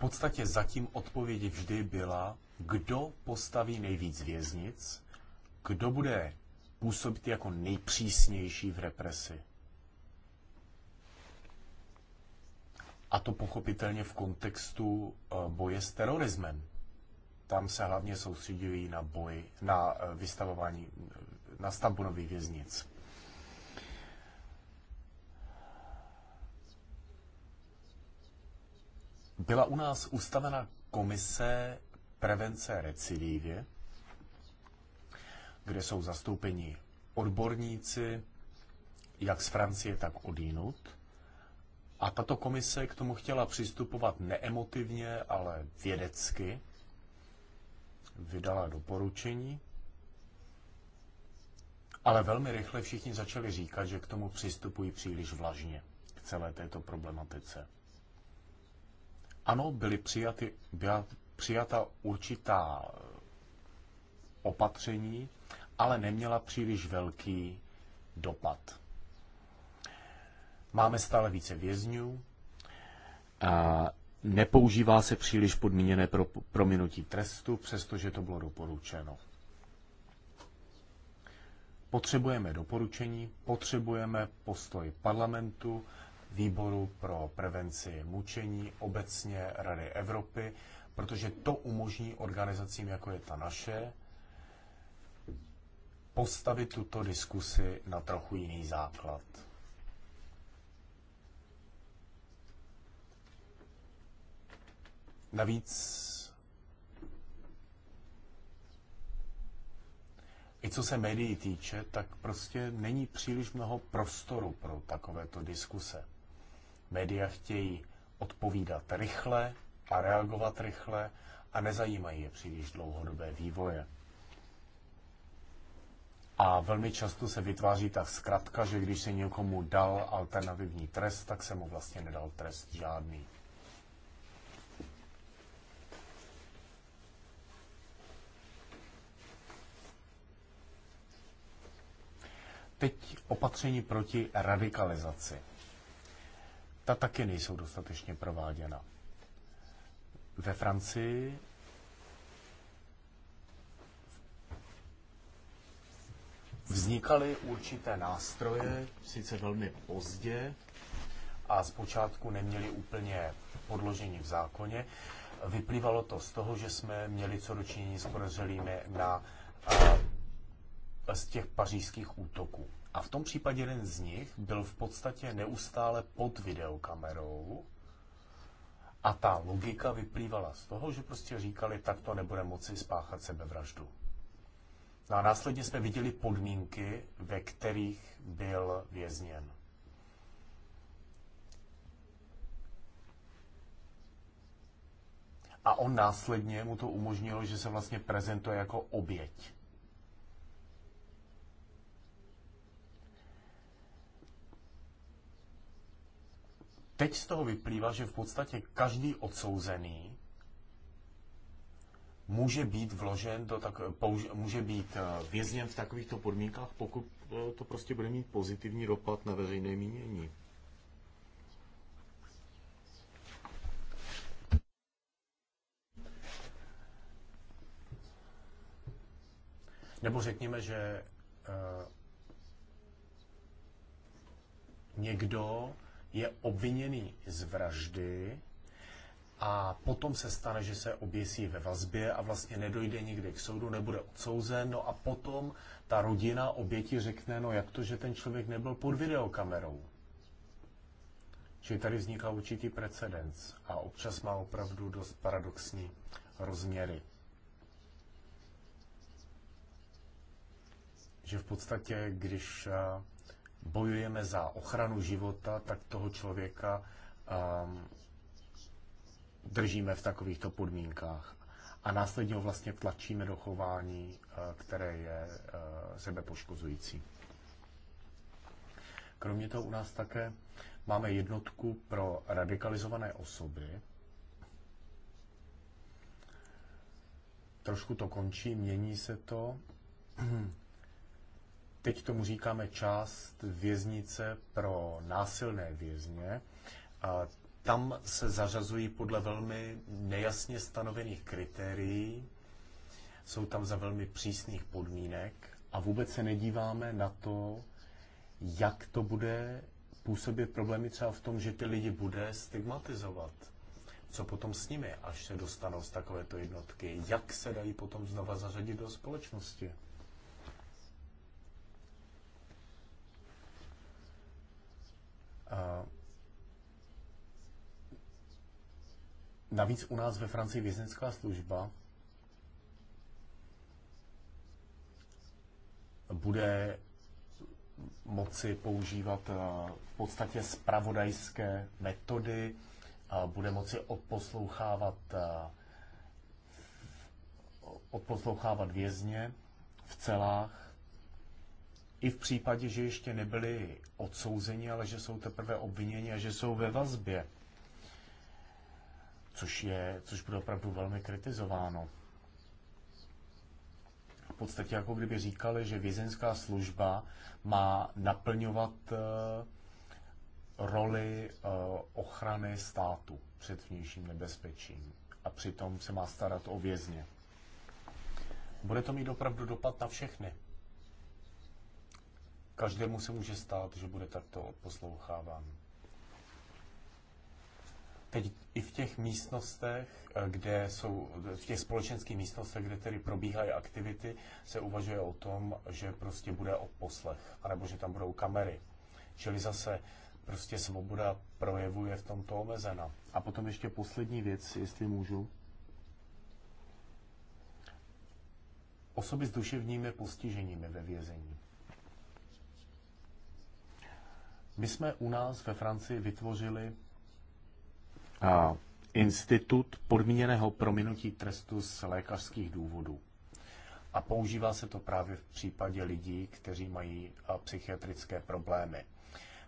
podstatě zatím odpověď vždy byla, kdo postaví nejvíc věznic, kdo bude působit jako nejpřísnější v represi. A to pochopitelně v kontextu eh, boje s terorismem. Tam se hlavně soustředují na boj, na eh, vystavování, na stavbu nových věznic. Byla u nás ustavena komise prevence recidivy, kde jsou zastoupeni odborníci, jak z Francie, tak od jinut. A tato komise k tomu chtěla přistupovat neemotivně, ale vědecky. Vydala doporučení. Ale velmi rychle všichni začali říkat, že k tomu přistupují příliš vlažně k celé této problematice. Ano, byly přijaty, byla přijata určitá opatření, ale neměla příliš velký dopad. Máme stále více vězňů, a nepoužívá se příliš podmíněné pro, prominutí trestu, přestože to bylo doporučeno. Potřebujeme doporučení, potřebujeme postoj parlamentu, výboru pro prevenci mučení, obecně Rady Evropy, protože to umožní organizacím, jako je ta naše, postavit tuto diskusi na trochu jiný základ. Navíc i co se médií týče, tak prostě není příliš mnoho prostoru pro takovéto diskuse. Média chtějí odpovídat rychle a reagovat rychle a nezajímají je příliš dlouhodobé vývoje. A velmi často se vytváří ta zkratka, že když se někomu dal alternativní trest, tak se mu vlastně nedal trest žádný. Teď opatření proti radikalizaci ta taky nejsou dostatečně prováděna. Ve Francii vznikaly určité nástroje, sice velmi pozdě a zpočátku neměly úplně podložení v zákoně. Vyplývalo to z toho, že jsme měli co dočinění s podezřelými na, a, z těch pařížských útoků. A v tom případě jeden z nich byl v podstatě neustále pod videokamerou a ta logika vyplývala z toho, že prostě říkali, tak to nebude moci spáchat sebevraždu. No a následně jsme viděli podmínky, ve kterých byl vězněn. A on následně mu to umožnilo, že se vlastně prezentuje jako oběť. Teď z toho vyplývá, že v podstatě každý odsouzený může být vložen do tak, použ, může být eh, vězněn v takovýchto podmínkách, pokud eh, to prostě bude mít pozitivní dopad na veřejné mínění. Nebo řekněme, že uh, někdo je obviněný z vraždy a potom se stane, že se oběsí ve vazbě a vlastně nedojde nikdy k soudu, nebude odsouzen, no a potom ta rodina oběti řekne, no jak to, že ten člověk nebyl pod videokamerou. Čili tady vzniká určitý precedens a občas má opravdu dost paradoxní rozměry. Že v podstatě, když bojujeme za ochranu života, tak toho člověka um, držíme v takovýchto podmínkách a následně ho vlastně tlačíme do chování, uh, které je uh, sebepoškozující. Kromě toho u nás také máme jednotku pro radikalizované osoby. Trošku to končí, mění se to. Teď tomu říkáme část věznice pro násilné vězně. A tam se zařazují podle velmi nejasně stanovených kritérií, jsou tam za velmi přísných podmínek a vůbec se nedíváme na to, jak to bude působit problémy třeba v tom, že ty lidi bude stigmatizovat. Co potom s nimi, až se dostanou z takovéto jednotky? Jak se dají potom znova zařadit do společnosti? A navíc u nás ve Francii vězenská služba bude moci používat eh, v podstatě spravodajské metody, bude moci odposlouchávat, eh, odposlouchávat vězně v celách i v případě, že ještě nebyli odsouzeni, ale že jsou teprve obviněni a že jsou ve vazbě, což, je, což bude opravdu velmi kritizováno. V podstatě jako kdyby říkali, že vězenská služba má naplňovat eh, roli eh, ochrany státu před vnějším nebezpečím a přitom se má starat o vězně. Bude to mít opravdu dopad na všechny. Každému se může stát, že bude takto odposloucháván. Teď i v těch místnostech, eh, kde jsou, v těch společenských místnostech, kde tedy probíhají aktivity, se uvažuje o tom, že prostě bude odposlech, anebo že tam budou kamery. Čili zase prostě svoboda projevu je v tomto omezena. A potom ještě poslední věc, jestli můžu. Osoby s duševními postiženími ve vězení. My jsme u nás ve Francii vytvořili a, institut podmíněného prominutí trestu z lékařských důvodů. A používá se to právě v případě lidí, kteří mají psychiatrické problémy.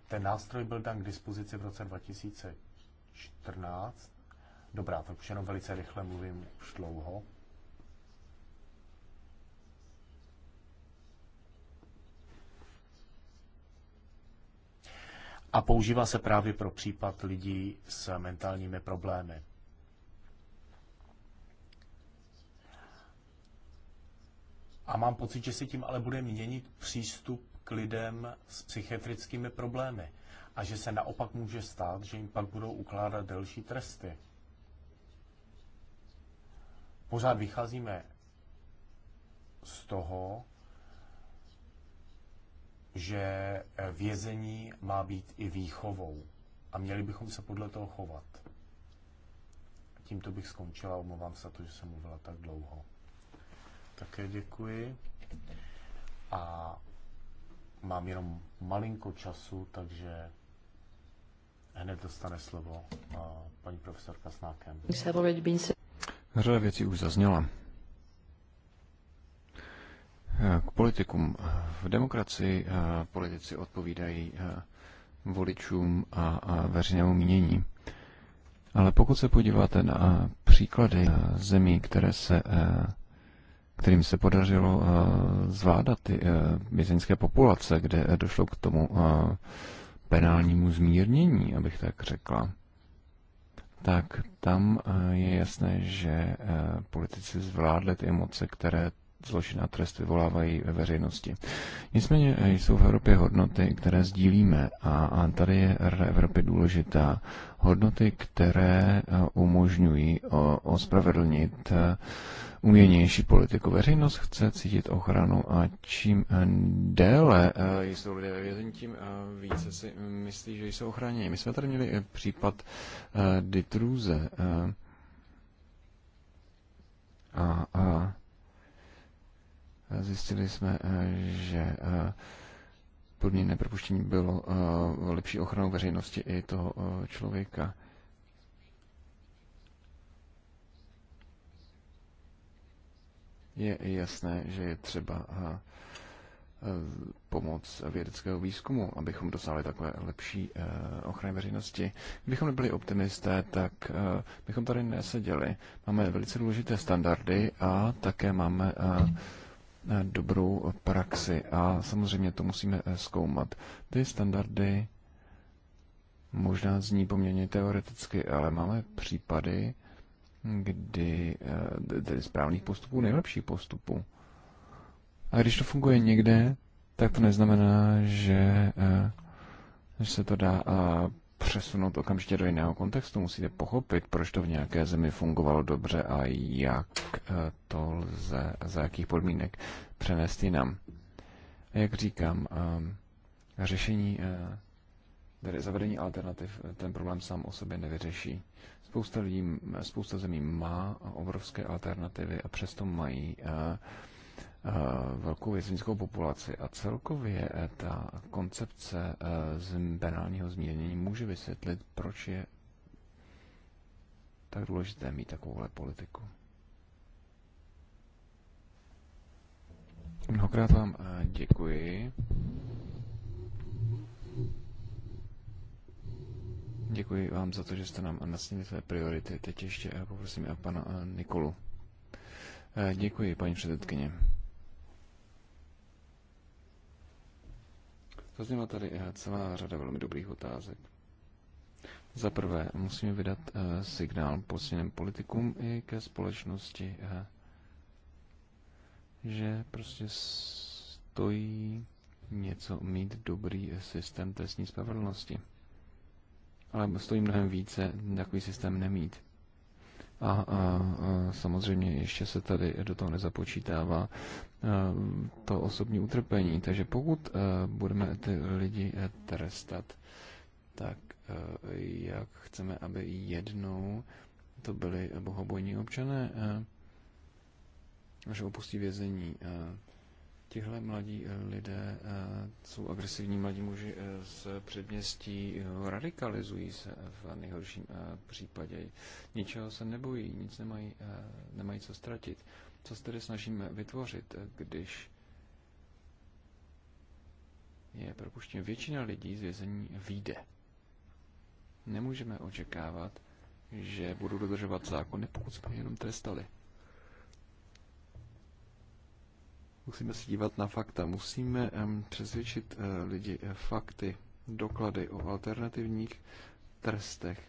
Ten nástroj byl dan k dispozici v roce 2014. Dobrá, tak už jenom velice rychle mluvím už dlouho. a používá se právě pro případ lidí s mentálními problémy. A mám pocit, že se tím ale bude měnit přístup k lidem s psychiatrickými problémy a že se naopak může stát, že jim pak budou ukládat delší tresty. Pořád vycházíme z toho, že eh, vězení má být i výchovou a měli bychom se podle toho chovat. Tímto bych skončila, omlouvám se za to, že jsem mluvila tak dlouho. Také děkuji. A mám jenom malinko času, takže hned dostane slovo eh, paní profesorka Snákem. Hře věci už zazněla. K politikům. V demokracii eh, politici odpovídají eh, voličům a veřejnému mínění. Ale pokud se podíváte na eh, příklady zemí, které se, kterým se podařilo zvládat ty vězeňské populace, kde došlo k tomu penálnímu zmírnění, abych tak řekla, tak tam je jasné, že politici zvládli ty emoce, které zločinná trest vyvolávají ve veřejnosti. Nicméně eh, jsou v Evropě hodnoty, které sdílíme a, a tady je Rada Evropy důležitá. Hodnoty, které eh, umožňují ospravedlnit eh, uměnější politiku. Veřejnost chce cítit ochranu a čím déle jsou lidé ve vězení, tím více si myslí, že jsou ochráněni. My jsme tady měli případ Ditruze. A, a Zjistili jsme, eh, že eh, podmíněné propuštění bylo eh, lepší ochranou veřejnosti i toho člověka. Je jasné, že je třeba pomoc vědeckého výzkumu, abychom dosáhli takové lepší ochrany veřejnosti. Kdybychom nebyli optimisté, tak bychom tady neseděli. Máme velice důležité standardy a také máme dobrou praxi a samozřejmě to musíme eh, zkoumat. Ty standardy možná zní poměrně teoreticky, ale máme případy, kdy eh, tedy správných postupů, nejlepší postupů. A když to funguje někde, tak to neznamená, že, eh, že se to dá přesunout okamžitě do jiného kontextu. Musíte pochopit, proč to v nějaké zemi fungovalo dobře a jak eh, to lze, za jakých podmínek přenést jinam. A jak říkám, eh, řešení, eh, tedy zavedení alternativ, ten problém sám o sobě nevyřeší. Spousta, lidí, spousta zemí má obrovské alternativy a přesto mají uh, Eh, velkou vězeňskou populaci a celkově eh, ta koncepce eh, z penálního zmírnění může vysvětlit, proč je tak důležité mít takovouhle politiku. Mnohokrát vám děkuji. Děkuji vám za to, že jste nám nasnili své priority. Teď ještě poprosím pana Nikolu. Děkuji, paní předsedkyně. Zazněla tady eh, celá řada velmi dobrých otázek. Za prvé, musíme vydat eh, signál posíleným politikům i ke společnosti, eh, že prostě stojí něco mít dobrý systém trestní spravedlnosti. Ale stojí mnohem více takový systém nemít a, a, a samozřejmě ještě se tady do toho nezapočítává e, to osobní utrpení. Takže pokud e, budeme ty lidi e, trestat, tak jak chceme, aby jednou to byli bohobojní občané, až opustí vězení, Tihle mladí eh, lidé eh, jsou agresivní mladí muži eh, z předměstí, radikalizují se v nejhorším případě. Ničeho se nebojí, nic nemají, nemají co ztratit. Co se tedy snažíme vytvořit, když je propuštěn většina lidí z vězení výjde? Nemůžeme očekávat, že budou dodržovat zákony, pokud jsme jenom trestali. Musíme se dívat na fakta. Musíme přesvědčit eh, lidi eh, fakty, doklady o alternativních trestech.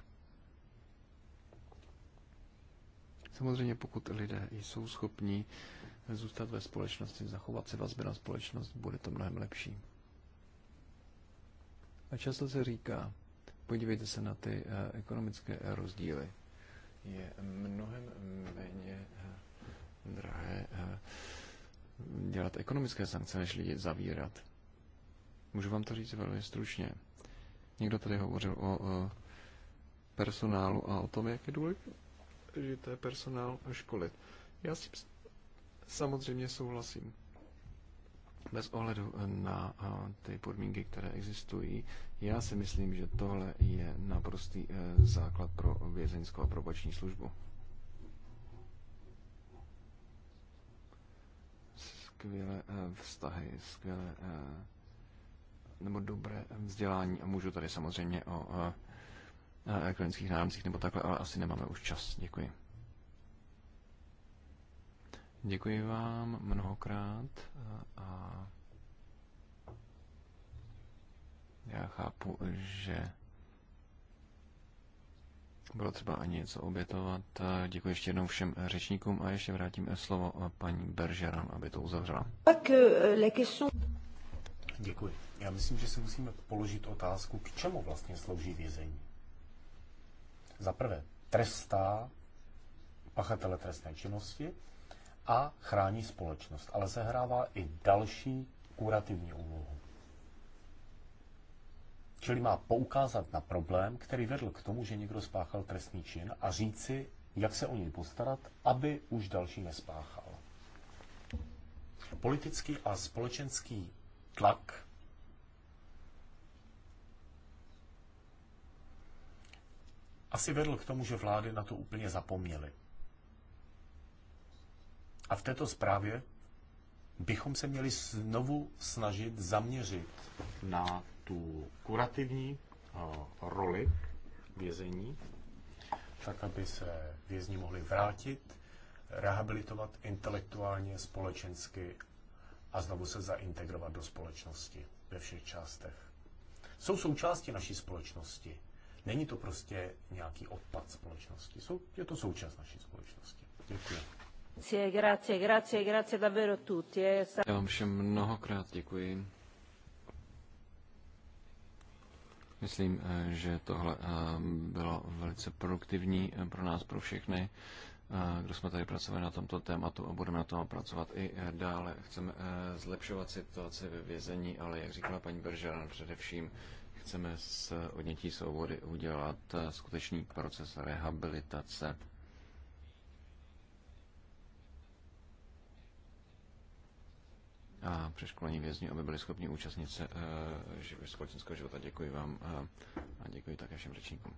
Samozřejmě, pokud lidé jsou schopní zůstat ve společnosti, zachovat si vazby na společnost, bude to mnohem lepší. A často se říká, podívejte se na ty eh, ekonomické rozdíly. Je mnohem méně drahé dělat ekonomické sankce, než lidi zavírat. Můžu vám to říct velmi stručně. Někdo tady hovořil o, o personálu a o tom, jak je důležité personál školit. Já s tím samozřejmě souhlasím. Bez ohledu na ty podmínky, které existují, já si myslím, že tohle je naprostý e, základ pro vězeňskou a probační službu. skvělé eh, vztahy, skvělé eh, nebo dobré vzdělání a můžu tady samozřejmě o elektronických eh, náramcích nebo takhle, ale asi nemáme už čas. Děkuji. Děkuji vám mnohokrát a já chápu, že bylo třeba ani něco obětovat. Děkuji ještě jednou všem řečníkům a ještě vrátím slovo paní Beržeran, aby to uzavřela. Eh, Děkuji. Já myslím, že si musíme položit otázku, k čemu vlastně slouží vězení. Za prvé, trestá pachatele trestné činnosti a chrání společnost, ale sehrává i další kurativní úlohu. Čili má poukázat na problém, který vedl k tomu, že někdo spáchal trestný čin a říci, jak se o něj postarat, aby už další nespáchal. Politický a společenský tlak asi vedl k tomu, že vlády na to úplně zapomněly. A v této zprávě bychom se měli znovu snažit zaměřit na tu kurativní eh, roli vězení, tak aby se vězni mohli vrátit, rehabilitovat intelektuálně, společensky a znovu se zaintegrovat do společnosti ve všech částech. Jsou součástí naší společnosti. Není to prostě nějaký odpad společnosti. Jsou, je to součást naší společnosti. Děkuji. Grazie, grazie, grazie davvero tutti. Eh. Já vám všem mnohokrát děkuji. Myslím, eh, že tohle eh, bylo velice produktivní eh, pro nás, pro všechny, kdo jsme tady pracovali na tomto tématu a budeme na tom pracovat i dále. Chceme zlepšovat situaci ve vězení, ale jak říkala paní Beržán, především chceme s odnětí svobody udělat skutečný proces rehabilitace a přeškolení vězňů, aby byli schopni účastnit se eh, společenského života. Děkuji vám eh, a děkuji také všem řečníkům.